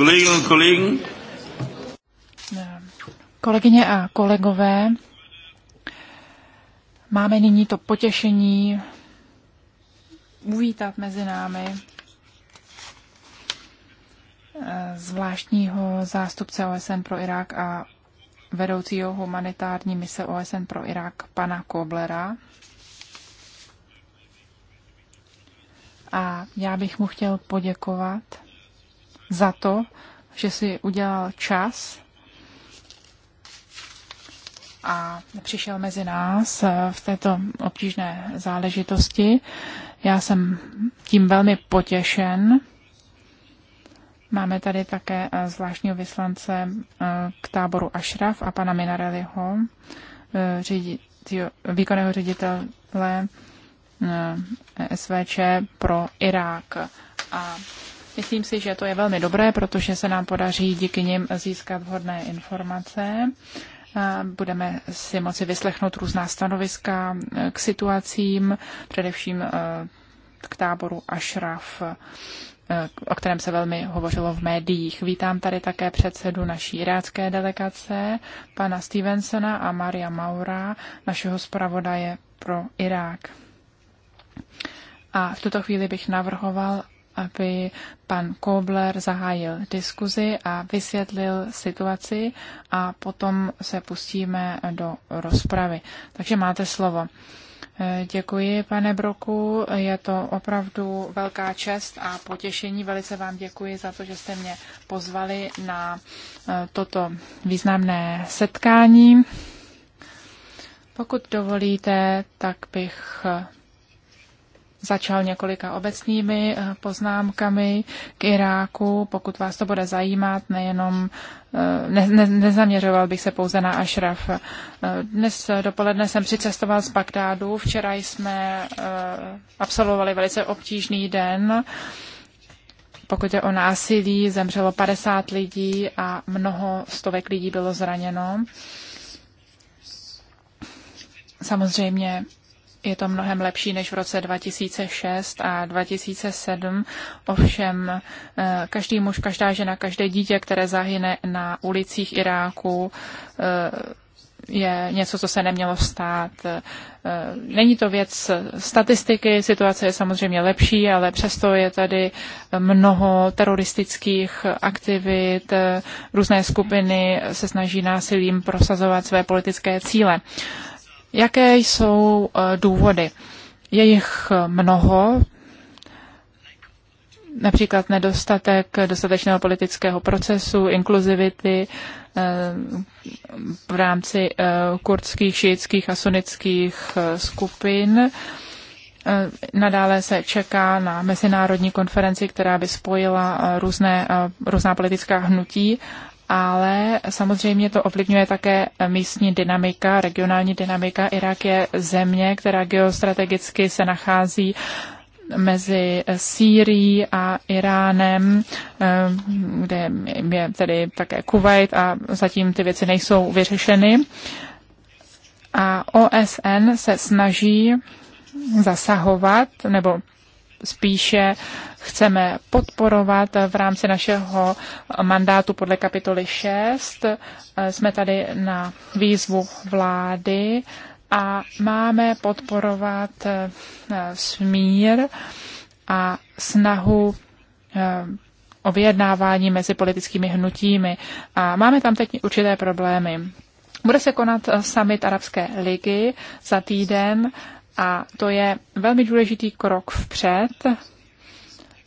Kolleginnen Kolegyně a kolegové, máme nyní to potěšení uvítat mezi námi eh, zvláštního zástupce OSN pro Irák a vedoucího humanitární mise OSN pro Irák pana Koblera. A já bych mu chtěl poděkovat za to, že si udělal čas a přišel mezi nás eh, v této obtížné záležitosti. Já jsem tím velmi potěšen. Máme tady také eh, zvláštního vyslance eh, k táboru Ašraf a pana Minareliho, výkonného ředitele SVČ pro Irák. A Myslím si, že to je velmi dobré, protože se nám podaří díky nim získat vhodné informace. Budeme si moci vyslechnout různá stanoviska k situacím, především e, k táboru Ashraf, e, o kterém se velmi hovořilo v médiích. Vítám tady také předsedu naší irácké delegace, pana Stevensona a Maria Maura, našeho zpravodaje pro Irák. A v tuto chvíli bych navrhoval, aby pan Kobler zahájil diskuzi a vysvětlil situaci a potom se pustíme do rozpravy. Takže máte slovo. Eh, děkuji, pane Broku. Je to opravdu velká čest a potěšení. Velice vám děkuji za to, že jste mě pozvali na eh, toto významné setkání. Pokud dovolíte, tak bych začal několika obecnými eh, poznámkami k Iráku. Pokud vás to bude zajímat, nejenom eh, ne, ne, nezaměřoval bych se pouze na Ashraf. Eh, dnes dopoledne jsem přicestoval z Bagdádu. Včera jsme absolvovali velice obtížný den. Pokud je o násilí, zemřelo 50 lidí a mnoho stovek lidí bylo zraněno. Samozřejmě je to mnohem lepší než v roce 2006 a 2007. Ovšem, eh, každý muž, každá žena, každé dítě, které zahyne na ulicích Iráku, eh, je něco, co se nemělo stát. Eh, není to věc statistiky, situace je samozřejmě lepší, ale přesto je tady mnoho teroristických aktivit, různé skupiny se snaží násilím prosazovat své politické cíle. Jaké jsou eh, důvody? Je jich eh, mnoho, například nedostatek dostatečného politického procesu, inkluzivity eh, v rámci kurdských, šiitských a sunnických skupin. Nadále se čeká na mezinárodní konferenci, která by spojila různé, různá politická hnutí ale samozřejmě to ovlivňuje také místní dynamika, regionální dynamika. Irak je země, která geostrategicky se nachází mezi Sýrií a Iránem, eh, kde je tedy také Kuwait a zatím ty věci nejsou vyřešeny. A OSN se snaží zasahovat nebo spíše chceme podporovat v rámci našeho mandátu podle kapitoly 6. Jsme tady na výzvu vlády a máme podporovat eh, smír a snahu eh, o vyjednávání mezi politickými hnutími. A máme tam teď určité problémy. Bude se konat eh, summit Arabské ligy za týden a to je velmi důležitý krok vpřed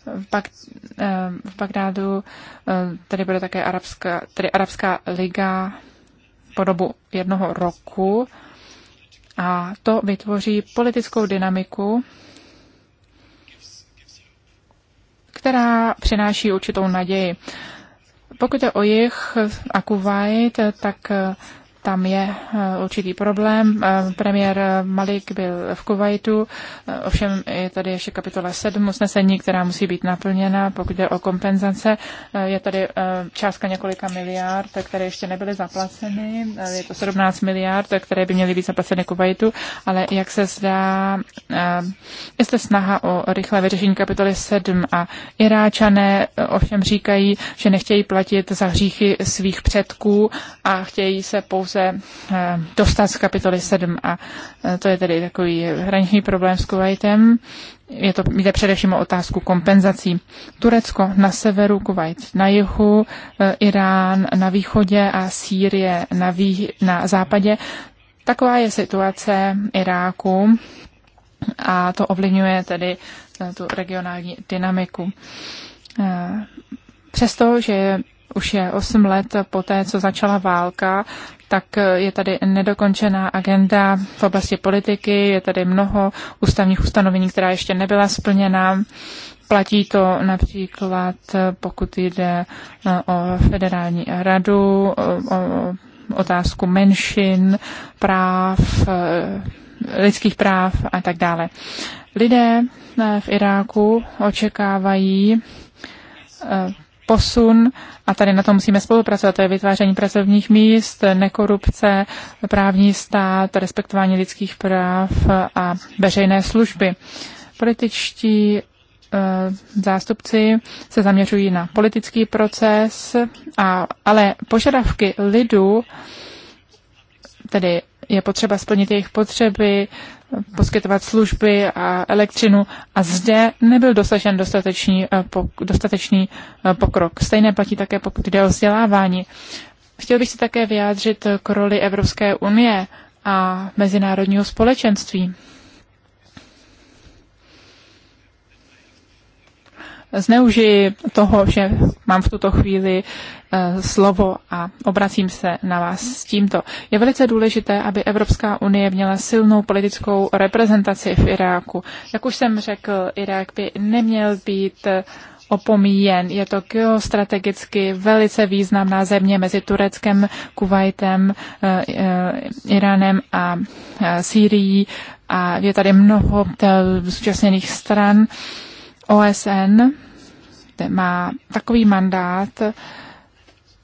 v, Bag, eh, v Bagdádu, eh, tady bude také Arabská, tady Arabská liga po dobu jednoho roku a to vytvoří politickou dynamiku, která přináší určitou naději. Pokud je o jich a Kuwait, tak eh, tam je eh, určitý problém. Eh, premiér eh, Malik byl v Kuwaitu, ovšem je tady ještě kapitola 7 usnesení, která musí být naplněna, pokud jde o kompenzace. Je tady částka několika miliard, které ještě nebyly zaplaceny. Je to 17 miliard, které by měly být zaplaceny Kuwaitu, ale jak se zdá, je snaha o rychlé vyřešení kapitoly 7 a Iráčané ovšem říkají, že nechtějí platit za hříchy svých předků a chtějí se pouze pouze eh, dostat z kapitoly 7 a eh, to je tedy takový hraniční problém s Kuwaitem. Je to, jde především o otázku kompenzací. Turecko na severu, Kuwait na jihu, eh, Irán na východě a Sýrie na, vý, na západě. Taková je situace Iráku a to ovlivňuje tedy tu regionální dynamiku. Přesto, že už je 8 let po té, co začala válka, tak je tady nedokončená agenda v oblasti politiky, je tady mnoho ústavních ustanovení, která ještě nebyla splněna. Platí to například, pokud jde no, o federální radu, o otázku menšin, práv, eh, lidských práv a tak dále. Lidé eh, v Iráku očekávají eh, posun a tady na to musíme spolupracovat. To je vytváření pracovních míst, nekorupce, právní stát, respektování lidských práv a veřejné služby. Političtí eh, zástupci se zaměřují na politický proces, a, ale požadavky lidu, tedy je potřeba splnit jejich potřeby, poskytovat služby a elektřinu a zde nebyl dosažen dostatečný, eh, dostatečný eh, pokrok. Stejné platí také, pokud jde o vzdělávání. Chtěl bych se také vyjádřit k roli Evropské unie a mezinárodního společenství. zneužiji toho, že mám v tuto chvíli eh, slovo a obracím se na vás s tímto. Je velice důležité, aby Evropská unie měla silnou politickou reprezentaci v Iráku. Jak už jsem řekl, Irák by neměl být eh, opomíjen. Je to geostrategicky velice významná země mezi Tureckem, Kuwaitem, eh, Iránem a Sýrií a je tady mnoho zúčastněných stran. OSN má takový mandát,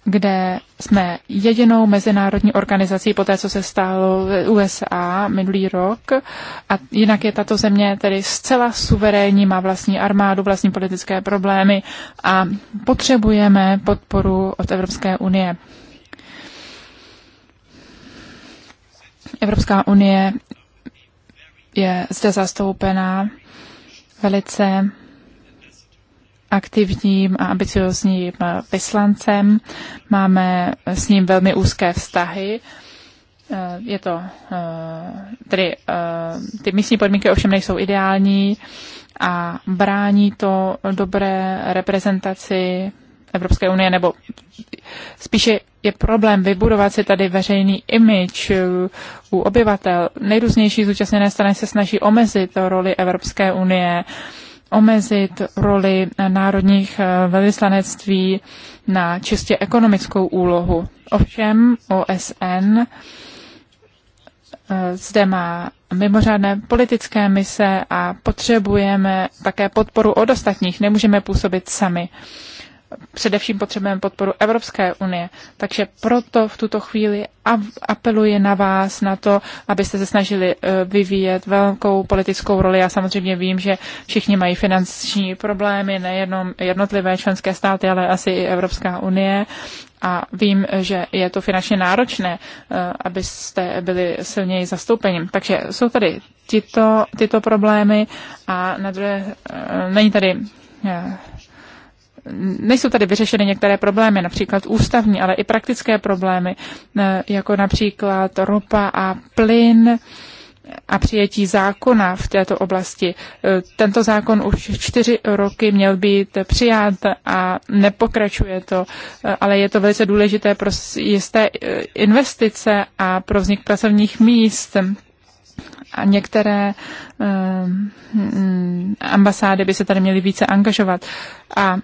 kde jsme jedinou mezinárodní organizací po té, co se stalo v USA minulý rok. A jinak je tato země tedy zcela suverénní, má vlastní armádu, vlastní politické problémy a potřebujeme podporu od Evropské unie. Evropská unie je zde zastoupená velice aktivním a ambiciozním vyslancem. Máme s ním velmi úzké vztahy. Eh, je to, eh, tedy eh, ty místní podmínky ovšem nejsou ideální a brání to dobré reprezentaci Evropské unie, nebo spíše je problém vybudovat si tady veřejný image u obyvatel. Nejrůznější zúčastněné strany se snaží omezit roli Evropské unie omezit roli národních eh, velvyslanectví na čistě ekonomickou úlohu. Ovšem OSN eh, zde má mimořádné politické mise a potřebujeme také podporu od ostatních. Nemůžeme působit sami především potřebujeme podporu Evropské unie. Takže proto v tuto chvíli apeluji na vás na to, abyste se snažili eh, vyvíjet velkou politickou roli. Já samozřejmě vím, že všichni mají finanční problémy, nejenom jednotlivé členské státy, ale asi i Evropská unie. A vím, že je to finančně náročné, eh, abyste byli silněji zastoupením. Takže jsou tady tyto, tyto problémy a na druhé, eh, není tady nejsou tady vyřešeny některé problémy, například ústavní, ale i praktické problémy, eh, jako například ropa a plyn a přijetí zákona v této oblasti. Eh, tento zákon už čtyři roky měl být přijat a nepokračuje to, eh, ale je to velice důležité pro jisté investice a pro vznik pracovních míst. A některé hm, hm, ambasády by se tady měly více angažovat. A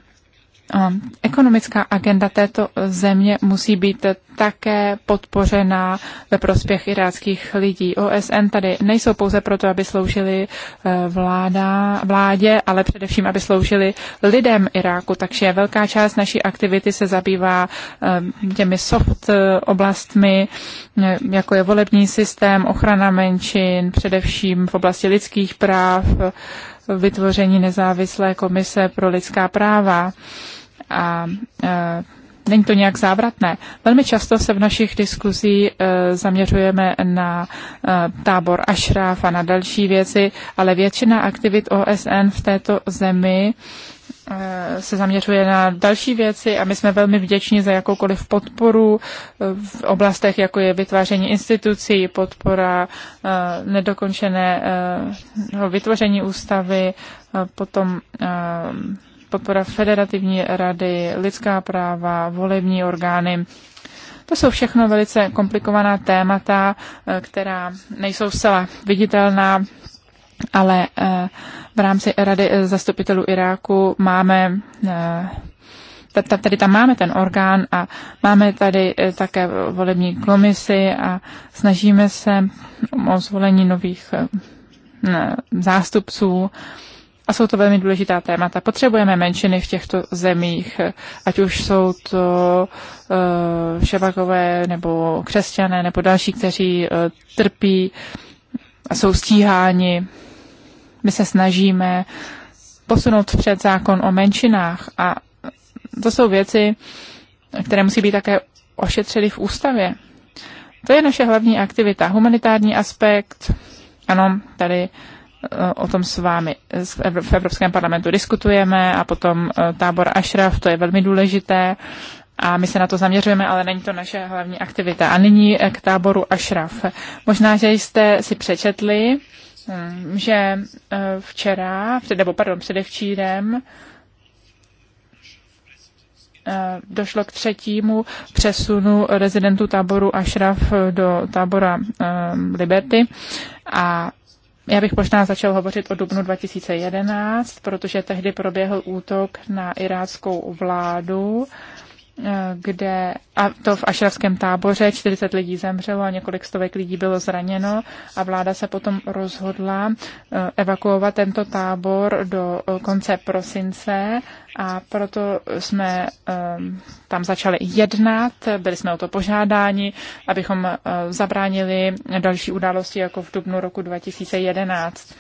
Ekonomická agenda této země musí být také podpořena ve prospěch iráckých lidí. OSN tady nejsou pouze proto, aby sloužili eh, vláda, vládě, ale především, aby sloužili lidem Iráku. Takže velká část naší aktivity se zabývá eh, těmi soft eh, oblastmi, jako je volební systém, ochrana menšin, především v oblasti lidských práv, vytvoření nezávislé komise pro lidská práva a e, není to nějak závratné. Velmi často se v našich diskuzí e, zaměřujeme na e, tábor Ashraf a na další věci, ale většina aktivit OSN v této zemi e, se zaměřuje na další věci a my jsme velmi vděční za jakoukoliv podporu eh, v oblastech, jako je vytváření institucí, podpora eh, nedokončeného eh, no, vytvoření ústavy, potom podpora federativní rady, lidská práva, volební orgány. To jsou všechno velice komplikovaná témata, která nejsou zcela viditelná ale eh, v rámci Rady eh, zastupitelů Iráku máme eh, tady tam máme ten orgán a máme tady také volební komisy a snažíme se o zvolení nových zástupců. A jsou to velmi důležitá témata. Potřebujeme menšiny v těchto zemích, ať už jsou to uh, nebo křesťané nebo další, kteří uh, trpí a jsou stíháni my se snažíme posunout před zákon o menšinách a to jsou věci, které musí být také ošetřeny v ústavě. To je naše hlavní aktivita. Humanitární aspekt, ano, tady eh, o tom s vámi v Evropském parlamentu diskutujeme a potom eh, tábor Ashraf, to je velmi důležité a my se na to zaměřujeme, ale není to naše hlavní aktivita. A nyní eh, k táboru Ashraf. Možná, že jste si přečetli že eh, včera, nebo pardon, předevčírem, eh, došlo k třetímu přesunu rezidentů táboru Ashraf do tábora eh, Liberty a já bych možná začal hovořit o dubnu 2011, protože tehdy proběhl útok na iráckou vládu kde, a to v ašravském táboře, 40 lidí zemřelo a několik stovek lidí bylo zraněno a vláda se potom rozhodla eh, evakuovat tento tábor do eh, konce prosince a proto jsme eh, tam začali jednat, byli jsme o to požádáni, abychom zabránili další události jako v dubnu roku 2011.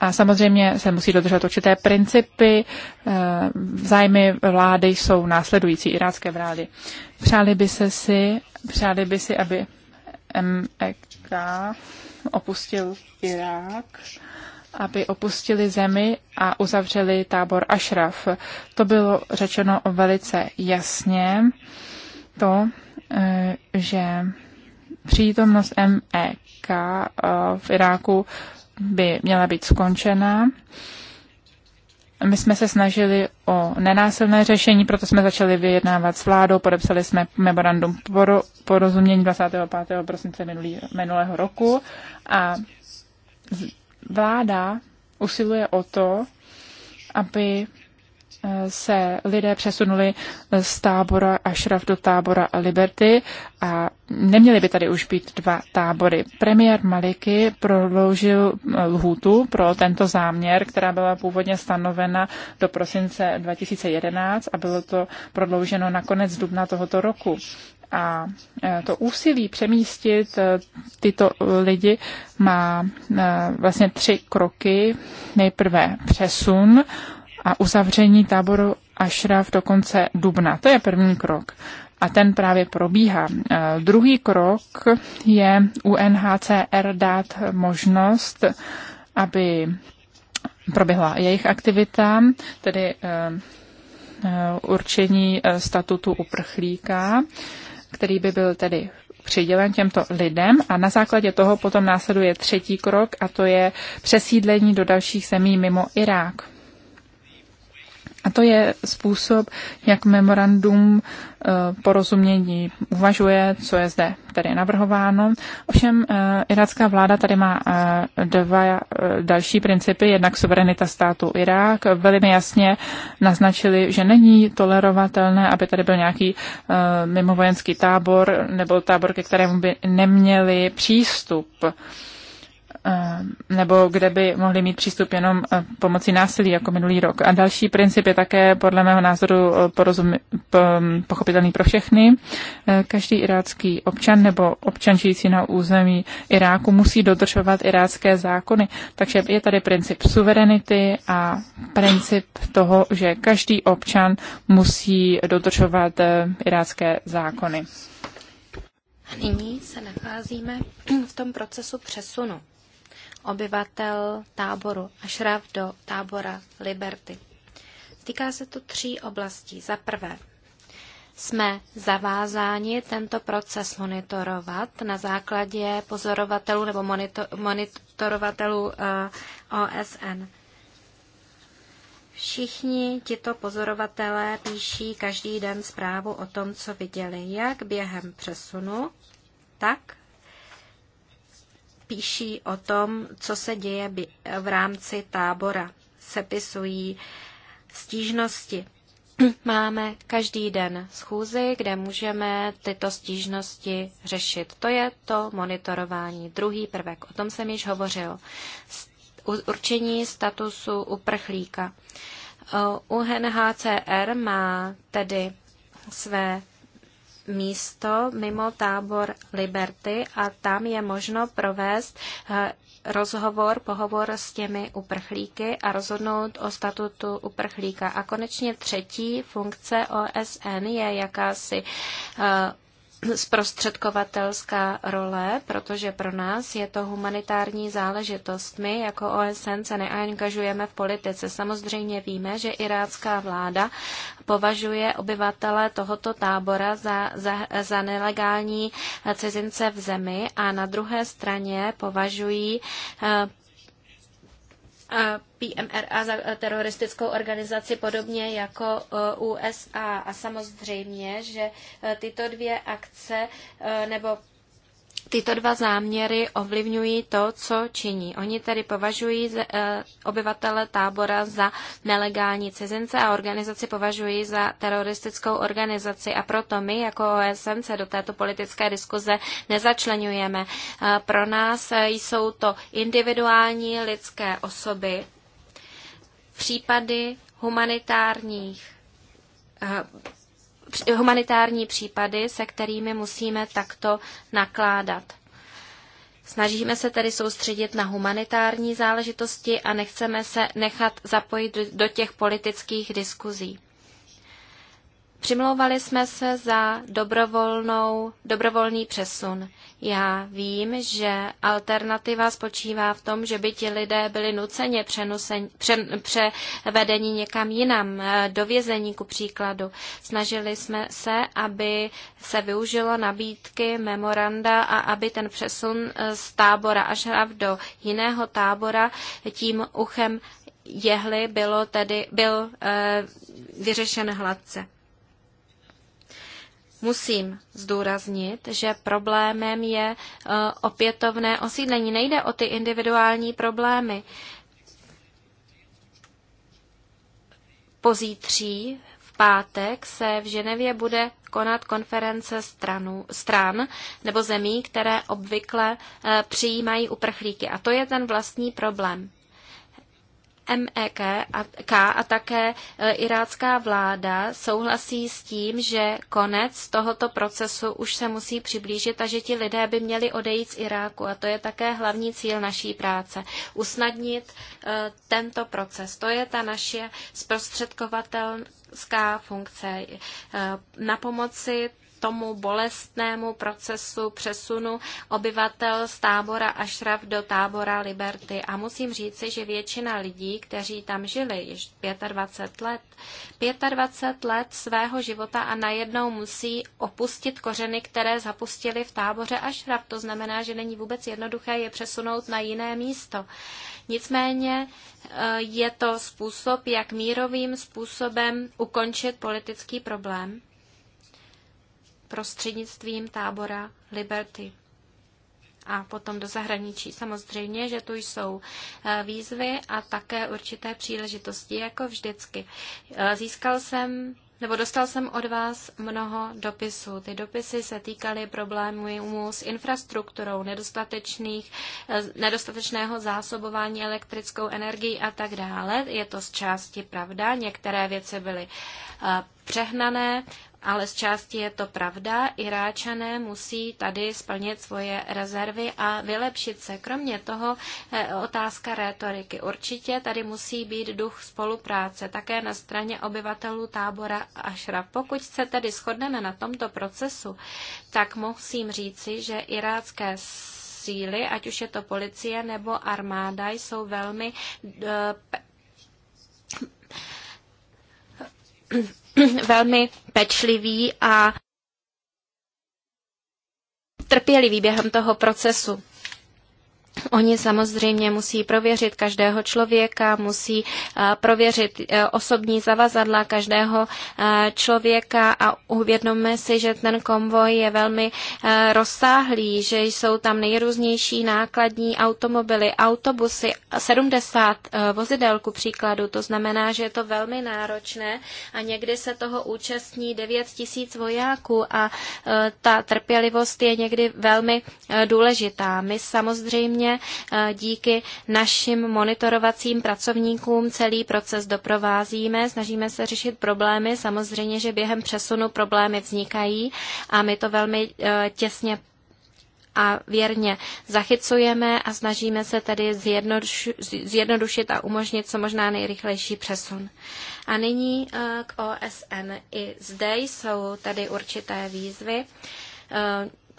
A samozřejmě se musí dodržet určité principy. Eh, zájmy vlády jsou následující irácké vlády. Přáli by se si, přáli by si, aby MEK opustil Irák, aby opustili zemi a uzavřeli tábor Ashraf. To bylo řečeno velice jasně. To, eh, že přítomnost MEK eh, v Iráku by měla být skončena. My jsme se snažili o nenásilné řešení, proto jsme začali vyjednávat s vládou, podepsali jsme memorandum porozumění 25. prosince minulý, minulého roku a vláda usiluje o to, aby se lidé přesunuli z tábora Ashraf do tábora Liberty a neměly by tady už být dva tábory. Premiér Maliky prodloužil eh, lhůtu pro tento záměr, která byla původně stanovena do prosince 2011 a bylo to prodlouženo na konec dubna tohoto roku. A eh, to úsilí přemístit eh, tyto lidi má vlastně tři kroky. Nejprve přesun, a uzavření táboru Ashraf do konce dubna. To je první krok. A ten právě probíhá. E, druhý krok je UNHCR dát možnost, aby proběhla jejich aktivita, tedy e, e, určení statutu uprchlíka, který by byl tedy přidělen těmto lidem a na základě toho potom následuje třetí krok a to je přesídlení do dalších zemí mimo Irák. A to je způsob, jak memorandum eh, porozumění uvažuje, co je zde tady navrhováno. Ovšem, eh, irácká vláda tady má eh, dva další principy, jednak suverenita státu Irák. Velmi jasně naznačili, že není tolerovatelné, aby tady byl nějaký mimovojenský tábor nebo tábor, ke kterému by neměli přístup. Eh, nebo kde by mohli mít přístup jenom eh, pomocí násilí, jako minulý rok. A další princip je také podle mého názoru eh, porozum, pochopitelný pro všechny. Každý irácký občan nebo občan žijící na území Iráku musí dodržovat irácké zákony. Takže je tady princip suverenity a princip toho, že každý občan musí dodržovat irácké zákony. A nyní se nacházíme v tom procesu přesunu obyvatel táboru Ašraf do tábora Liberty. Týká se to tří oblastí. Za prvé, jsme zavázáni tento proces monitorovat na základě pozorovatelů nebo monitorovatelů eh, OSN. Všichni tito pozorovatelé píší každý den zprávu o tom, co viděli, jak během přesunu, tak píší o tom, co se děje v rámci tábora. Sepisují stížnosti. Máme každý den schůzy, kde můžeme tyto stížnosti řešit. To je to monitorování. Druhý prvek, o tom jsem již hovořil. Určení statusu uprchlíka. Eh, UNHCR má tedy své místo mimo tábor Liberty a tam je možno provést eh, rozhovor, pohovor s těmi uprchlíky a rozhodnout o statutu uprchlíka. A konečně třetí funkce OSN je jakási eh, zprostředkovatelská role, protože pro nás je to humanitární záležitost. My jako OSN se neangažujeme v politice. Samozřejmě víme, že irácká vláda považuje obyvatele tohoto tábora za, za, za nelegální cizince v zemi a na druhé straně považují eh, PMRA za teroristickou organizaci podobně jako e, USA. A samozřejmě, že e, tyto dvě akce e, nebo Tyto dva záměry ovlivňují to, co činí. Oni tedy považují eh, obyvatele tábora za nelegální cizince a organizaci považují za teroristickou organizaci a proto my jako OSN se do této politické diskuze nezačlenujeme. Eh, pro nás jsou to individuální lidské osoby, případy humanitárních eh, humanitární případy, se kterými musíme takto nakládat. Snažíme se tedy soustředit na humanitární záležitosti a nechceme se nechat zapojit do těch politických diskuzí. Přimlouvali jsme se za dobrovolnou, dobrovolný přesun. Já vím, že alternativa spočívá v tom, že by ti lidé byli nuceně převedeni někam jinam, eh, do vězení ku příkladu. Snažili jsme se, aby se využilo nabídky memoranda a aby ten přesun eh, z tábora až do jiného tábora tím uchem jehly bylo tedy, byl e, vyřešen hladce musím zdůraznit, že problémem je eh, opětovné osídlení. Nejde o ty individuální problémy. Pozítří v pátek se v Ženevě bude konat konference stranu, stran nebo zemí, které obvykle eh, přijímají uprchlíky. A to je ten vlastní problém. MEK a, K a také e, irácká vláda souhlasí s tím, že konec tohoto procesu už se musí přiblížit a že ti lidé by měli odejít z Iráku. A to je také hlavní cíl naší práce. Usnadnit e, tento proces. To je ta naše zprostředkovatelská funkce. E, na pomoci tomu bolestnému procesu přesunu obyvatel z tábora Ashraf do tábora Liberty. A musím říci, že většina lidí, kteří tam žili již 25 let, 25 let svého života a najednou musí opustit kořeny, které zapustili v táboře Ashraf. To znamená, že není vůbec jednoduché je přesunout na jiné místo. Nicméně e, je to způsob, jak mírovým způsobem ukončit politický problém prostřednictvím tábora Liberty a potom do zahraničí. Samozřejmě, že tu jsou eh, výzvy a také určité příležitosti, jako vždycky. Eh, získal jsem nebo dostal jsem od vás mnoho dopisů. Ty dopisy se týkaly problémů s infrastrukturou, nedostatečných, eh, nedostatečného zásobování elektrickou energií a tak dále. Je to z části pravda. Některé věci byly přehnané, ale z části je to pravda. Iráčané musí tady splnit svoje rezervy a vylepšit se. Kromě toho eh, otázka rétoriky. Určitě tady musí být duch spolupráce také na straně obyvatelů tábora Ašra. Pokud se tedy shodneme na tomto procesu, tak musím říci, že irácké síly, ať už je to policie nebo armáda, jsou velmi uh, velmi pečliví a trpělivý během toho procesu. Oni samozřejmě musí prověřit každého člověka, musí eh, prověřit eh, osobní zavazadla každého eh, člověka a uvědomme si, že ten konvoj je velmi rozsáhlý, že jsou tam nejrůznější nákladní automobily, autobusy, 70 vozidel ku příkladu, to znamená, že je to velmi náročné a někdy se toho účastní 9 tisíc vojáků a ta trpělivost je někdy velmi důležitá. My samozřejmě Hlavně eh, díky našim monitorovacím pracovníkům celý proces doprovázíme, snažíme se řešit problémy. Samozřejmě, že během přesunu problémy vznikají a my to velmi eh, těsně a věrně zachycujeme a snažíme se tedy zjednodušit a umožnit co možná nejrychlejší přesun. A nyní eh, k OSN. I zde jsou tady určité výzvy.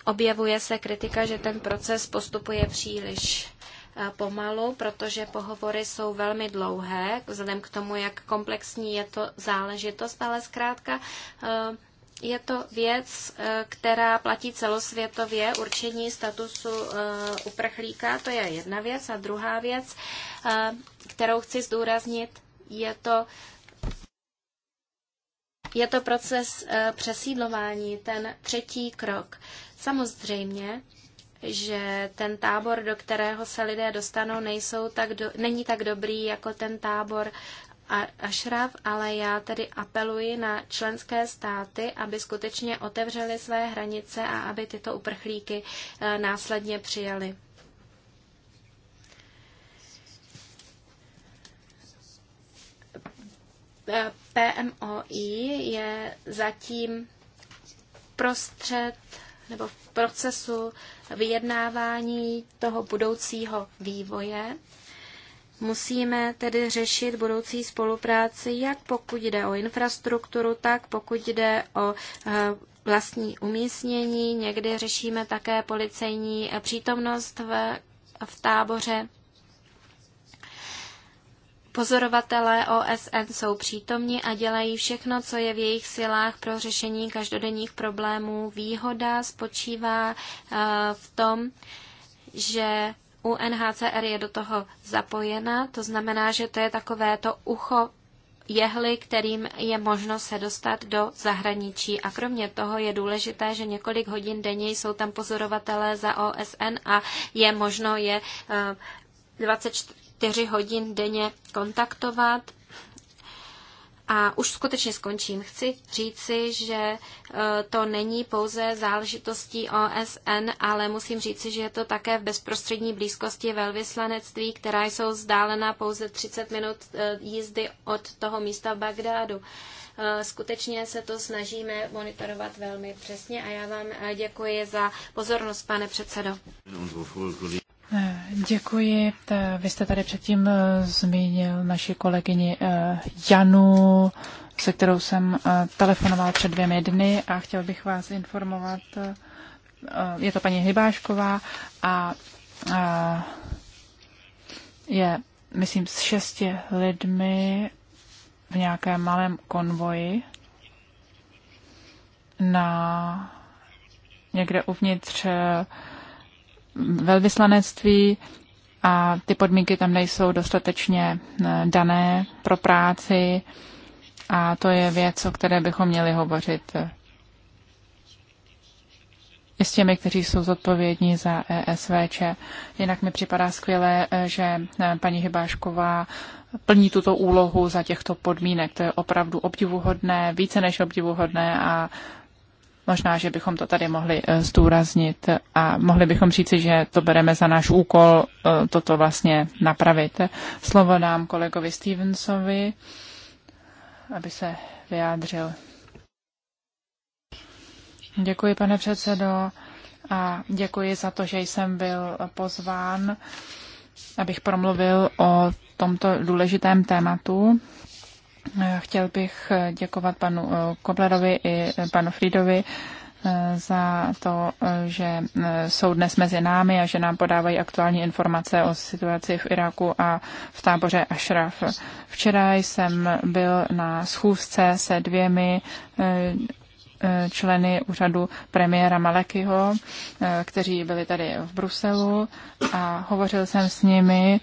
Objevuje se kritika, že ten proces postupuje příliš eh, pomalu, protože pohovory jsou velmi dlouhé, vzhledem k tomu, jak komplexní je to záležitost, ale zkrátka eh, je to věc, eh, která platí celosvětově. Určení statusu uprchlíka, to je jedna věc. A druhá věc, kterou chci zdůraznit, je to je to proces přesídlování, ten třetí krok. Samozřejmě, že ten tábor, do kterého se lidé dostanou, nejsou tak do, není tak dobrý jako ten tábor Ašraf, ale já tedy apeluji na členské státy, aby skutečně otevřely své hranice a aby tyto uprchlíky eh, následně přijali. PMOI je zatím prostřed nebo v procesu vyjednávání toho budoucího vývoje. Musíme tedy řešit budoucí spolupráci, jak pokud jde o infrastrukturu, tak pokud jde o eh, vlastní umístění. Někdy řešíme také policejní eh, přítomnost v, v táboře. Pozorovatelé OSN jsou přítomni a dělají všechno, co je v jejich silách pro řešení každodenních problémů. Výhoda spočívá eh, v tom, že UNHCR je do toho zapojena, to znamená, že to je takové to ucho jehly, kterým je možno se dostat do zahraničí. A kromě toho je důležité, že několik hodin denně jsou tam pozorovatelé za OSN a je možno je 24 eh, čtyři hodin denně kontaktovat. A už skutečně skončím. Chci říci, že e, to není pouze záležitostí OSN, ale musím říci, že je to také v bezprostřední blízkosti velvyslanectví, která jsou vzdálená pouze 30 minut e, jízdy od toho místa v Bagdádu. E, skutečně se to snažíme monitorovat velmi přesně a já vám děkuji za pozornost, pane předsedo. Eh, děkuji. Eh, vy jste tady předtím eh, zmínil naši kolegyni Janu, se kterou jsem telefonoval před dvěmi dny a chtěl bych vás informovat. Je to paní Hybášková a je, myslím, s šesti lidmi v nějakém malém konvoji na někde uvnitř velvyslanectví a ty podmínky tam nejsou dostatečně eh, dané pro práci a to je věc, o které bychom měli hovořit eh, i s těmi, kteří jsou zodpovědní za ESVČ. Jinak mi připadá skvělé, eh, že paní Hybášková plní tuto úlohu za těchto podmínek. To je opravdu obdivuhodné, více než obdivuhodné a Možná, že bychom to tady mohli eh, zdůraznit a mohli bychom říci, že to bereme za náš úkol eh, toto vlastně napravit. Slovo dám kolegovi Stevensovi, aby se vyjádřil. Děkuji, pane předsedo, a děkuji za to, že jsem byl pozván, abych promluvil o tomto důležitém tématu. Chtěl bych děkovat panu eh, Koblerovi i panu Fridovi eh, za to, eh, že jsou dnes mezi námi a že nám podávají aktuální informace o situaci v Iráku a v táboře Ashraf. Včera jsem byl na schůzce se dvěmi členy úřadu premiéra Malekyho, kteří byli tady v Bruselu a hovořil jsem s nimi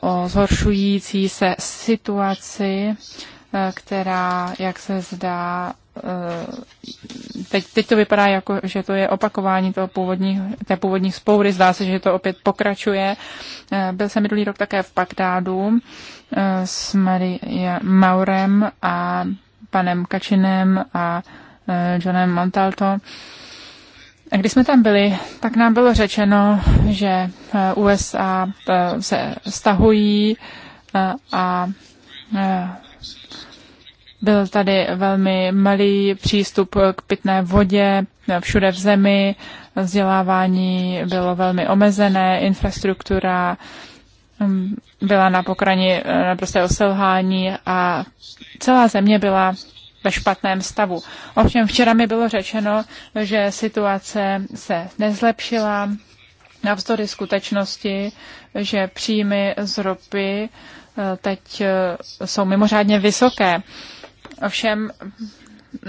o zhoršující se situaci Eh, která, jak se zdá, eh, teď, teď to vypadá jako, že to je opakování toho původní, té původní spoury, zdá se, že to opět pokračuje. Eh, byl jsem minulý rok také v Pakdádu s Marie Maurem a panem Kačinem a Johnem Montalto. Když jsme tam byli, tak nám bylo řečeno, že USA se stahují a byl tady velmi malý přístup k pitné vodě všude v zemi, vzdělávání bylo velmi omezené, infrastruktura mm, byla na pokrani eh, naprostého selhání a celá země byla ve špatném stavu. Ovšem včera mi bylo řečeno, že situace se nezlepšila navzdory skutečnosti, že příjmy z ropy eh, teď eh, jsou mimořádně vysoké. Ovšem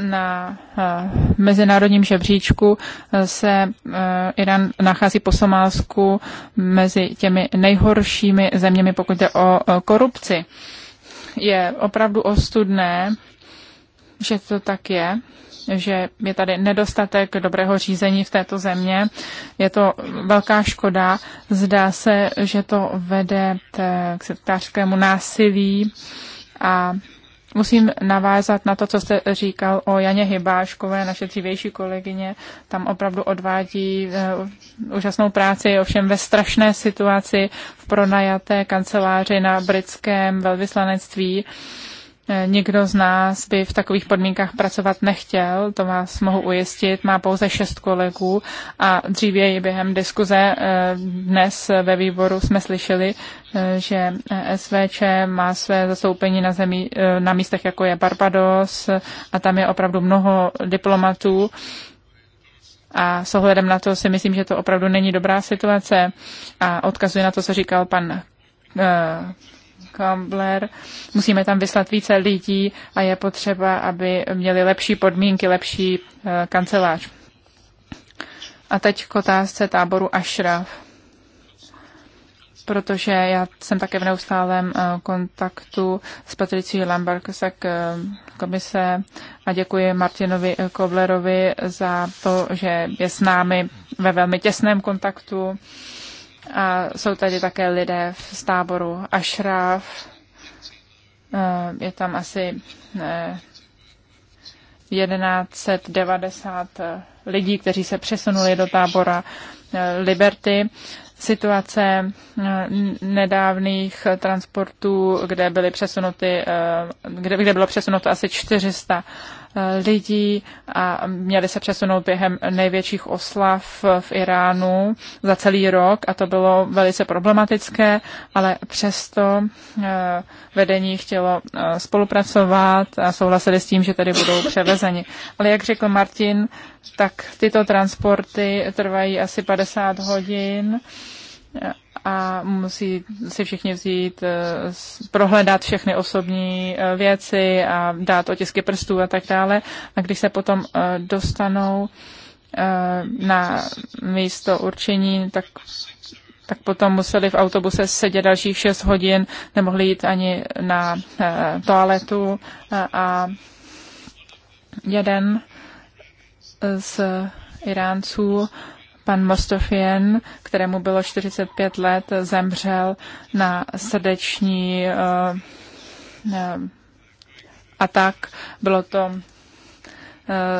na eh, mezinárodním žebříčku eh, se eh, Irán nachází po Somálsku mezi těmi nejhoršími zeměmi, pokud jde o korupci. Je opravdu ostudné, že to tak je, že je tady nedostatek dobrého řízení v této země. Je to velká škoda. Zdá se, že to vede k sektářskému násilí a Musím navázat na to, co jste říkal o Janě Hybáškové, naše dřívější kolegyně. Tam opravdu odvádí eh, úžasnou práci, ovšem ve strašné situaci v pronajaté kanceláři na britském velvyslanectví. Uh, Nikdo z nás by v takových podmínkách pracovat nechtěl, to vás mohu ujistit, má pouze šest kolegů a dříve během diskuze eh, dnes ve výboru jsme slyšeli, eh, že SVČ má své zastoupení na, zemí, eh, na místech, jako je Barbados a tam je opravdu mnoho diplomatů. A s ohledem na to si myslím, že to opravdu není dobrá situace a odkazuje na to, co říkal pan Kambler. Musíme tam vyslat více lidí a je potřeba, aby měli lepší podmínky, lepší eh, kancelář. A teď k otázce táboru Ashraf. Protože já jsem také v neustálém eh, kontaktu s Patricí Lambarkosek eh, komise a děkuji Martinovi Koblerovi za to, že je s námi ve velmi těsném kontaktu a jsou tady také lidé v táboru Ashraf. Eh, je tam asi 1190 eh, eh, lidí, kteří se přesunuli do tábora Liberty. Situace nedávných transportů, kde, byly přesunuty, kde, kde bylo přesunuto asi 400 lidí a měli se přesunout během největších oslav v Iránu za celý rok a to bylo velice problematické, ale přesto eh, vedení chtělo eh, spolupracovat a souhlasili s tím, že tady budou převezeni. Ale jak řekl Martin, tak tyto transporty trvají asi 50 hodin a musí si všichni vzít, eh, prohledat všechny osobní eh, věci a dát otisky prstů a tak dále. A když se potom eh, dostanou na místo určení, tak, tak potom museli v autobuse sedět dalších 6 hodin, nemohli jít ani na toaletu a jeden z Iránců Pan Mostofien, kterému bylo 45 let, zemřel na srdeční uh, atak. Bylo to uh,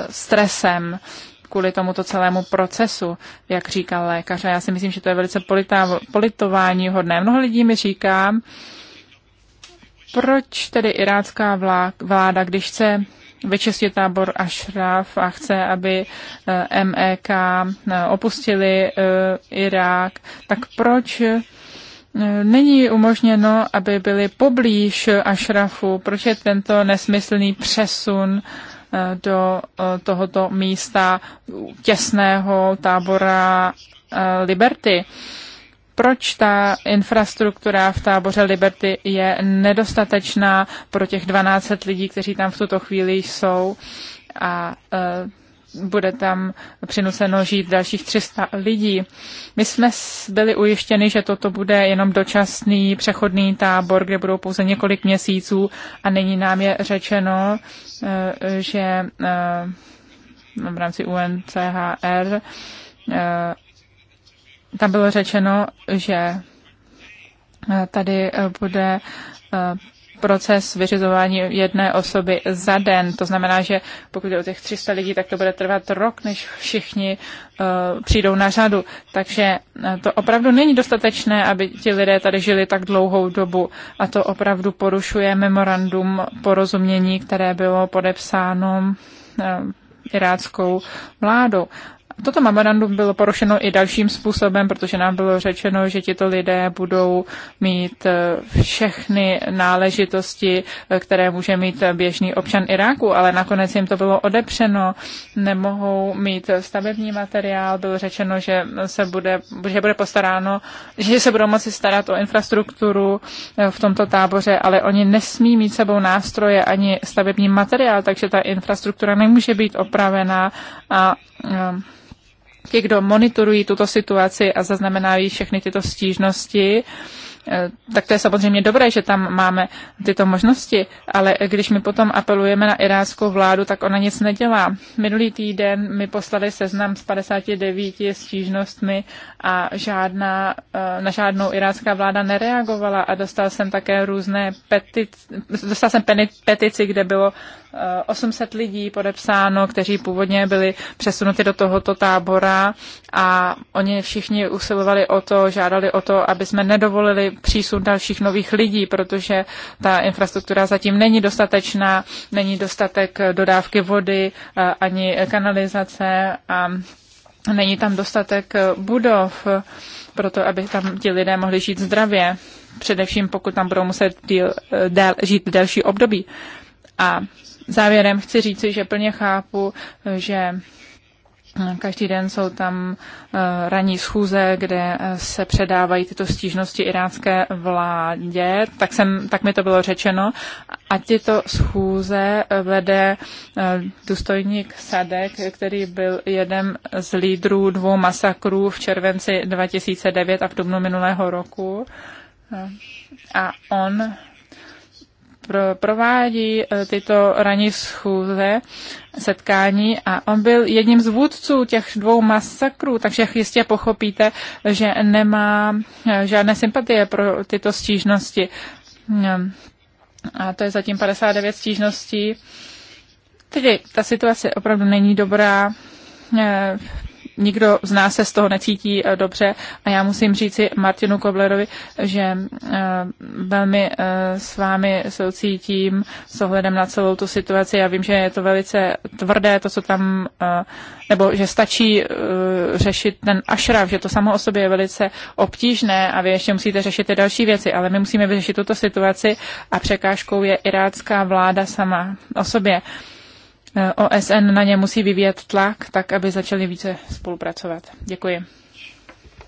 stresem kvůli tomuto celému procesu, jak říkal lékař. A já si myslím, že to je velice politá, politování hodné. Mnoho lidí mi říká, proč tedy irácká vláda, když chce vyčistit tábor Ashraf a chce, aby eh, MEK eh, opustili eh, Irák, tak proč není umožněno, aby byli poblíž Ašrafu? Proč je tento nesmyslný přesun do tohoto místa těsného tábora Liberty? proč ta infrastruktura v táboře Liberty je nedostatečná pro těch 12 lidí, kteří tam v tuto chvíli jsou a e, bude tam přinuceno žít dalších 300 lidí. My jsme byli ujištěni, že toto bude jenom dočasný přechodný tábor, kde budou pouze několik měsíců a není nám je řečeno, e, že e, v rámci UNCHR tam bylo řečeno, že eh, tady eh, bude eh, proces vyřizování jedné osoby za den. To znamená, že pokud je o těch 300 lidí, tak to bude trvat rok, než všichni přijdou na řadu. Takže to opravdu není dostatečné, aby ti lidé tady žili tak dlouhou dobu. A to opravdu porušuje memorandum porozumění, které bylo podepsáno iráckou vládou toto memorandum bylo porušeno i dalším způsobem, protože nám bylo řečeno, že tito lidé budou mít eh, všechny náležitosti, eh, které může mít běžný občan Iráku, ale nakonec jim to bylo odepřeno. Nemohou mít stavební materiál, bylo řečeno, že se bude, že bude postaráno, že se budou moci starat o infrastrukturu eh, v tomto táboře, ale oni nesmí mít sebou nástroje ani stavební materiál, takže ta infrastruktura nemůže být opravená a ti, kdo monitorují tuto situaci a zaznamenávají všechny tyto stížnosti, eh, tak to je samozřejmě dobré, že tam máme tyto možnosti, ale když my potom apelujeme na iráckou vládu, tak ona nic nedělá. Minulý týden mi poslali seznam s 59 stížnostmi a žádná, eh, na žádnou irácká vláda nereagovala a dostal jsem také různé petici, dostal jsem petici, kde bylo 800 eh, lidí podepsáno, kteří původně byli přesunuti do tohoto tábora a oni všichni usilovali o to, žádali o to, aby jsme nedovolili přísun dalších nových lidí, protože ta infrastruktura zatím není dostatečná, není dostatek dodávky vody eh, ani kanalizace a není tam dostatek eh, budov pro to, aby tam ti lidé mohli žít zdravě, především pokud tam budou muset díl, eh, dél, žít delší období. A závěrem chci říci, že plně chápu, eh, že Každý den jsou tam eh, ranní schůze, kde eh, se předávají tyto stížnosti irácké vládě, tak, jsem, tak mi to bylo řečeno. A tyto schůze eh, vede důstojník Sadek, který byl jeden z lídrů dvou masakrů v červenci 2009 a v dubnu minulého roku. A on provádí eh, tyto ranní schůze, setkání a on byl jedním z vůdců těch dvou masakrů, takže jistě pochopíte, že nemá eh, žádné sympatie pro tyto stížnosti. Eh, a to je zatím 59 stížností. Tedy ta situace opravdu není dobrá nikdo z nás se z toho necítí eh, dobře a já musím říci Martinu Koblerovi, že eh, velmi eh, s vámi soucítím s ohledem na celou tu situaci. Já vím, že je to velice tvrdé, to, co tam, nebo že stačí řešit ten ašraf, že to samo o sobě je velice obtížné a vy ještě musíte řešit ty další věci, ale my musíme vyřešit tuto situaci a překážkou je irácká vláda sama o sobě. OSN na ně musí vyvíjet tlak, tak aby začali více spolupracovat. Děkuji.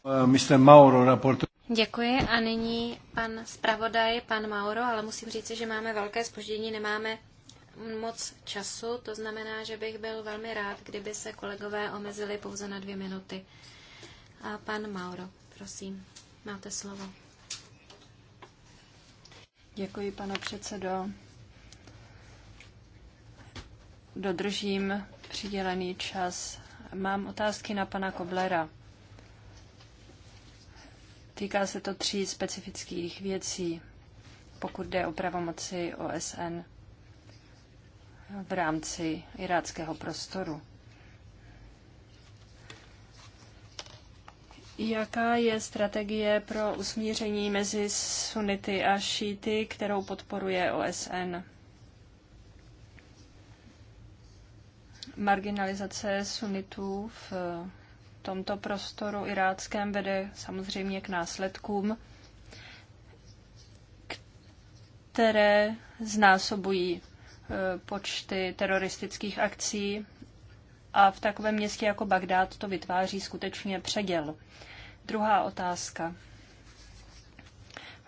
Uh, Mr. Mauro, raportu. Děkuji a nyní pan zpravodaj, pan Mauro, ale musím říct, že máme velké spoždění, nemáme moc času, to znamená, že bych byl velmi rád, kdyby se kolegové omezili pouze na dvě minuty. A pan Mauro, prosím, máte slovo. Děkuji, pane předsedo dodržím přidělený čas. Mám otázky na pana Koblera. Týká se to tří specifických věcí, pokud jde o pravomoci OSN v rámci iráckého prostoru. Jaká je strategie pro usmíření mezi sunity a šíty, kterou podporuje OSN? marginalizace sunitů v eh, tomto prostoru iráckém vede samozřejmě k následkům, které znásobují eh, počty teroristických akcí a v takovém městě jako Bagdád to vytváří skutečně předěl. Druhá otázka.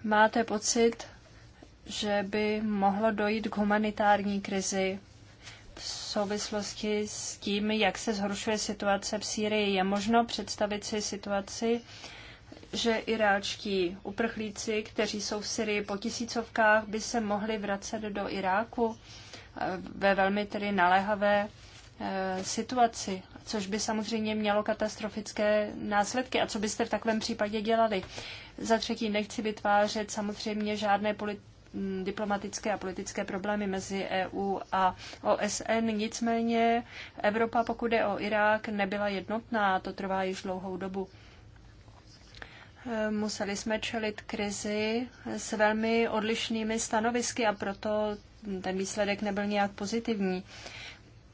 Máte pocit, že by mohlo dojít k humanitární krizi v souvislosti s tím, jak se zhoršuje situace v Sýrii. Je možno představit si situaci, že iráčtí uprchlíci, kteří jsou v Syrii po tisícovkách, by se mohli vracet do Iráku eh, ve velmi tedy naléhavé eh, situaci, což by samozřejmě mělo katastrofické následky. A co byste v takovém případě dělali? Za třetí, nechci vytvářet samozřejmě žádné politické. Mm, diplomatické a politické problémy mezi EU a OSN. Nicméně Evropa, pokud je o Irák, nebyla jednotná, to trvá již dlouhou dobu. Eh, museli jsme čelit krizi s velmi odlišnými stanovisky a proto ten výsledek nebyl nějak pozitivní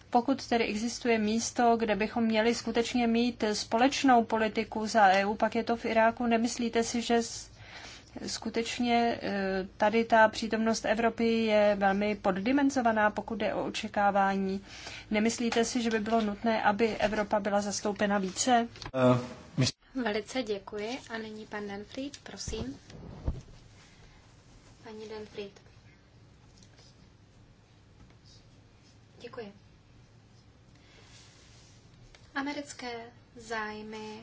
pokud tedy existuje místo, kde bychom měli skutečně mít společnou politiku za EU, pak je to v Iráku. Nemyslíte si, že skutečně e, tady ta přítomnost Evropy je velmi poddimenzovaná, pokud je o očekávání. Nemyslíte si, že by bylo nutné, aby Evropa byla zastoupena více? Uh, Velice děkuji. A nyní pan Denfried, prosím. Paní Denfried. Děkuji. Americké zájmy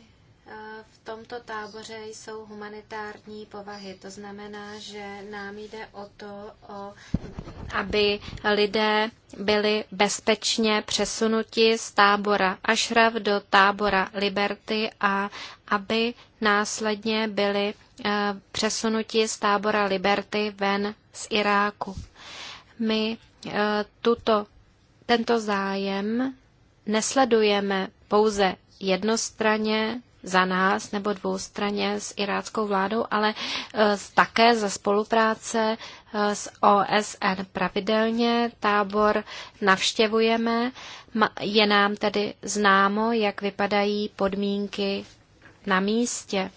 Eh, v tomto táboře jsou humanitární povahy. To znamená, že nám jde o to, o, aby lidé byli bezpečně přesunuti z tábora Ashraf do tábora Liberty a aby následně byli eh, přesunuti z tábora Liberty ven z Iráku. My eh, tuto, tento zájem nesledujeme pouze jednostranně, za nás nebo dvoustraně s iráckou vládou, ale e, také za spolupráce e, s OSN pravidelně. Tábor navštěvujeme, je nám tedy známo, jak vypadají podmínky na místě.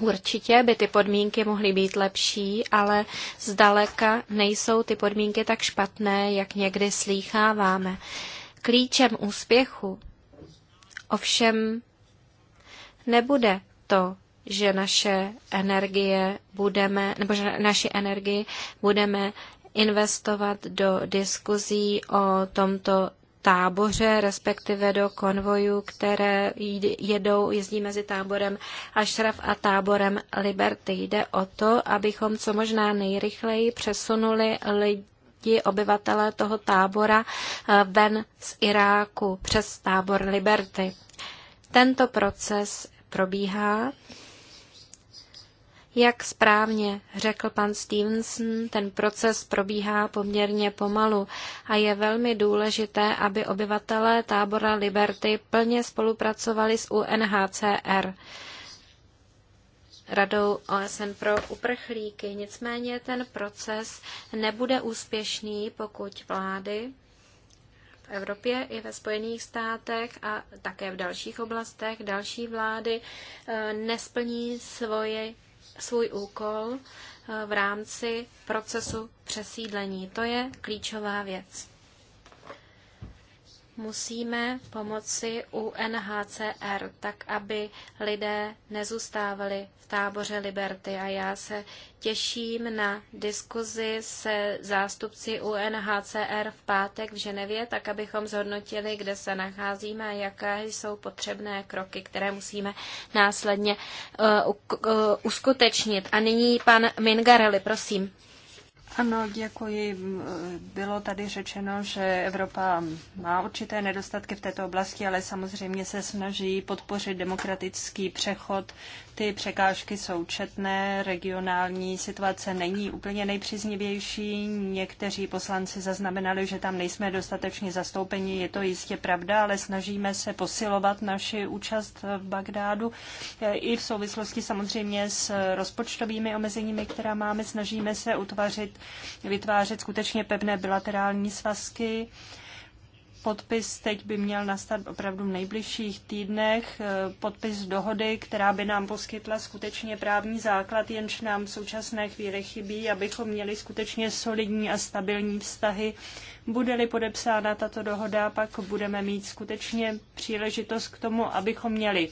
Určitě by ty podmínky mohly být lepší, ale zdaleka nejsou ty podmínky tak špatné, jak někdy slýcháváme. Klíčem úspěchu ovšem Nebude to, že naše energie budeme, nebo že naši energii budeme investovat do diskuzí o tomto táboře, respektive do konvojů, které jedou, jezdí mezi táborem Ashraf a táborem Liberty. Jde o to, abychom co možná nejrychleji přesunuli lidi, obyvatelé toho tábora eh, ven z Iráku přes tábor Liberty. Tento proces probíhá. Jak správně řekl pan Stevenson, ten proces probíhá poměrně pomalu a je velmi důležité, aby obyvatelé tábora Liberty plně spolupracovali s UNHCR. Radou OSN pro uprchlíky. Nicméně ten proces nebude úspěšný, pokud vlády Evropě i ve Spojených státech a také v dalších oblastech další vlády eh, nesplní svoje, svůj úkol eh, v rámci procesu přesídlení. To je klíčová věc musíme pomoci UNHCR, tak aby lidé nezůstávali v táboře Liberty. A já se těším na diskuzi se zástupci UNHCR v pátek v Ženevě, tak abychom zhodnotili, kde se nacházíme a jaké jsou potřebné kroky, které musíme následně uh, uh, uskutečnit. A nyní pan Mingarelli, prosím. Ano, děkuji. Bylo tady řečeno, že Evropa má určité nedostatky v této oblasti, ale samozřejmě se snaží podpořit demokratický přechod ty překážky jsou četné, regionální situace není úplně nejpříznivější. Někteří poslanci zaznamenali, že tam nejsme dostatečně zastoupeni. Je to jistě pravda, ale snažíme se posilovat naši účast v Bagdádu. I v souvislosti samozřejmě s rozpočtovými omezeními, která máme, snažíme se utvařit, vytvářet skutečně pevné bilaterální svazky. Podpis teď by měl nastat opravdu v nejbližších týdnech. Eh, podpis dohody, která by nám poskytla skutečně právní základ, jenž nám v současné chvíli chybí, abychom měli skutečně solidní a stabilní vztahy. Bude-li podepsána tato dohoda, pak budeme mít skutečně příležitost k tomu, abychom měli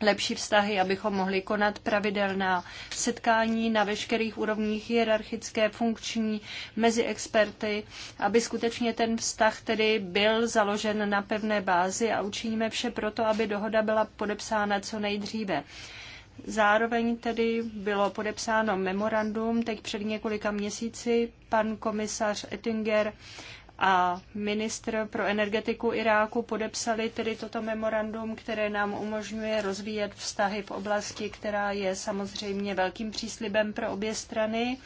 lepší vztahy, abychom mohli konat pravidelná setkání na veškerých úrovních hierarchické, funkční, mezi experty, aby skutečně ten vztah tedy byl založen na pevné bázi a učiníme vše proto, aby dohoda byla podepsána co nejdříve. Zároveň tedy bylo podepsáno memorandum teď před několika měsíci. Pan komisař Ettinger a ministr pro energetiku Iráku podepsali tedy toto memorandum, které nám umožňuje rozvíjet vztahy v oblasti, která je samozřejmě velkým příslibem pro obě strany.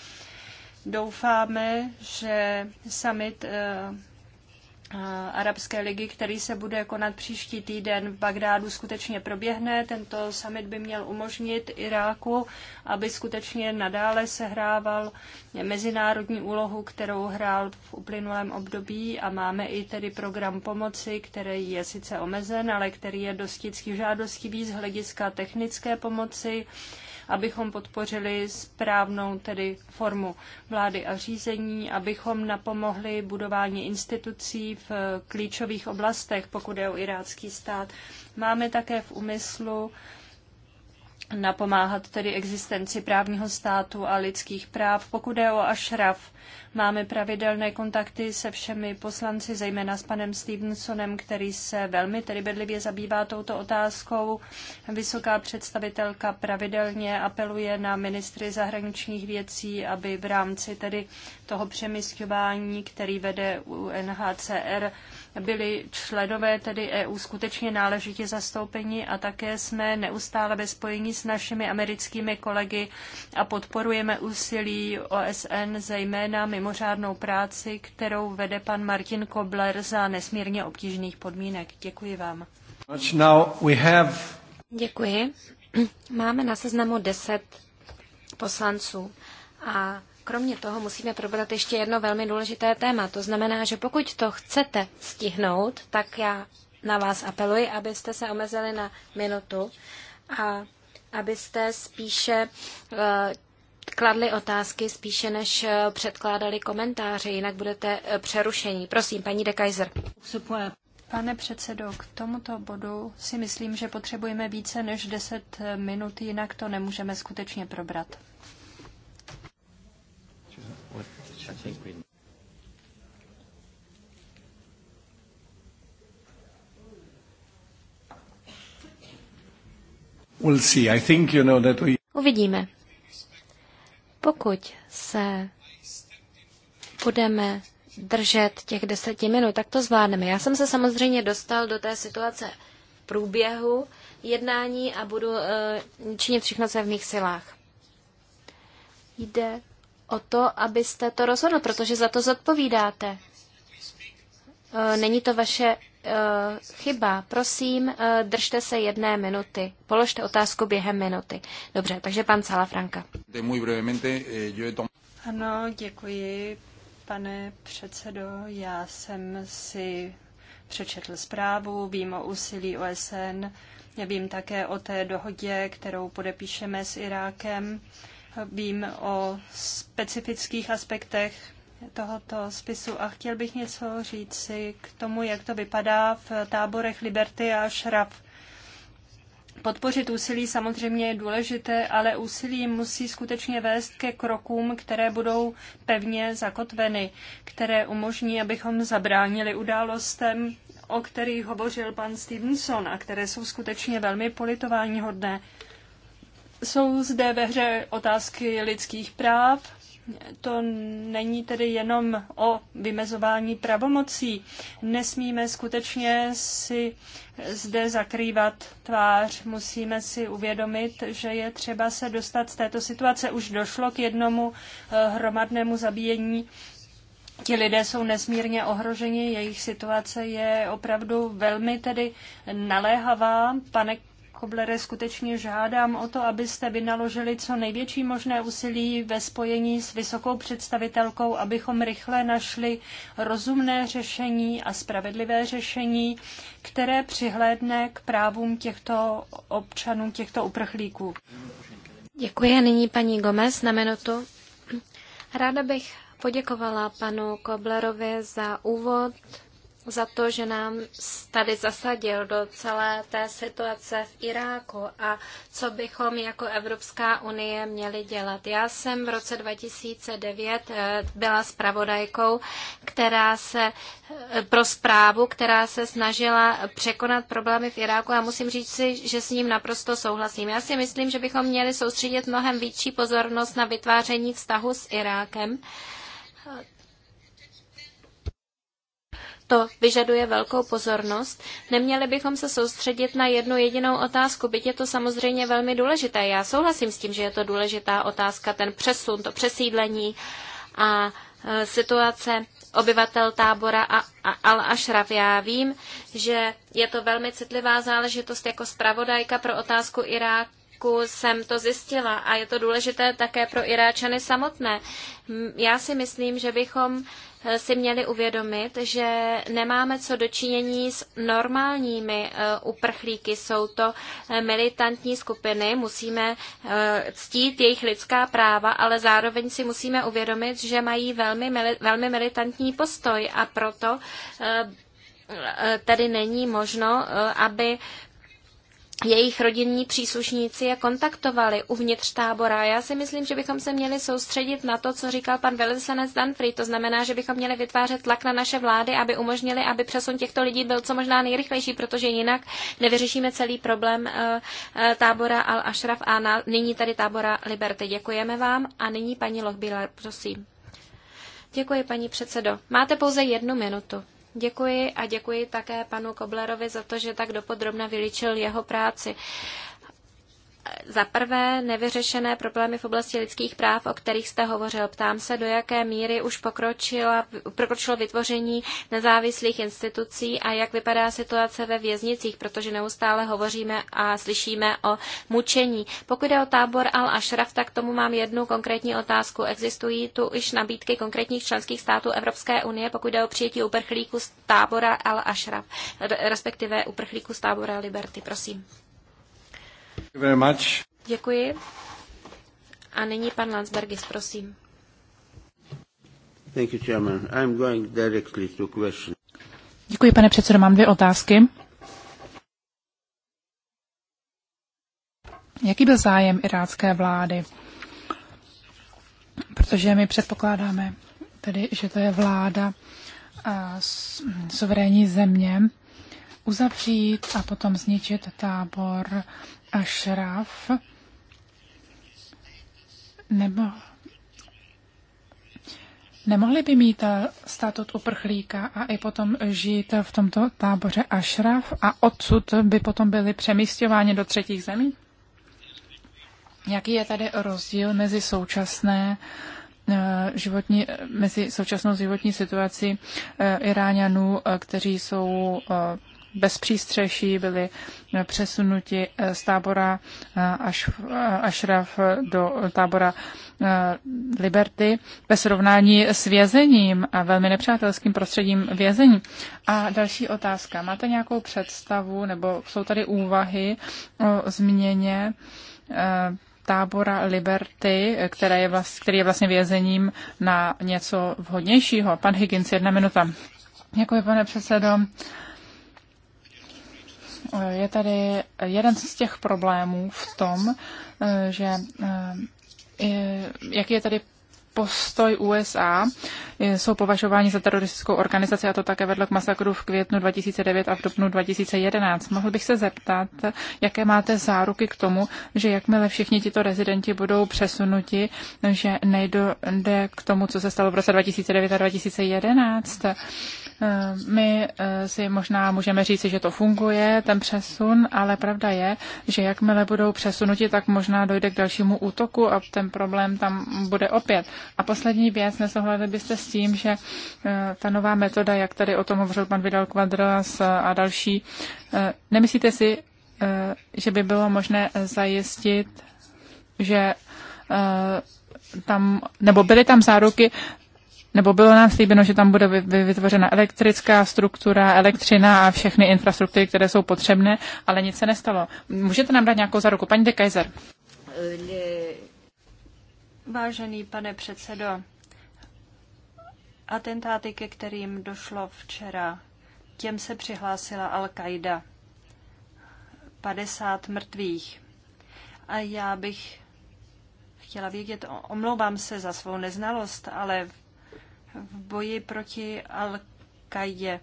Doufáme, že summit eh, Arabské ligy, který se bude konat příští týden v Bagdádu, skutečně proběhne. Tento summit by měl umožnit Iráku, aby skutečně nadále sehrával mezinárodní úlohu, kterou hrál v uplynulém období a máme i tedy program pomoci, který je sice omezen, ale který je dosti žádostivý z hlediska technické pomoci abychom podpořili správnou tedy formu vlády a řízení, abychom napomohli budování institucí v eh, klíčových oblastech, pokud je o irácký stát. Máme také v úmyslu napomáhat tedy existenci právního státu a lidských práv. Pokud je o Ašraf, Máme pravidelné kontakty se všemi poslanci, zejména s panem Stevensonem, který se velmi tedy bedlivě zabývá touto otázkou. Vysoká představitelka pravidelně apeluje na ministry zahraničních věcí, aby v rámci tedy toho přemysťování, který vede UNHCR, byli členové tedy EU skutečně náležitě zastoupeni a také jsme neustále ve spojení s našimi americkými kolegy a podporujeme úsilí OSN, zejména my mimořádnou práci, kterou vede pan Martin Kobler za nesmírně obtížných podmínek. Děkuji vám. Děkuji. Máme na seznamu 10 poslanců a kromě toho musíme probrat ještě jedno velmi důležité téma. To znamená, že pokud to chcete stihnout, tak já na vás apeluji, abyste se omezili na minutu a abyste spíše eh, kladli otázky spíše, než eh, předkládali komentáře, jinak budete eh, přerušení. Prosím, paní de Kaiser. Pane předsedo, k tomuto bodu si myslím, že potřebujeme více než 10 eh, minut, jinak to nemůžeme skutečně probrat. Uvidíme. Pokud se budeme držet těch deseti minut, tak to zvládneme. Já jsem se samozřejmě dostal do té situace průběhu jednání a budu uh, činit všechno, co je v mých silách. Jde o to, abyste to rozhodl, protože za to zodpovídáte. Eh, není to vaše Eh, chyba. Prosím, eh, držte se jedné minuty. Položte otázku během minuty. Dobře, takže pan Salafranka. Eh, ano, děkuji, pane předsedo. Já jsem si přečetl zprávu, vím o úsilí OSN, Já vím také o té dohodě, kterou podepíšeme s Irákem, vím o specifických aspektech tohoto spisu a chtěl bych něco říct si k tomu, jak to vypadá v táborech Liberty a Šraf. Podpořit úsilí samozřejmě je důležité, ale úsilí musí skutečně vést ke krokům, které budou pevně zakotveny, které umožní, abychom zabránili událostem, o kterých hovořil pan Stevenson a které jsou skutečně velmi politováníhodné. Jsou zde ve hře otázky lidských práv, to není tedy jenom o vymezování pravomocí. Nesmíme skutečně si zde zakrývat tvář. Musíme si uvědomit, že je třeba se dostat z této situace. Už došlo k jednomu eh, hromadnému zabíjení. Ti lidé jsou nesmírně ohroženi, jejich situace je opravdu velmi tedy naléhavá. Pane Koblere, skutečně žádám o to, abyste vynaložili co největší možné úsilí ve spojení s vysokou představitelkou, abychom rychle našli rozumné řešení a spravedlivé řešení, které přihlédne k právům těchto občanů, těchto uprchlíků. Děkuji. Nyní paní Gomez na minutu. Ráda bych poděkovala panu Koblerovi za úvod za to, že nám tady zasadil do celé té situace v Iráku a co bychom jako Evropská unie měli dělat. Já jsem v roce 2009 eh, byla spravodajkou, která se eh, pro zprávu, která se snažila překonat problémy v Iráku a musím říct si, že s ním naprosto souhlasím. Já si myslím, že bychom měli soustředit mnohem větší pozornost na vytváření vztahu s Irákem to vyžaduje velkou pozornost. Neměli bychom se soustředit na jednu jedinou otázku, byť je to samozřejmě velmi důležité. Já souhlasím s tím, že je to důležitá otázka, ten přesun, to přesídlení a e, situace obyvatel tábora Al-Ashraf. Já vím, že je to velmi citlivá záležitost jako zpravodajka pro otázku Irák, Iráku jsem to zjistila a je to důležité také pro Iráčany samotné. Já si myslím, že bychom eh, si měli uvědomit, že nemáme co dočinění s normálními eh, uprchlíky. Jsou to eh, militantní skupiny, musíme ctít jejich lidská práva, ale zároveň si musíme uvědomit, že mají velmi, velmi militantní postoj a proto tedy není možno, aby jejich rodinní příslušníci je kontaktovali uvnitř tábora. Já si myslím, že bychom se měli soustředit na to, co říkal pan velvyslanec Danfrey. To znamená, že bychom měli vytvářet tlak na naše vlády, aby umožnili, aby přesun těchto lidí byl co možná nejrychlejší, protože jinak nevyřešíme celý problém eh, eh, tábora Al-Ashraf a na, nyní tady tábora Liberty. Děkujeme vám a nyní paní Lochbíler, prosím. Děkuji, paní předsedo. Máte pouze jednu minutu. Děkuji a děkuji také panu Koblerovi za to, že tak dopodrobna vylíčil jeho práci za prvé nevyřešené problémy v oblasti lidských práv, o kterých jste hovořil. Ptám se, do jaké míry už pokročilo, pokročilo vytvoření nezávislých institucí a jak vypadá situace ve věznicích, protože neustále hovoříme a slyšíme o mučení. Pokud je o tábor Al-Ashraf, tak tomu mám jednu konkrétní otázku. Existují tu už nabídky konkrétních členských států Evropské unie, pokud jde o přijetí uprchlíků z tábora Al-Ashraf, respektive uprchlíků z tábora Liberty. Prosím. Děkuji. A nyní pan Landsbergis, prosím. Thank you, Chairman. I'm going directly to question. Děkuji, pane předsedo. Mám dvě otázky. Jaký byl zájem irácké vlády? Protože my předpokládáme tedy, že to je vláda a suverénní země, uzavřít a potom zničit tábor Ašraf nebo nemohli by mít eh, statut uprchlíka a i potom žít v tomto táboře Ašraf a odsud by potom byli přemístěváni do třetích zemí? Jaký je tady rozdíl mezi současné eh, životní, eh, mezi současnou životní situací Iráňanů, kteří jsou bez přístřeší, byli přesunuti eh, z tábora eh, až, eh, do tábora Liberty ve srovnání s vězením a velmi nepřátelským prostředím vězení. A další otázka. Máte nějakou představu nebo jsou tady úvahy o změně tábora Liberty, které je vlast, který je vlastně vězením na něco vhodnějšího. Pan Higgins, jedna minuta. Děkuji, pane předsedo je tady jeden z těch problémů v tom, že eh, jaký je tady postoj USA, jsou považováni za teroristickou organizaci a to také vedlo k masakru v květnu 2009 a v dubnu 2011. Mohl bych se zeptat, jaké máte záruky k tomu, že jakmile všichni tito rezidenti budou přesunuti, že nejde k tomu, co se stalo v roce 2009 a 2011? Eh, my eh, si možná můžeme říct, že to funguje, ten přesun, ale pravda je, že jakmile budou přesunuti, tak možná dojde k dalšímu útoku a ten problém tam bude opět. A poslední věc, nesouhlasili byste s tím, že eh, ta nová metoda, jak tady o tom hovořil pan Vidal Quadras a další, nemyslíte si, že by bylo možné zajistit, že tam, nebo byly tam záruky nebo bylo nám slíbeno, že tam bude vytvořena elektrická struktura, elektřina a všechny infrastruktury, které jsou potřebné, ale nic se nestalo. Můžete nám dát nějakou za ruku? Paní de Kaiser. Vážený pane předsedo, atentáty, ke kterým došlo včera, těm se přihlásila Al-Qaida. 50 mrtvých. A já bych chtěla vědět, omlouvám se za svou neznalost, ale v boji proti al qaidě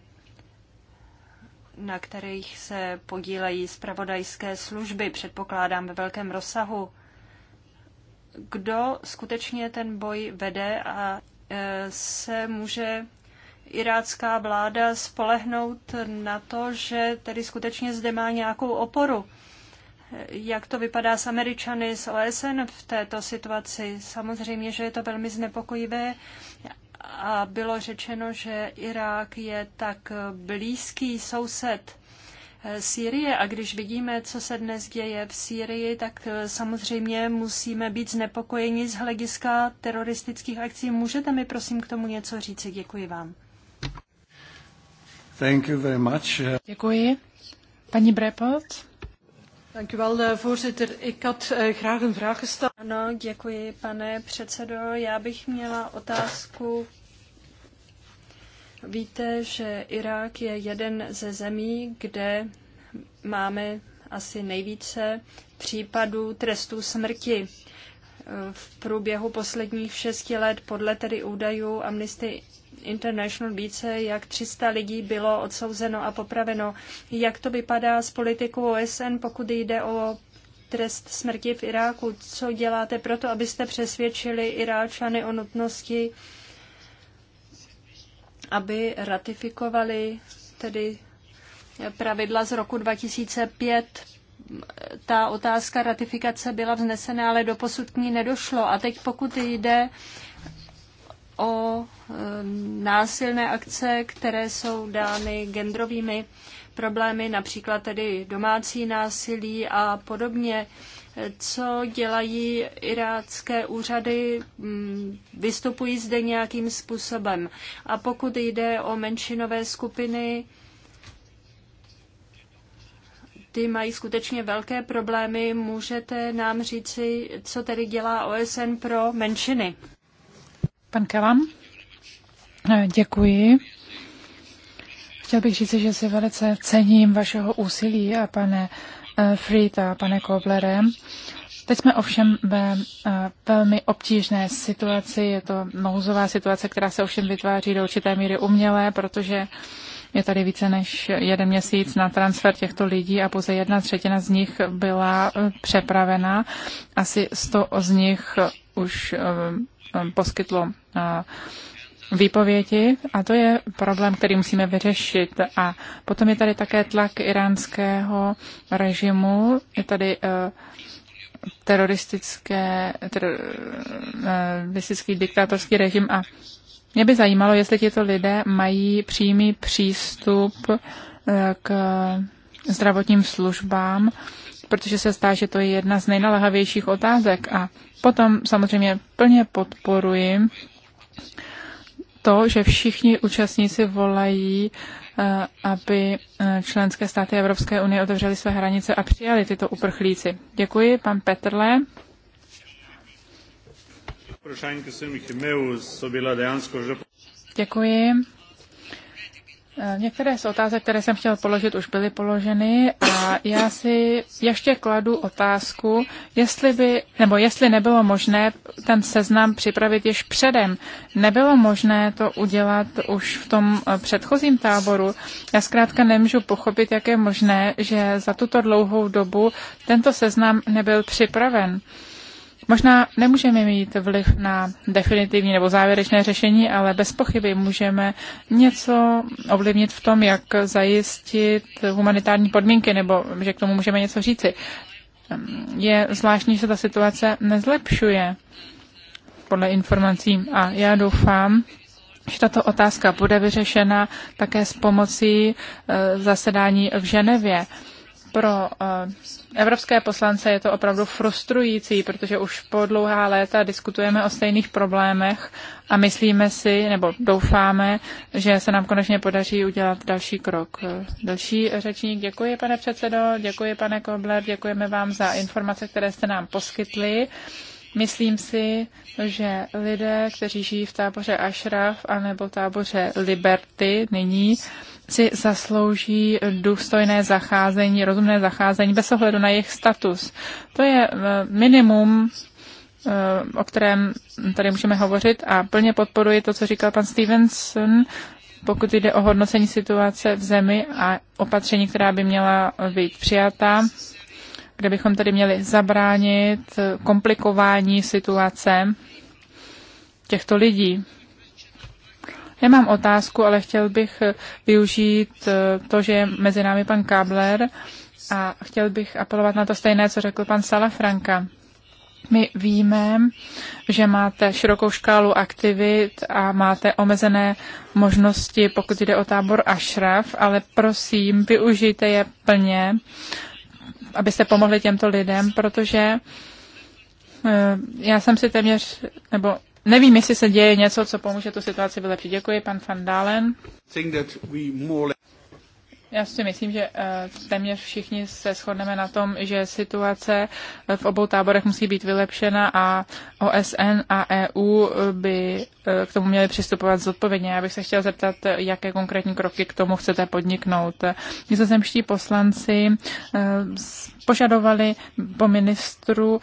na kterých se podílejí zpravodajské služby, předpokládám ve velkém rozsahu. Kdo skutečně ten boj vede a e, se může irácká vláda spolehnout na to, že tedy skutečně zde má nějakou oporu. Jak to vypadá s Američany, s OSN v této situaci? Samozřejmě, že je to velmi znepokojivé a bylo řečeno, že Irák je tak blízký soused eh, Sýrie a když vidíme, co se dnes děje v Sýrii, tak eh, samozřejmě musíme být znepokojeni z hlediska teroristických akcí. Můžete mi prosím k tomu něco říci? Děkuji vám. Thank you very much. Děkuji. Paní Brepot? Dank u wel, eh, voorzitter. Ik had graag een vraag gesteld. Ano, děkuji, pane předsedo. Já bych měla otázku Víte, že Irák je jeden ze zemí, kde máme asi nejvíce případů trestů smrti v průběhu posledních šesti let podle tedy údajů Amnesty International více jak 300 lidí bylo odsouzeno a popraveno. Jak to vypadá s politikou OSN, pokud jde o trest smrti v Iráku? Co děláte proto, abyste přesvědčili Iráčany o nutnosti aby ratifikovali tedy pravidla z roku 2005. Ta otázka ratifikace byla vznesena, ale do posud ní nedošlo. A teď pokud jde o násilné akce, které jsou dány genderovými problémy, například tedy domácí násilí a podobně, co dělají irácké úřady, mm, vystupují zde nějakým způsobem. A pokud jde o menšinové skupiny, ty mají skutečně velké problémy. Můžete nám říci, co tedy dělá OSN pro menšiny? Pan Kalam, eh, děkuji. Chtěl bych říct, že si velice cením vašeho úsilí, a pane Eh, Frita, pane Koblere. Teď jsme ovšem ve eh, velmi obtížné situaci. Je to nouzová situace, která se ovšem vytváří do určité míry umělé, protože je tady více než jeden měsíc na transfer těchto lidí a pouze jedna třetina z nich byla eh, přepravena. Asi sto z nich už poskytlo výpovědi a to je problém, který musíme vyřešit. A potom je tady také tlak iránského režimu, je tady uh, teroristické, eh, teroristický diktátorský režim a mě by zajímalo, jestli tito lidé mají přímý přístup eh, k zdravotním službám, protože se zdá, že to je jedna z nejnalahavějších otázek. A potom samozřejmě plně podporuji to, že všichni účastníci volají, eh, aby eh, členské státy Evropské unie otevřely své hranice a přijali tyto uprchlíci. Děkuji, pan Petrle. Děkuji. Eh, některé z otázek, které jsem chtěl položit, už byly položeny a já si ještě kladu otázku, jestli by, nebo jestli nebylo možné ten seznam připravit již předem. Nebylo možné to udělat už v tom eh, předchozím táboru. Já zkrátka nemůžu pochopit, jak je možné, že za tuto dlouhou dobu tento seznam nebyl připraven. Možná nemůžeme mít vliv na definitivní nebo závěrečné řešení, ale bez pochyby můžeme něco ovlivnit v tom, jak zajistit humanitární podmínky, nebo že k tomu můžeme něco říci. Je zvláštní, že ta situace nezlepšuje podle informací a já doufám, že tato otázka bude vyřešena také s pomocí eh, zasedání v Ženevě pro eh, evropské poslance je to opravdu frustrující, protože už po dlouhá léta diskutujeme o stejných problémech a myslíme si, nebo doufáme, že se nám konečně podaří udělat další krok. Další řečník, děkuji pane předsedo, děkuji pane Kobler, děkujeme vám za informace, které jste nám poskytli. Myslím si, že lidé, kteří žijí v táboře Ashraf anebo táboře Liberty nyní, si zaslouží důstojné zacházení, rozumné zacházení bez ohledu na jejich status. To je eh, minimum, eh, o kterém tady můžeme hovořit a plně podporuji to, co říkal pan Stevenson, pokud jde o hodnocení situace v zemi a opatření, která by měla být přijata, kde bychom tedy měli zabránit eh, komplikování situace těchto lidí. Já mám otázku, ale chtěl bych eh, využít eh, to, že je mezi námi pan Kábler a chtěl bych apelovat na to stejné, co řekl pan Franka. My víme, že máte širokou škálu aktivit a máte omezené možnosti, pokud jde o tábor Ashraf, ale prosím, využijte je plně, abyste pomohli těmto lidem, protože eh, já jsem si téměř, nebo Nevím, jestli se děje něco, co pomůže tu situaci vylepšit. Děkuji, pan Van Dalen. Já si myslím, že eh, téměř všichni se shodneme na tom, že situace eh, v obou táborech musí být vylepšena a OSN a EU eh, by k tomu měli přistupovat zodpovědně. Já bych se chtěla zeptat, jaké konkrétní kroky k tomu chcete podniknout. Nizozemští poslanci eh, požadovali po ministru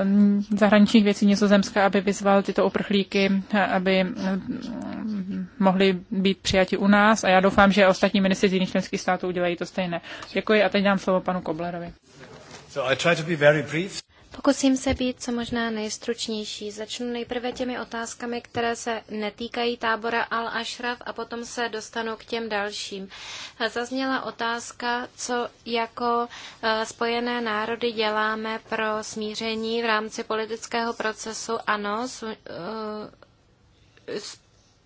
eh, mm, zahraničních věcí Nizozemska, aby vyzval tyto uprchlíky, eh, aby mm, mohli být přijati u nás a já doufám, že ostatní ministři z jiných členských států udělají to stejné. Děkuji a teď dám slovo panu Koblerovi. So I try to be very brief. Pokusím se být co možná nejstručnější. Začnu nejprve těmi otázkami, které se netýkají tábora Al-Ashraf a potom se dostanu k těm dalším. Zazněla otázka, co jako eh, spojené národy děláme pro smíření v rámci politického procesu. Ano, eh,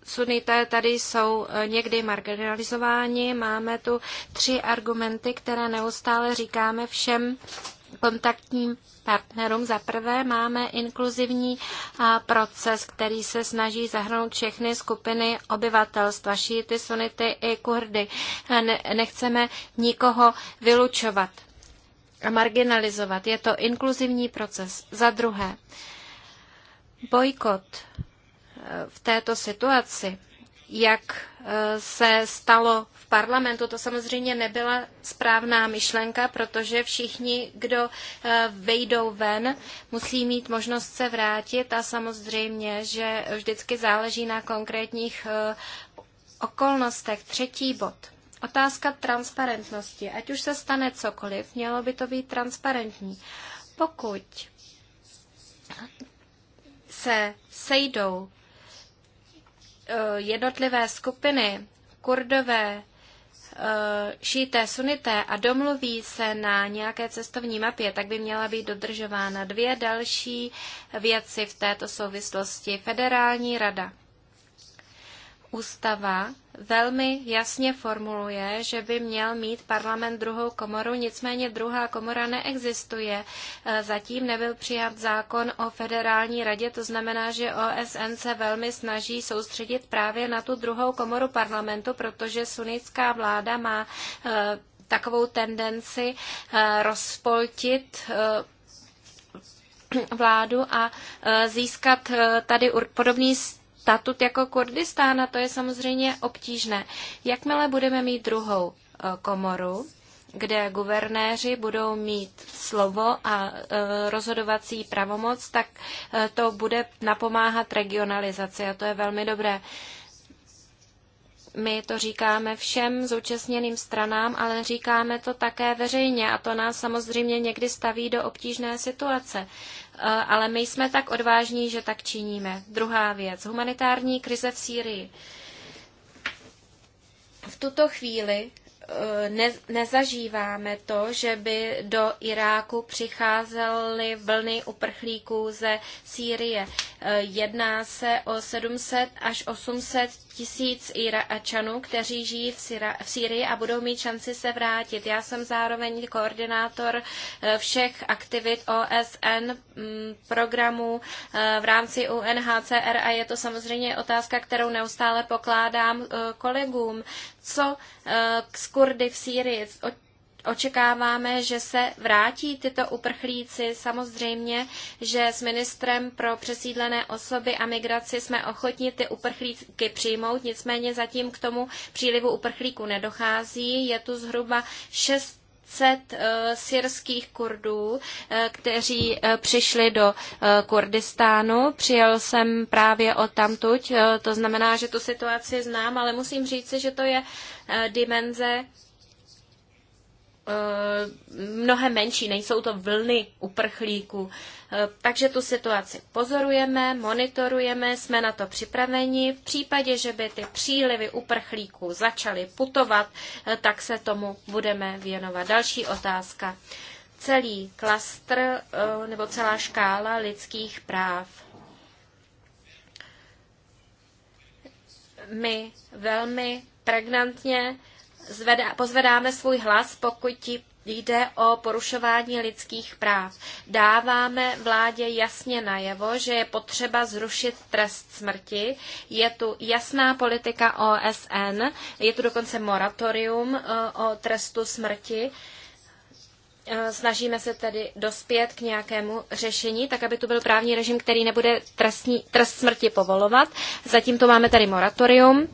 sunité tady jsou eh, někdy marginalizováni. Máme tu tři argumenty, které neustále říkáme všem kontaktním partnerům. Za prvé máme inkluzivní proces, který se snaží zahrnout všechny skupiny obyvatelstva, šíty, sunity i kurdy. Nechceme nikoho vylučovat a marginalizovat. Je to inkluzivní proces. Za druhé, bojkot e, v této situaci, jak se stalo v parlamentu, to samozřejmě nebyla správná myšlenka, protože všichni, kdo eh, vejdou ven, musí mít možnost se vrátit a samozřejmě, že vždycky záleží na konkrétních eh, okolnostech. Třetí bod. Otázka transparentnosti. Ať už se stane cokoliv, mělo by to být transparentní. Pokud se sejdou Eh, jednotlivé skupiny, kurdové, eh, šíté, sunité a domluví se na nějaké cestovní mapě, tak by měla být dodržována dvě další věci v této souvislosti. Federální rada. Ústava velmi jasně formuluje, že by měl mít parlament druhou komoru, nicméně druhá komora neexistuje. E, zatím nebyl přijat zákon o federální radě, to znamená, že OSN se velmi snaží soustředit právě na tu druhou komoru parlamentu, protože sunnická vláda má e, takovou tendenci e, rozpoltit vládu a získat tady podobný statut jako Kurdistán a to je samozřejmě obtížné. Jakmile budeme mít druhou eh, komoru, kde guvernéři budou mít slovo a eh, rozhodovací pravomoc, tak eh, to bude napomáhat regionalizaci a to je velmi dobré. My to říkáme všem zúčastněným stranám, ale říkáme to také veřejně a to nás samozřejmě někdy staví do obtížné situace ale my jsme tak odvážní, že tak činíme. Druhá věc, humanitární krize v Sýrii. V tuto chvíli e, ne, nezažíváme to, že by do Iráku přicházely vlny uprchlíků ze Sýrie. E, jedná se o 700 až 800 tisíc Iračanů, kteří žijí v, Syra, v Sýrii a budou mít šanci se vrátit. Já jsem zároveň koordinátor eh, všech aktivit OSN mm, programů eh, v rámci UNHCR a je to samozřejmě otázka, kterou neustále pokládám eh, kolegům. Co s Kurdy v Sýrii? očekáváme, že se vrátí tyto uprchlíci. Samozřejmě, že s ministrem pro přesídlené osoby a migraci jsme ochotni ty uprchlíky přijmout, nicméně zatím k tomu přílivu uprchlíků nedochází. Je tu zhruba 6 eh, syrských Kurdů, eh, kteří eh, přišli do Kurdistánu. Přijel jsem právě od tamtuť, to znamená, že tu situaci znám, ale musím říci, že to je dimenze Eh, mnohem menší, nejsou to vlny uprchlíků. Eh, takže tu situaci pozorujeme, monitorujeme, jsme na to připraveni. V případě, že by ty přílivy uprchlíků začaly putovat, eh, tak se tomu budeme věnovat. Další otázka. Celý klastr nebo celá škála lidských práv. My velmi pregnantně zvedá, pozvedáme svůj hlas, pokud jde o porušování lidských práv. Dáváme vládě jasně najevo, že je potřeba zrušit trest smrti. Je tu jasná politika OSN, je tu dokonce moratorium e, o trestu smrti. E, snažíme se tedy dospět k nějakému řešení, tak aby to byl právní režim, který nebude trestní, trest smrti povolovat. Zatím to máme tady moratorium.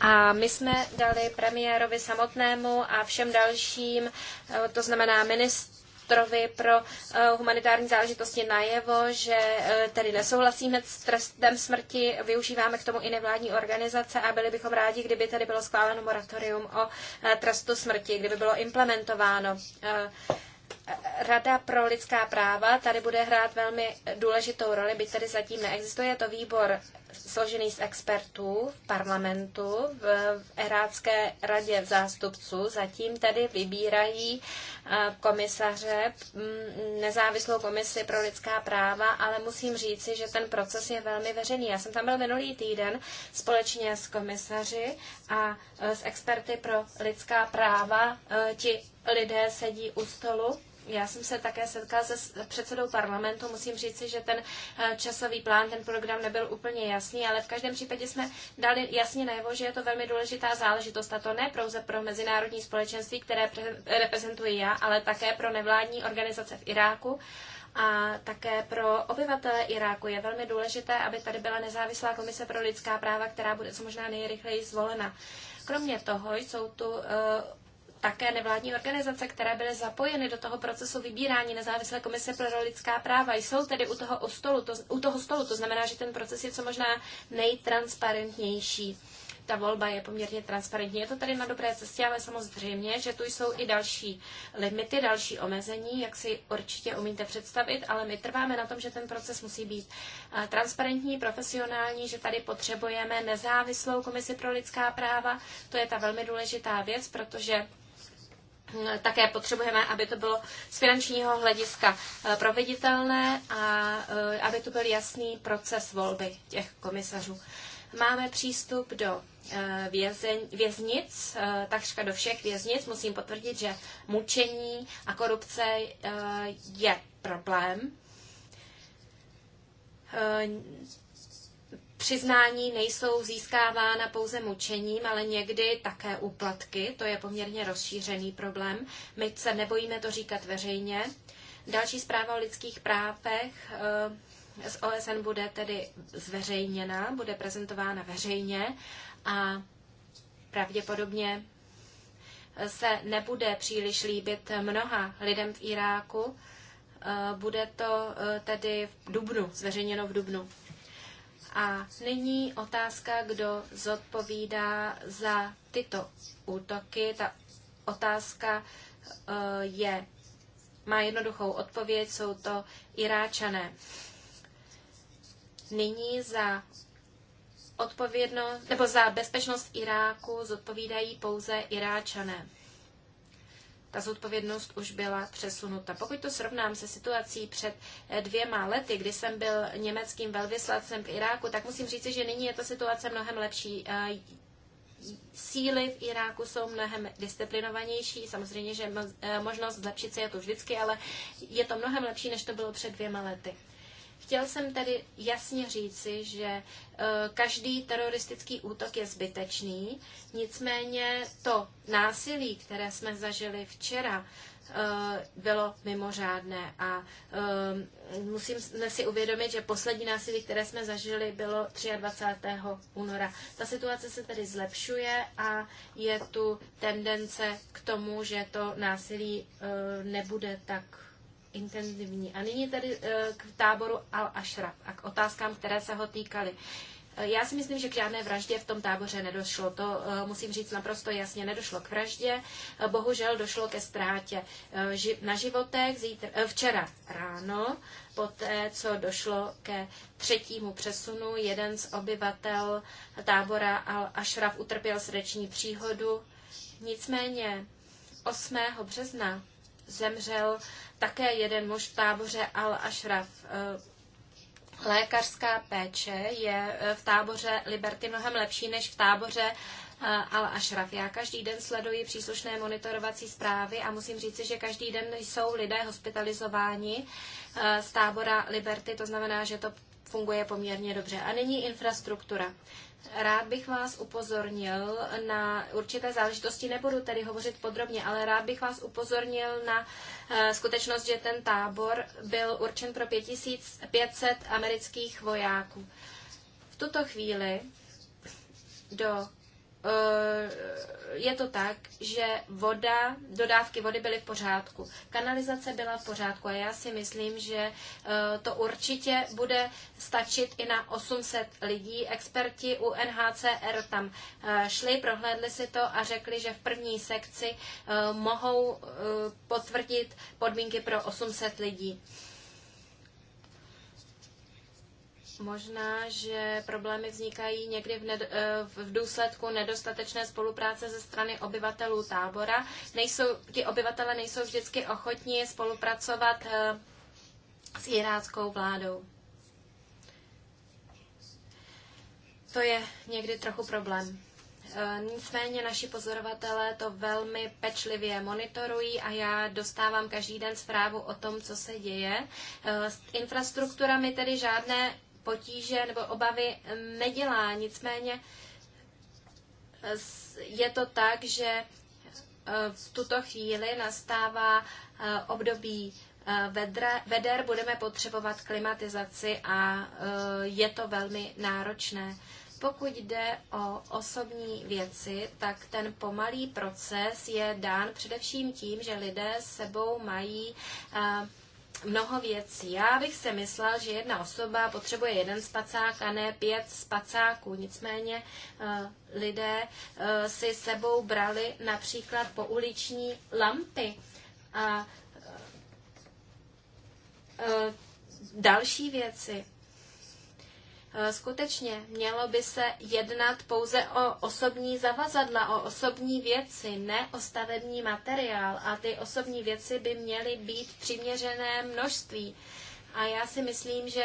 A my jsme dali premiérovi samotnému a všem dalším, eh, to znamená ministrovi pro eh, humanitární záležitosti najevo, že eh, tedy nesouhlasíme s trestem smrti, využíváme k tomu i nevládní organizace a byli bychom rádi, kdyby tedy bylo schváleno moratorium o trestu smrti, kdyby bylo implementováno. Rada pro lidská práva tady bude hrát velmi důležitou roli, byť tady zatím neexistuje. Je to výbor složený z expertů v parlamentu, v, v Erácké radě zástupců. Zatím tedy vybírají eh, komisaře, mm, nezávislou komisi pro lidská práva, ale musím říci, že ten proces je velmi veřejný. Já jsem tam byl minulý týden společně s komisaři a eh, s experty pro lidská práva. Eh, ti lidé sedí u stolu já jsem se také setkala se předsedou parlamentu. Musím říci, že ten eh, časový plán, ten program nebyl úplně jasný, ale v každém případě jsme dali jasně najevo, že je to velmi důležitá záležitost. A to ne pouze pro mezinárodní společenství, které reprezentuji já, ale také pro nevládní organizace v Iráku. A také pro obyvatele Iráku je velmi důležité, aby tady byla nezávislá komise pro lidská práva, která bude co možná nejrychleji zvolena. Kromě toho jsou tu eh, také nevládní organizace, které byly zapojeny do toho procesu vybírání nezávislé komise pro lidská práva, jsou tedy u toho, o stolu, to, u toho stolu. To znamená, že ten proces je co možná nejtransparentnější. Ta volba je poměrně transparentní. Je to tady na dobré cestě, ale samozřejmě, že tu jsou i další limity, další omezení, jak si určitě umíte představit, ale my trváme na tom, že ten proces musí být eh, transparentní, profesionální, že tady potřebujeme nezávislou komisi pro lidská práva. To je ta velmi důležitá věc, protože také potřebujeme, aby to bylo z finančního hlediska eh, proveditelné a eh, aby to byl jasný proces volby těch komisařů. Máme přístup do eh, vězeň, věznic, takřka do všech věznic. Musím potvrdit, že mučení a korupce je problém přiznání nejsou získávána pouze mučením, ale někdy také úplatky. To je poměrně rozšířený problém. My se nebojíme to říkat veřejně. Další zpráva o lidských právech eh, z OSN bude tedy zveřejněna, bude prezentována veřejně a pravděpodobně se nebude příliš líbit mnoha lidem v Iráku. Eh, bude to eh, tedy v Dubnu, zveřejněno v Dubnu. A nyní otázka, kdo zodpovídá za tyto útoky. Ta otázka eh, je, má jednoduchou odpověď, jsou to Iráčané. Nyní za odpovědnost, nebo za bezpečnost Iráku zodpovídají pouze Iráčané ta zodpovědnost už byla přesunuta. Pokud to srovnám se situací před eh, dvěma lety, kdy jsem byl německým velvyslancem v Iráku, tak musím říct, že nyní je ta situace mnohem lepší. Eh, síly v Iráku jsou mnohem disciplinovanější. Samozřejmě, že eh, možnost zlepšit se je to vždycky, ale je to mnohem lepší, než to bylo před dvěma lety. Chtěl jsem tady jasně říci, že e, každý teroristický útok je zbytečný, nicméně to násilí, které jsme zažili včera, e, bylo mimořádné a e, musím si uvědomit, že poslední násilí, které jsme zažili, bylo 23. února. Ta situace se tedy zlepšuje a je tu tendence k tomu, že to násilí nebude tak intenzivní. A nyní tedy eh, k táboru Al-Ashraf a k otázkám, které se ho týkaly. Eh, já si myslím, že k žádné vraždě v tom táboře nedošlo. To eh, musím říct naprosto jasně. Nedošlo k vraždě, bohužel došlo ke ztrátě na životech zítr, včera ráno, poté co došlo ke třetímu přesunu. Jeden z obyvatel tábora Al-Ashraf utrpěl srdeční příhodu. Nicméně 8. března zemřel také jeden muž v táboře Al-Ashraf. Eh, lékařská péče je eh, v táboře Liberty mnohem lepší než v táboře eh, Al-Ashraf. Já každý den sleduji příslušné monitorovací zprávy a musím říci, že každý den jsou lidé hospitalizováni z tábora Liberty, to znamená, že to funguje poměrně dobře. A nyní infrastruktura. Rád bych vás upozornil na určité záležitosti, nebudu tedy hovořit podrobně, ale rád bych vás upozornil na eh, skutečnost, že ten tábor byl určen pro 5500 amerických vojáků. V tuto chvíli do Eh, je to tak, že voda, dodávky vody byly v pořádku. Kanalizace byla v pořádku a já si myslím, že eh, to určitě bude stačit i na 800 lidí. Experti u NHCR tam eh, šli, prohlédli si to a řekli, že v první sekci mohou potvrdit podmínky pro 800 lidí. Možná, že problémy vznikají někdy v, ned- eh, v důsledku nedostatečné spolupráce ze strany obyvatelů tábora. Nejsou, ti obyvatele nejsou vždycky ochotní spolupracovat eh, s iráckou vládou. To je někdy trochu problém. Eh, nicméně naši pozorovatelé to velmi pečlivě monitorují a já dostávám každý den zprávu o tom, co se děje. S infrastrukturami tedy žádné potíže nebo obavy nedělá. Nicméně eh, je to tak, že eh, v tuto chvíli nastává eh, období veder, budeme potřebovat klimatizaci a je to velmi náročné. Pokud jde o osobní věci, tak ten pomalý proces je dán především tím, že lidé sebou mají mnoho věcí. Já bych se myslel, že jedna osoba potřebuje jeden spacák a ne pět spacáků. Nicméně eh, lidé eh, si sebou brali například pouliční lampy a eh, další věci. Eh, skutečně mělo by se jednat pouze o osobní zavazadla, o osobní věci, ne o stavební materiál a ty osobní věci by měly být přiměřené množství. A já si myslím, že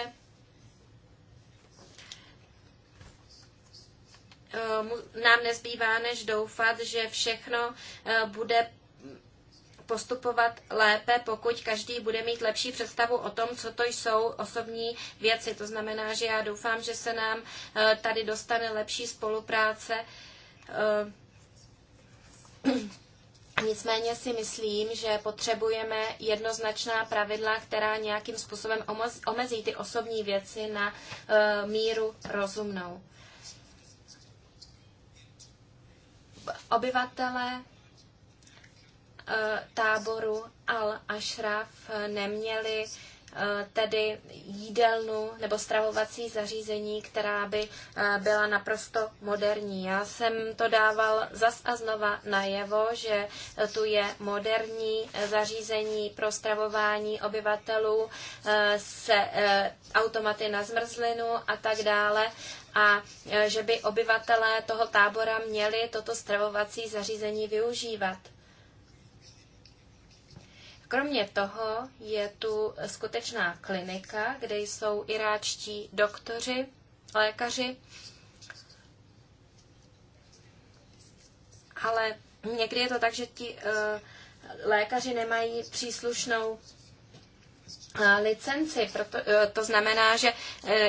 eh, nám nezbývá než doufat, že všechno eh, bude postupovat lépe, pokud každý bude mít lepší představu o tom, co to jsou osobní věci. To znamená, že já doufám, že se nám eh, tady dostane lepší spolupráce. Eh, nicméně si myslím, že potřebujeme jednoznačná pravidla, která nějakým způsobem omezí ty osobní věci na eh, míru rozumnou. Obyvatele Eh, táboru Al-Ashraf eh, neměli eh, tedy jídelnu nebo stravovací zařízení, která by byla naprosto moderní. Já jsem to dával zas a znova najevo, že tu je moderní zařízení pro stravování obyvatelů se automaty na zmrzlinu a tak dále a že by obyvatelé toho tábora měli toto stravovací zařízení využívat. Kromě toho je tu skutečná klinika, kde jsou iráčtí doktoři, lékaři, ale někdy je to tak, že ti eh, lékaři nemají příslušnou eh, licenci. Proto, eh, to znamená, že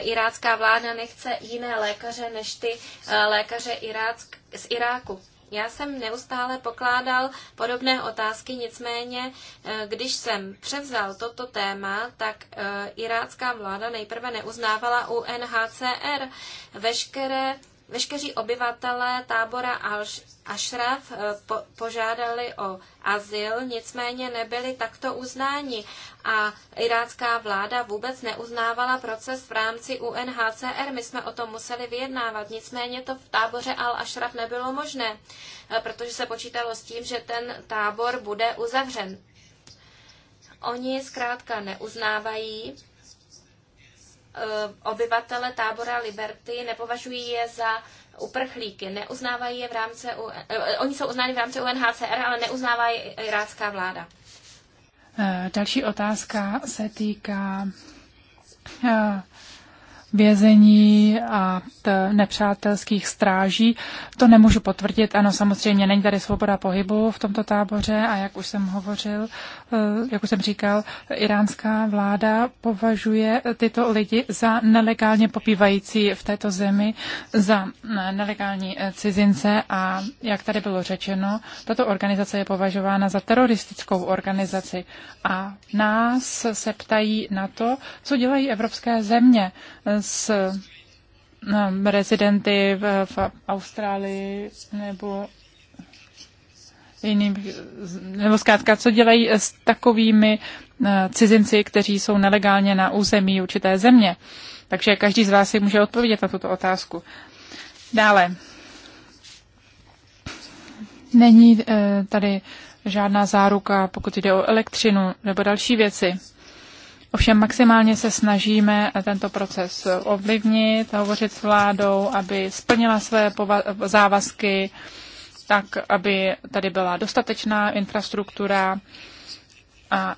irácká vláda nechce jiné lékaře než ty lékaře irácky, z Iráku. Já jsem neustále pokládal podobné otázky, nicméně, eh, když jsem převzal toto téma, tak eh, irácká vláda nejprve neuznávala UNHCR. Veškeré Veškeří obyvatelé tábora Ashraf eh, požádali o azyl, nicméně nebyli takto uznáni a irácká vláda vůbec neuznávala proces v rámci UNHCR. My jsme o tom museli vyjednávat, nicméně to v táboře Al-Ashraf nebylo možné, eh, protože se počítalo s tím, že ten tábor bude uzavřen. Oni zkrátka neuznávají Eh, obyvatele tábora Liberty, nepovažují je za uprchlíky, neuznávají je v rámci, eh, oni jsou uznáni v rámci UNHCR, ale neuznává irácká vláda. Eh, další otázka se týká vězení a nepřátelských stráží. To nemůžu potvrdit. Ano, samozřejmě není tady svoboda pohybu v tomto táboře a jak už jsem hovořil, eh, jak už jsem říkal, iránská vláda považuje tyto lidi za nelegálně popívající v této zemi, za eh, nelegální eh, cizince a jak tady bylo řečeno, tato organizace je považována za teroristickou organizaci a nás se ptají na to, co dělají evropské země s eh, rezidenty v, v Austrálii nebo jiným, nebo zkrátka, co dělají s takovými eh, cizinci, kteří jsou nelegálně na území určité země. Takže každý z vás si může odpovědět na tuto otázku. Dále. Není eh, tady žádná záruka, pokud jde o elektřinu nebo další věci. Ovšem maximálně se snažíme tento proces ovlivnit, hovořit s vládou, aby splnila své závazky, tak aby tady byla dostatečná infrastruktura a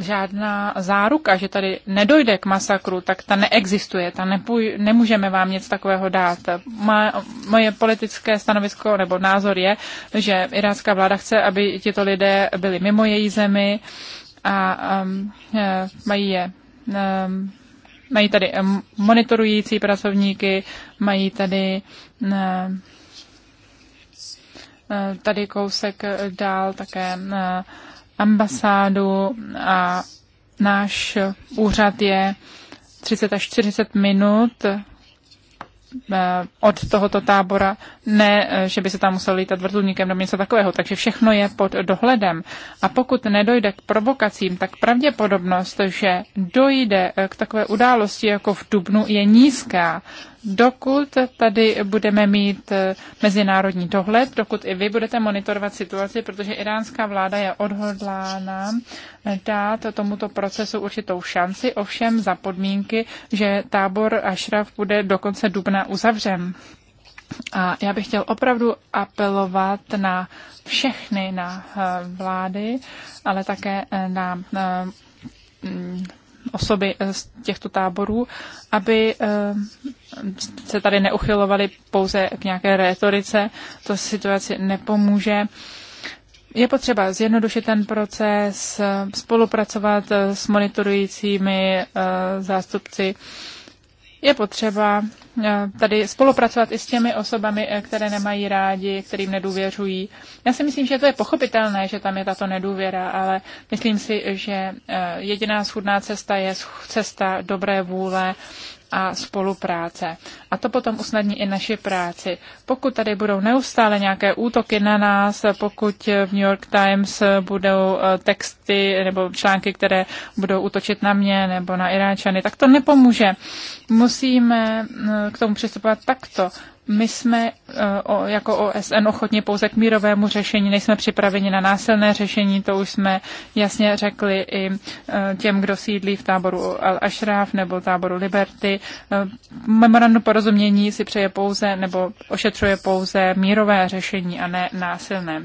žádná záruka, že tady nedojde k masakru, tak ta neexistuje, ta nepůj, nemůžeme vám nic takového dát. Má, moje politické stanovisko nebo názor je, že irácká vláda chce, aby tito lidé byli mimo její zemi, a um, e, mají je. Um, mají tady um, monitorující pracovníky, mají tady um, e, tady kousek dál také um, ambasádu a náš úřad je 30 až 40 minut Eh, od tohoto tábora, ne, eh, že by se tam musel lítat vrtulníkem nebo něco takového. Takže všechno je pod dohledem. A pokud nedojde k provokacím, tak pravděpodobnost, že dojde eh, k takové události jako v Dubnu, je nízká dokud tady budeme mít eh, mezinárodní dohled, dokud i vy budete monitorovat situaci, protože iránská vláda je odhodlána eh, dát tomuto procesu určitou šanci, ovšem za podmínky, že tábor Ashraf bude do konce dubna uzavřen. A já bych chtěl opravdu apelovat na všechny, na eh, vlády, ale také na osoby eh, z těchto táborů, aby eh, se tady neuchylovali pouze k nějaké rétorice. To situaci nepomůže. Je potřeba zjednodušit ten proces, eh, spolupracovat s monitorujícími zástupci je potřeba eh, tady spolupracovat i s těmi osobami, eh, které nemají rádi, kterým nedůvěřují. Já si myslím, že to je pochopitelné, že tam je tato nedůvěra, ale myslím si, že eh, jediná schudná cesta je cesta dobré vůle a spolupráce. A to potom usnadní i naši práci. Pokud tady budou neustále nějaké útoky na nás, pokud v New York Times budou eh, texty nebo články, které budou útočit na mě nebo na Iráčany, tak to nepomůže. Musíme eh, k tomu přistupovat takto my jsme eh, jako OSN ochotně pouze k mírovému řešení, nejsme připraveni na násilné řešení, to už jsme jasně řekli i eh, těm, kdo sídlí v táboru Al-Ashraf nebo táboru Liberty. Eh, memorandum porozumění si přeje pouze nebo ošetřuje pouze mírové řešení a ne násilné.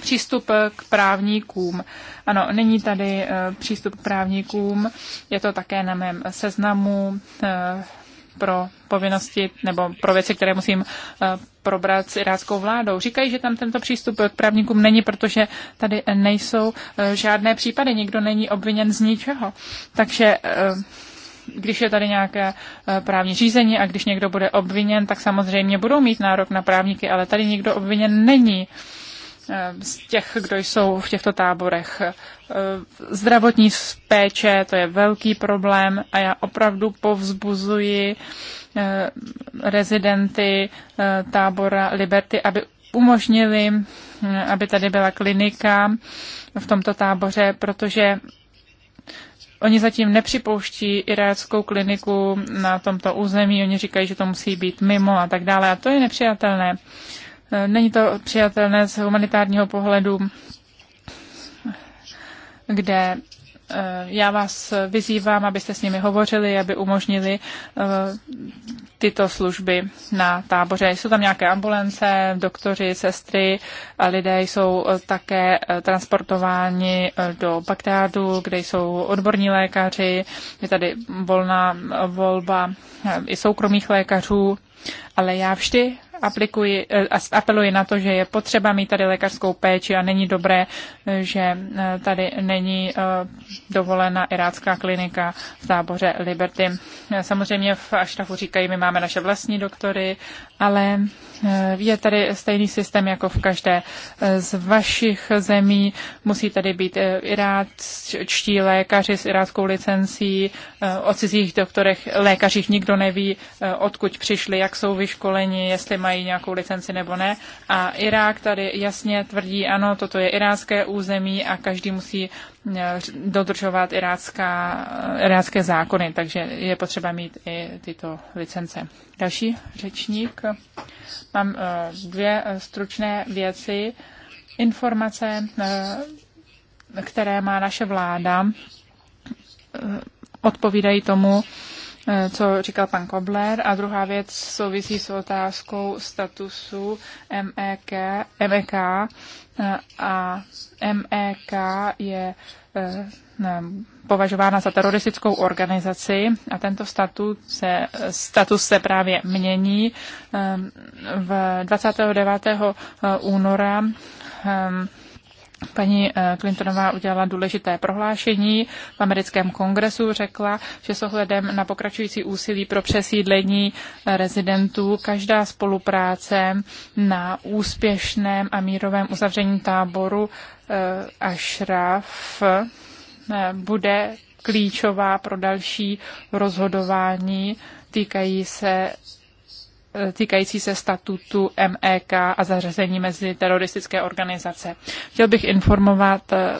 Přístup k právníkům. Ano, není tady přístup k právníkům, je to také na mém seznamu pro povinnosti nebo pro věci, které musím eh, probrat s iráckou vládou. Říkají, že tam tento přístup k právníkům není, protože tady nejsou eh, žádné případy, nikdo není obviněn z ničeho. Takže eh, když je tady nějaké právní řízení a když někdo bude obviněn, tak samozřejmě budou mít nárok na právníky, ale tady nikdo obviněn není. Eh, z těch, kdo jsou v těchto táborech. Eh, zdravotní péče, to je velký problém a já opravdu povzbuzuji eh, rezidenty tábora Liberty, aby umožnili, aby tady byla klinika v tomto táboře, protože Oni zatím nepřipouští iráckou kliniku na tomto území, oni říkají, že to musí být mimo a tak dále a to je nepřijatelné. Uh, Eh, není to přijatelné z humanitárního pohledu, kde eh, já vás vyzývám, abyste s nimi hovořili, aby umožnili eh, tyto služby na táboře. Jsou tam nějaké ambulance, doktoři, sestry a lidé jsou také transportováni do Bagdádu, kde jsou odborní lékaři. Je tady volná volba i soukromých lékařů, ale já vždy aplikuji, eh, apeluji na to, že je potřeba mít tady lékařskou péči a není dobré, eh, že eh, tady není dovolena irácká klinika v táboře Liberty. Samozřejmě v Aštafu říkají, my máme naše vlastní doktory ale eh, je tady stejný systém jako v každé eh, z vašich zemí. Musí tady být eh, iráčtí lékaři s iráckou licencí, o cizích doktorech, lékařích nikdo neví, odkud přišli, jak jsou vyškoleni, jestli mají nějakou licenci nebo ne. A Irák tady jasně tvrdí, ano, toto je irácké území a každý musí Eh, dodržovat irácká, irácké zákony, takže je potřeba mít i tyto licence. Další řečník. Mám eh, dvě stručné věci. Informace, eh, které má naše vláda, odpovídají tomu, Eh, co říkal pan Kobler. A druhá věc souvisí s otázkou statusu MEK, MEK eh, a MEK je eh, považována za teroristickou organizaci a tento statut se, status se právě mění. V 29. února Paní eh, Clintonová udělala důležité prohlášení v americkém kongresu, řekla, že s ohledem na pokračující úsilí pro přesídlení eh, rezidentů každá spolupráce na úspěšném a mírovém uzavření táboru eh, Ashraf bude klíčová pro další rozhodování týkají se týkající se statutu MEK a zařazení mezi teroristické organizace. Chtěl bych informovat eh,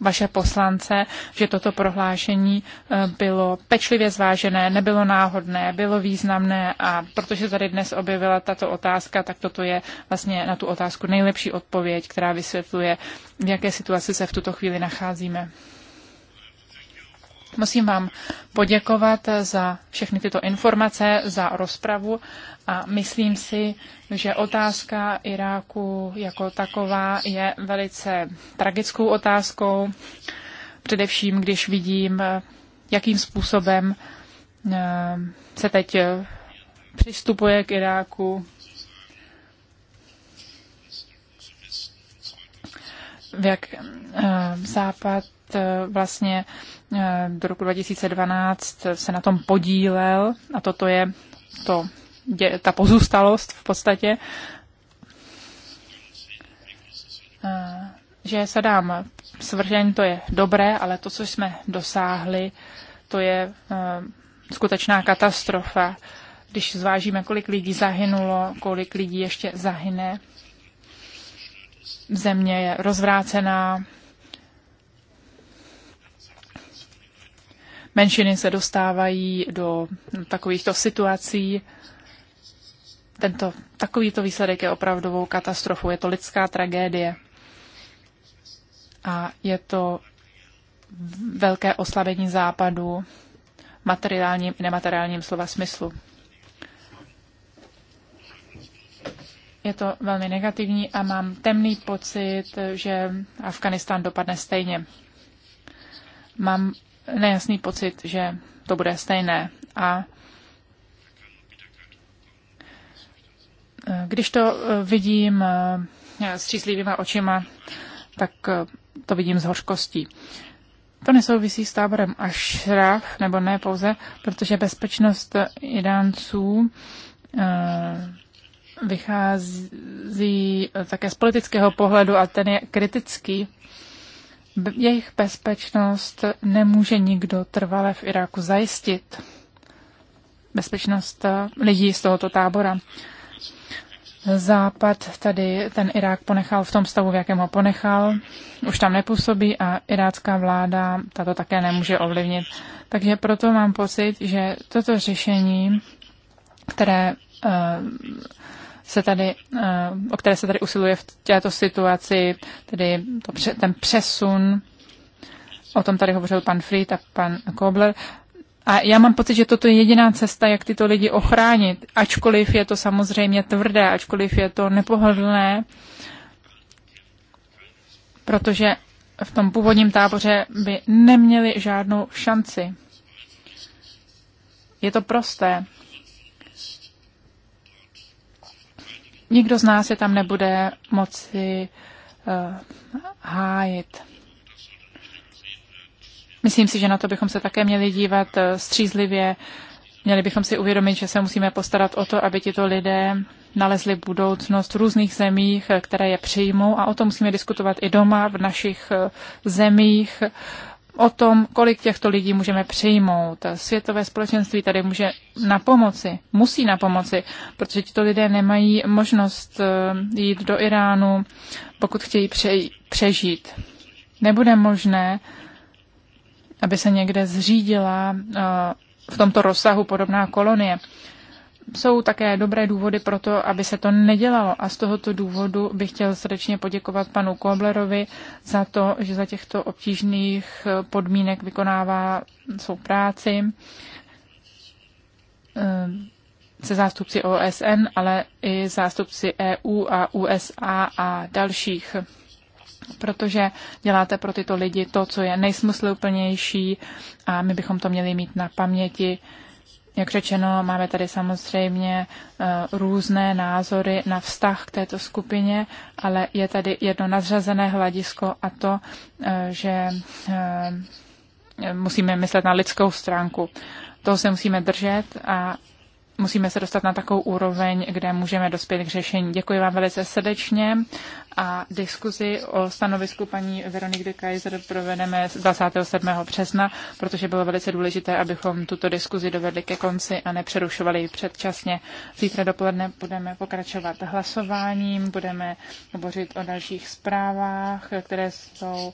vaše poslance, že toto prohlášení eh, bylo pečlivě zvážené, nebylo náhodné, bylo významné a protože tady dnes objevila tato otázka, tak toto je vlastně na tu otázku nejlepší odpověď, která vysvětluje, v jaké situaci se v tuto chvíli nacházíme. Musím vám poděkovat za všechny tyto informace, za rozpravu a myslím si, že otázka Iráku jako taková je velice tragickou otázkou, především když vidím, jakým způsobem eh, se teď přistupuje k Iráku. V jak eh, západ Eh, vlastně eh, do roku 2012 se na tom podílel a toto je to, ta pozůstalost v podstatě, eh, že se dám svržení, to je dobré, ale to, co jsme dosáhli, to je skutečná katastrofa. Když zvážíme, kolik lidí zahynulo, kolik lidí ještě zahyne, země je rozvrácená, menšiny se dostávají do takovýchto situací. Tento, takovýto výsledek je opravdovou katastrofou. Je to lidská tragédie. A je to velké oslabení západu materiálním i nemateriálním slova smyslu. Je to velmi negativní a mám temný pocit, že Afganistán dopadne stejně. Mám nejasný pocit, že to bude stejné. A e, když to e, vidím e, s číslivýma očima, tak to vidím s hořkostí. To nesouvisí s táborem rách, nebo ne pouze, protože bezpečnost Iránců vychází také z politického pohledu a ten je kritický jejich bezpečnost nemůže nikdo trvale v Iráku zajistit. Bezpečnost eh, lidí z tohoto tábora. Západ tady ten Irák ponechal v tom stavu, v jakém ho ponechal. Už tam nepůsobí a irácká vláda tato také nemůže ovlivnit. Takže proto mám pocit, že toto řešení, které uh, se tady, eh, o které se tady usiluje v této situaci, tedy to, ten přesun, o tom tady hovořil pan Fried a pan Kobler. A já mám pocit, že toto je jediná cesta, jak tyto lidi ochránit, ačkoliv je to samozřejmě tvrdé, ačkoliv je to nepohodlné, protože v tom původním táboře by neměli žádnou šanci. Je to prosté. nikdo z nás je tam nebude moci uh, hájit. Myslím si, že na to bychom se také měli dívat eh, střízlivě. Měli bychom si uvědomit, že se musíme postarat o to, aby tito lidé nalezli budoucnost v různých zemích, eh, které je přijmou a o tom musíme diskutovat i doma, v našich zemích. Uh, o tom, kolik těchto lidí můžeme přijmout. Světové společenství tady může na pomoci, musí na pomoci, protože tito lidé nemají možnost eh, jít do Iránu, pokud chtějí přežít. Nebude možné, aby se někde zřídila eh, v tomto rozsahu podobná kolonie jsou také dobré důvody pro to, aby se to nedělalo. A z tohoto důvodu bych chtěl srdečně poděkovat panu Koblerovi za to, že za těchto obtížných podmínek vykonává svou práci eh, se zástupci OSN, ale i zástupci EU a USA a dalších protože děláte pro tyto lidi to, co je nejsmysluplnější a my bychom to měli mít na paměti jak řečeno, máme tady samozřejmě eh, různé názory na vztah k této skupině, ale je tady jedno nadřazené hledisko a to, eh, že eh, musíme myslet na lidskou stránku. Toho se musíme držet a musíme se dostat na takovou úroveň, kde můžeme dospět k řešení. Děkuji vám velice srdečně a diskuzi o stanovisku paní Veroniky de Kaiser provedeme 27. března, protože bylo velice důležité, abychom tuto diskuzi dovedli ke konci a nepřerušovali ji předčasně. Zítra dopoledne budeme pokračovat hlasováním, budeme hovořit o dalších zprávách, které jsou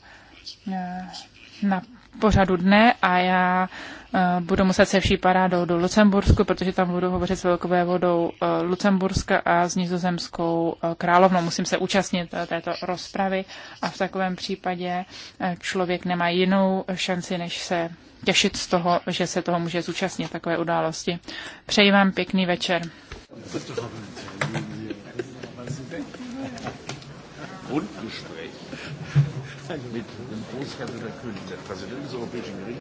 eh, na pořadu dne a já Eh, budu muset se vší parádou do Lucembursku, protože tam budu hovořit s velkové vodou eh, Lucemburska a s nizozemskou eh, královnou. Musím se účastnit této rozpravy a v takovém případě člověk nemá jinou šanci, než se těšit z toho, že se toho může zúčastnit takové události. Přeji vám pěkný večer. mit dem Großherrn der König, der Präsident des Europäischen Gerichts.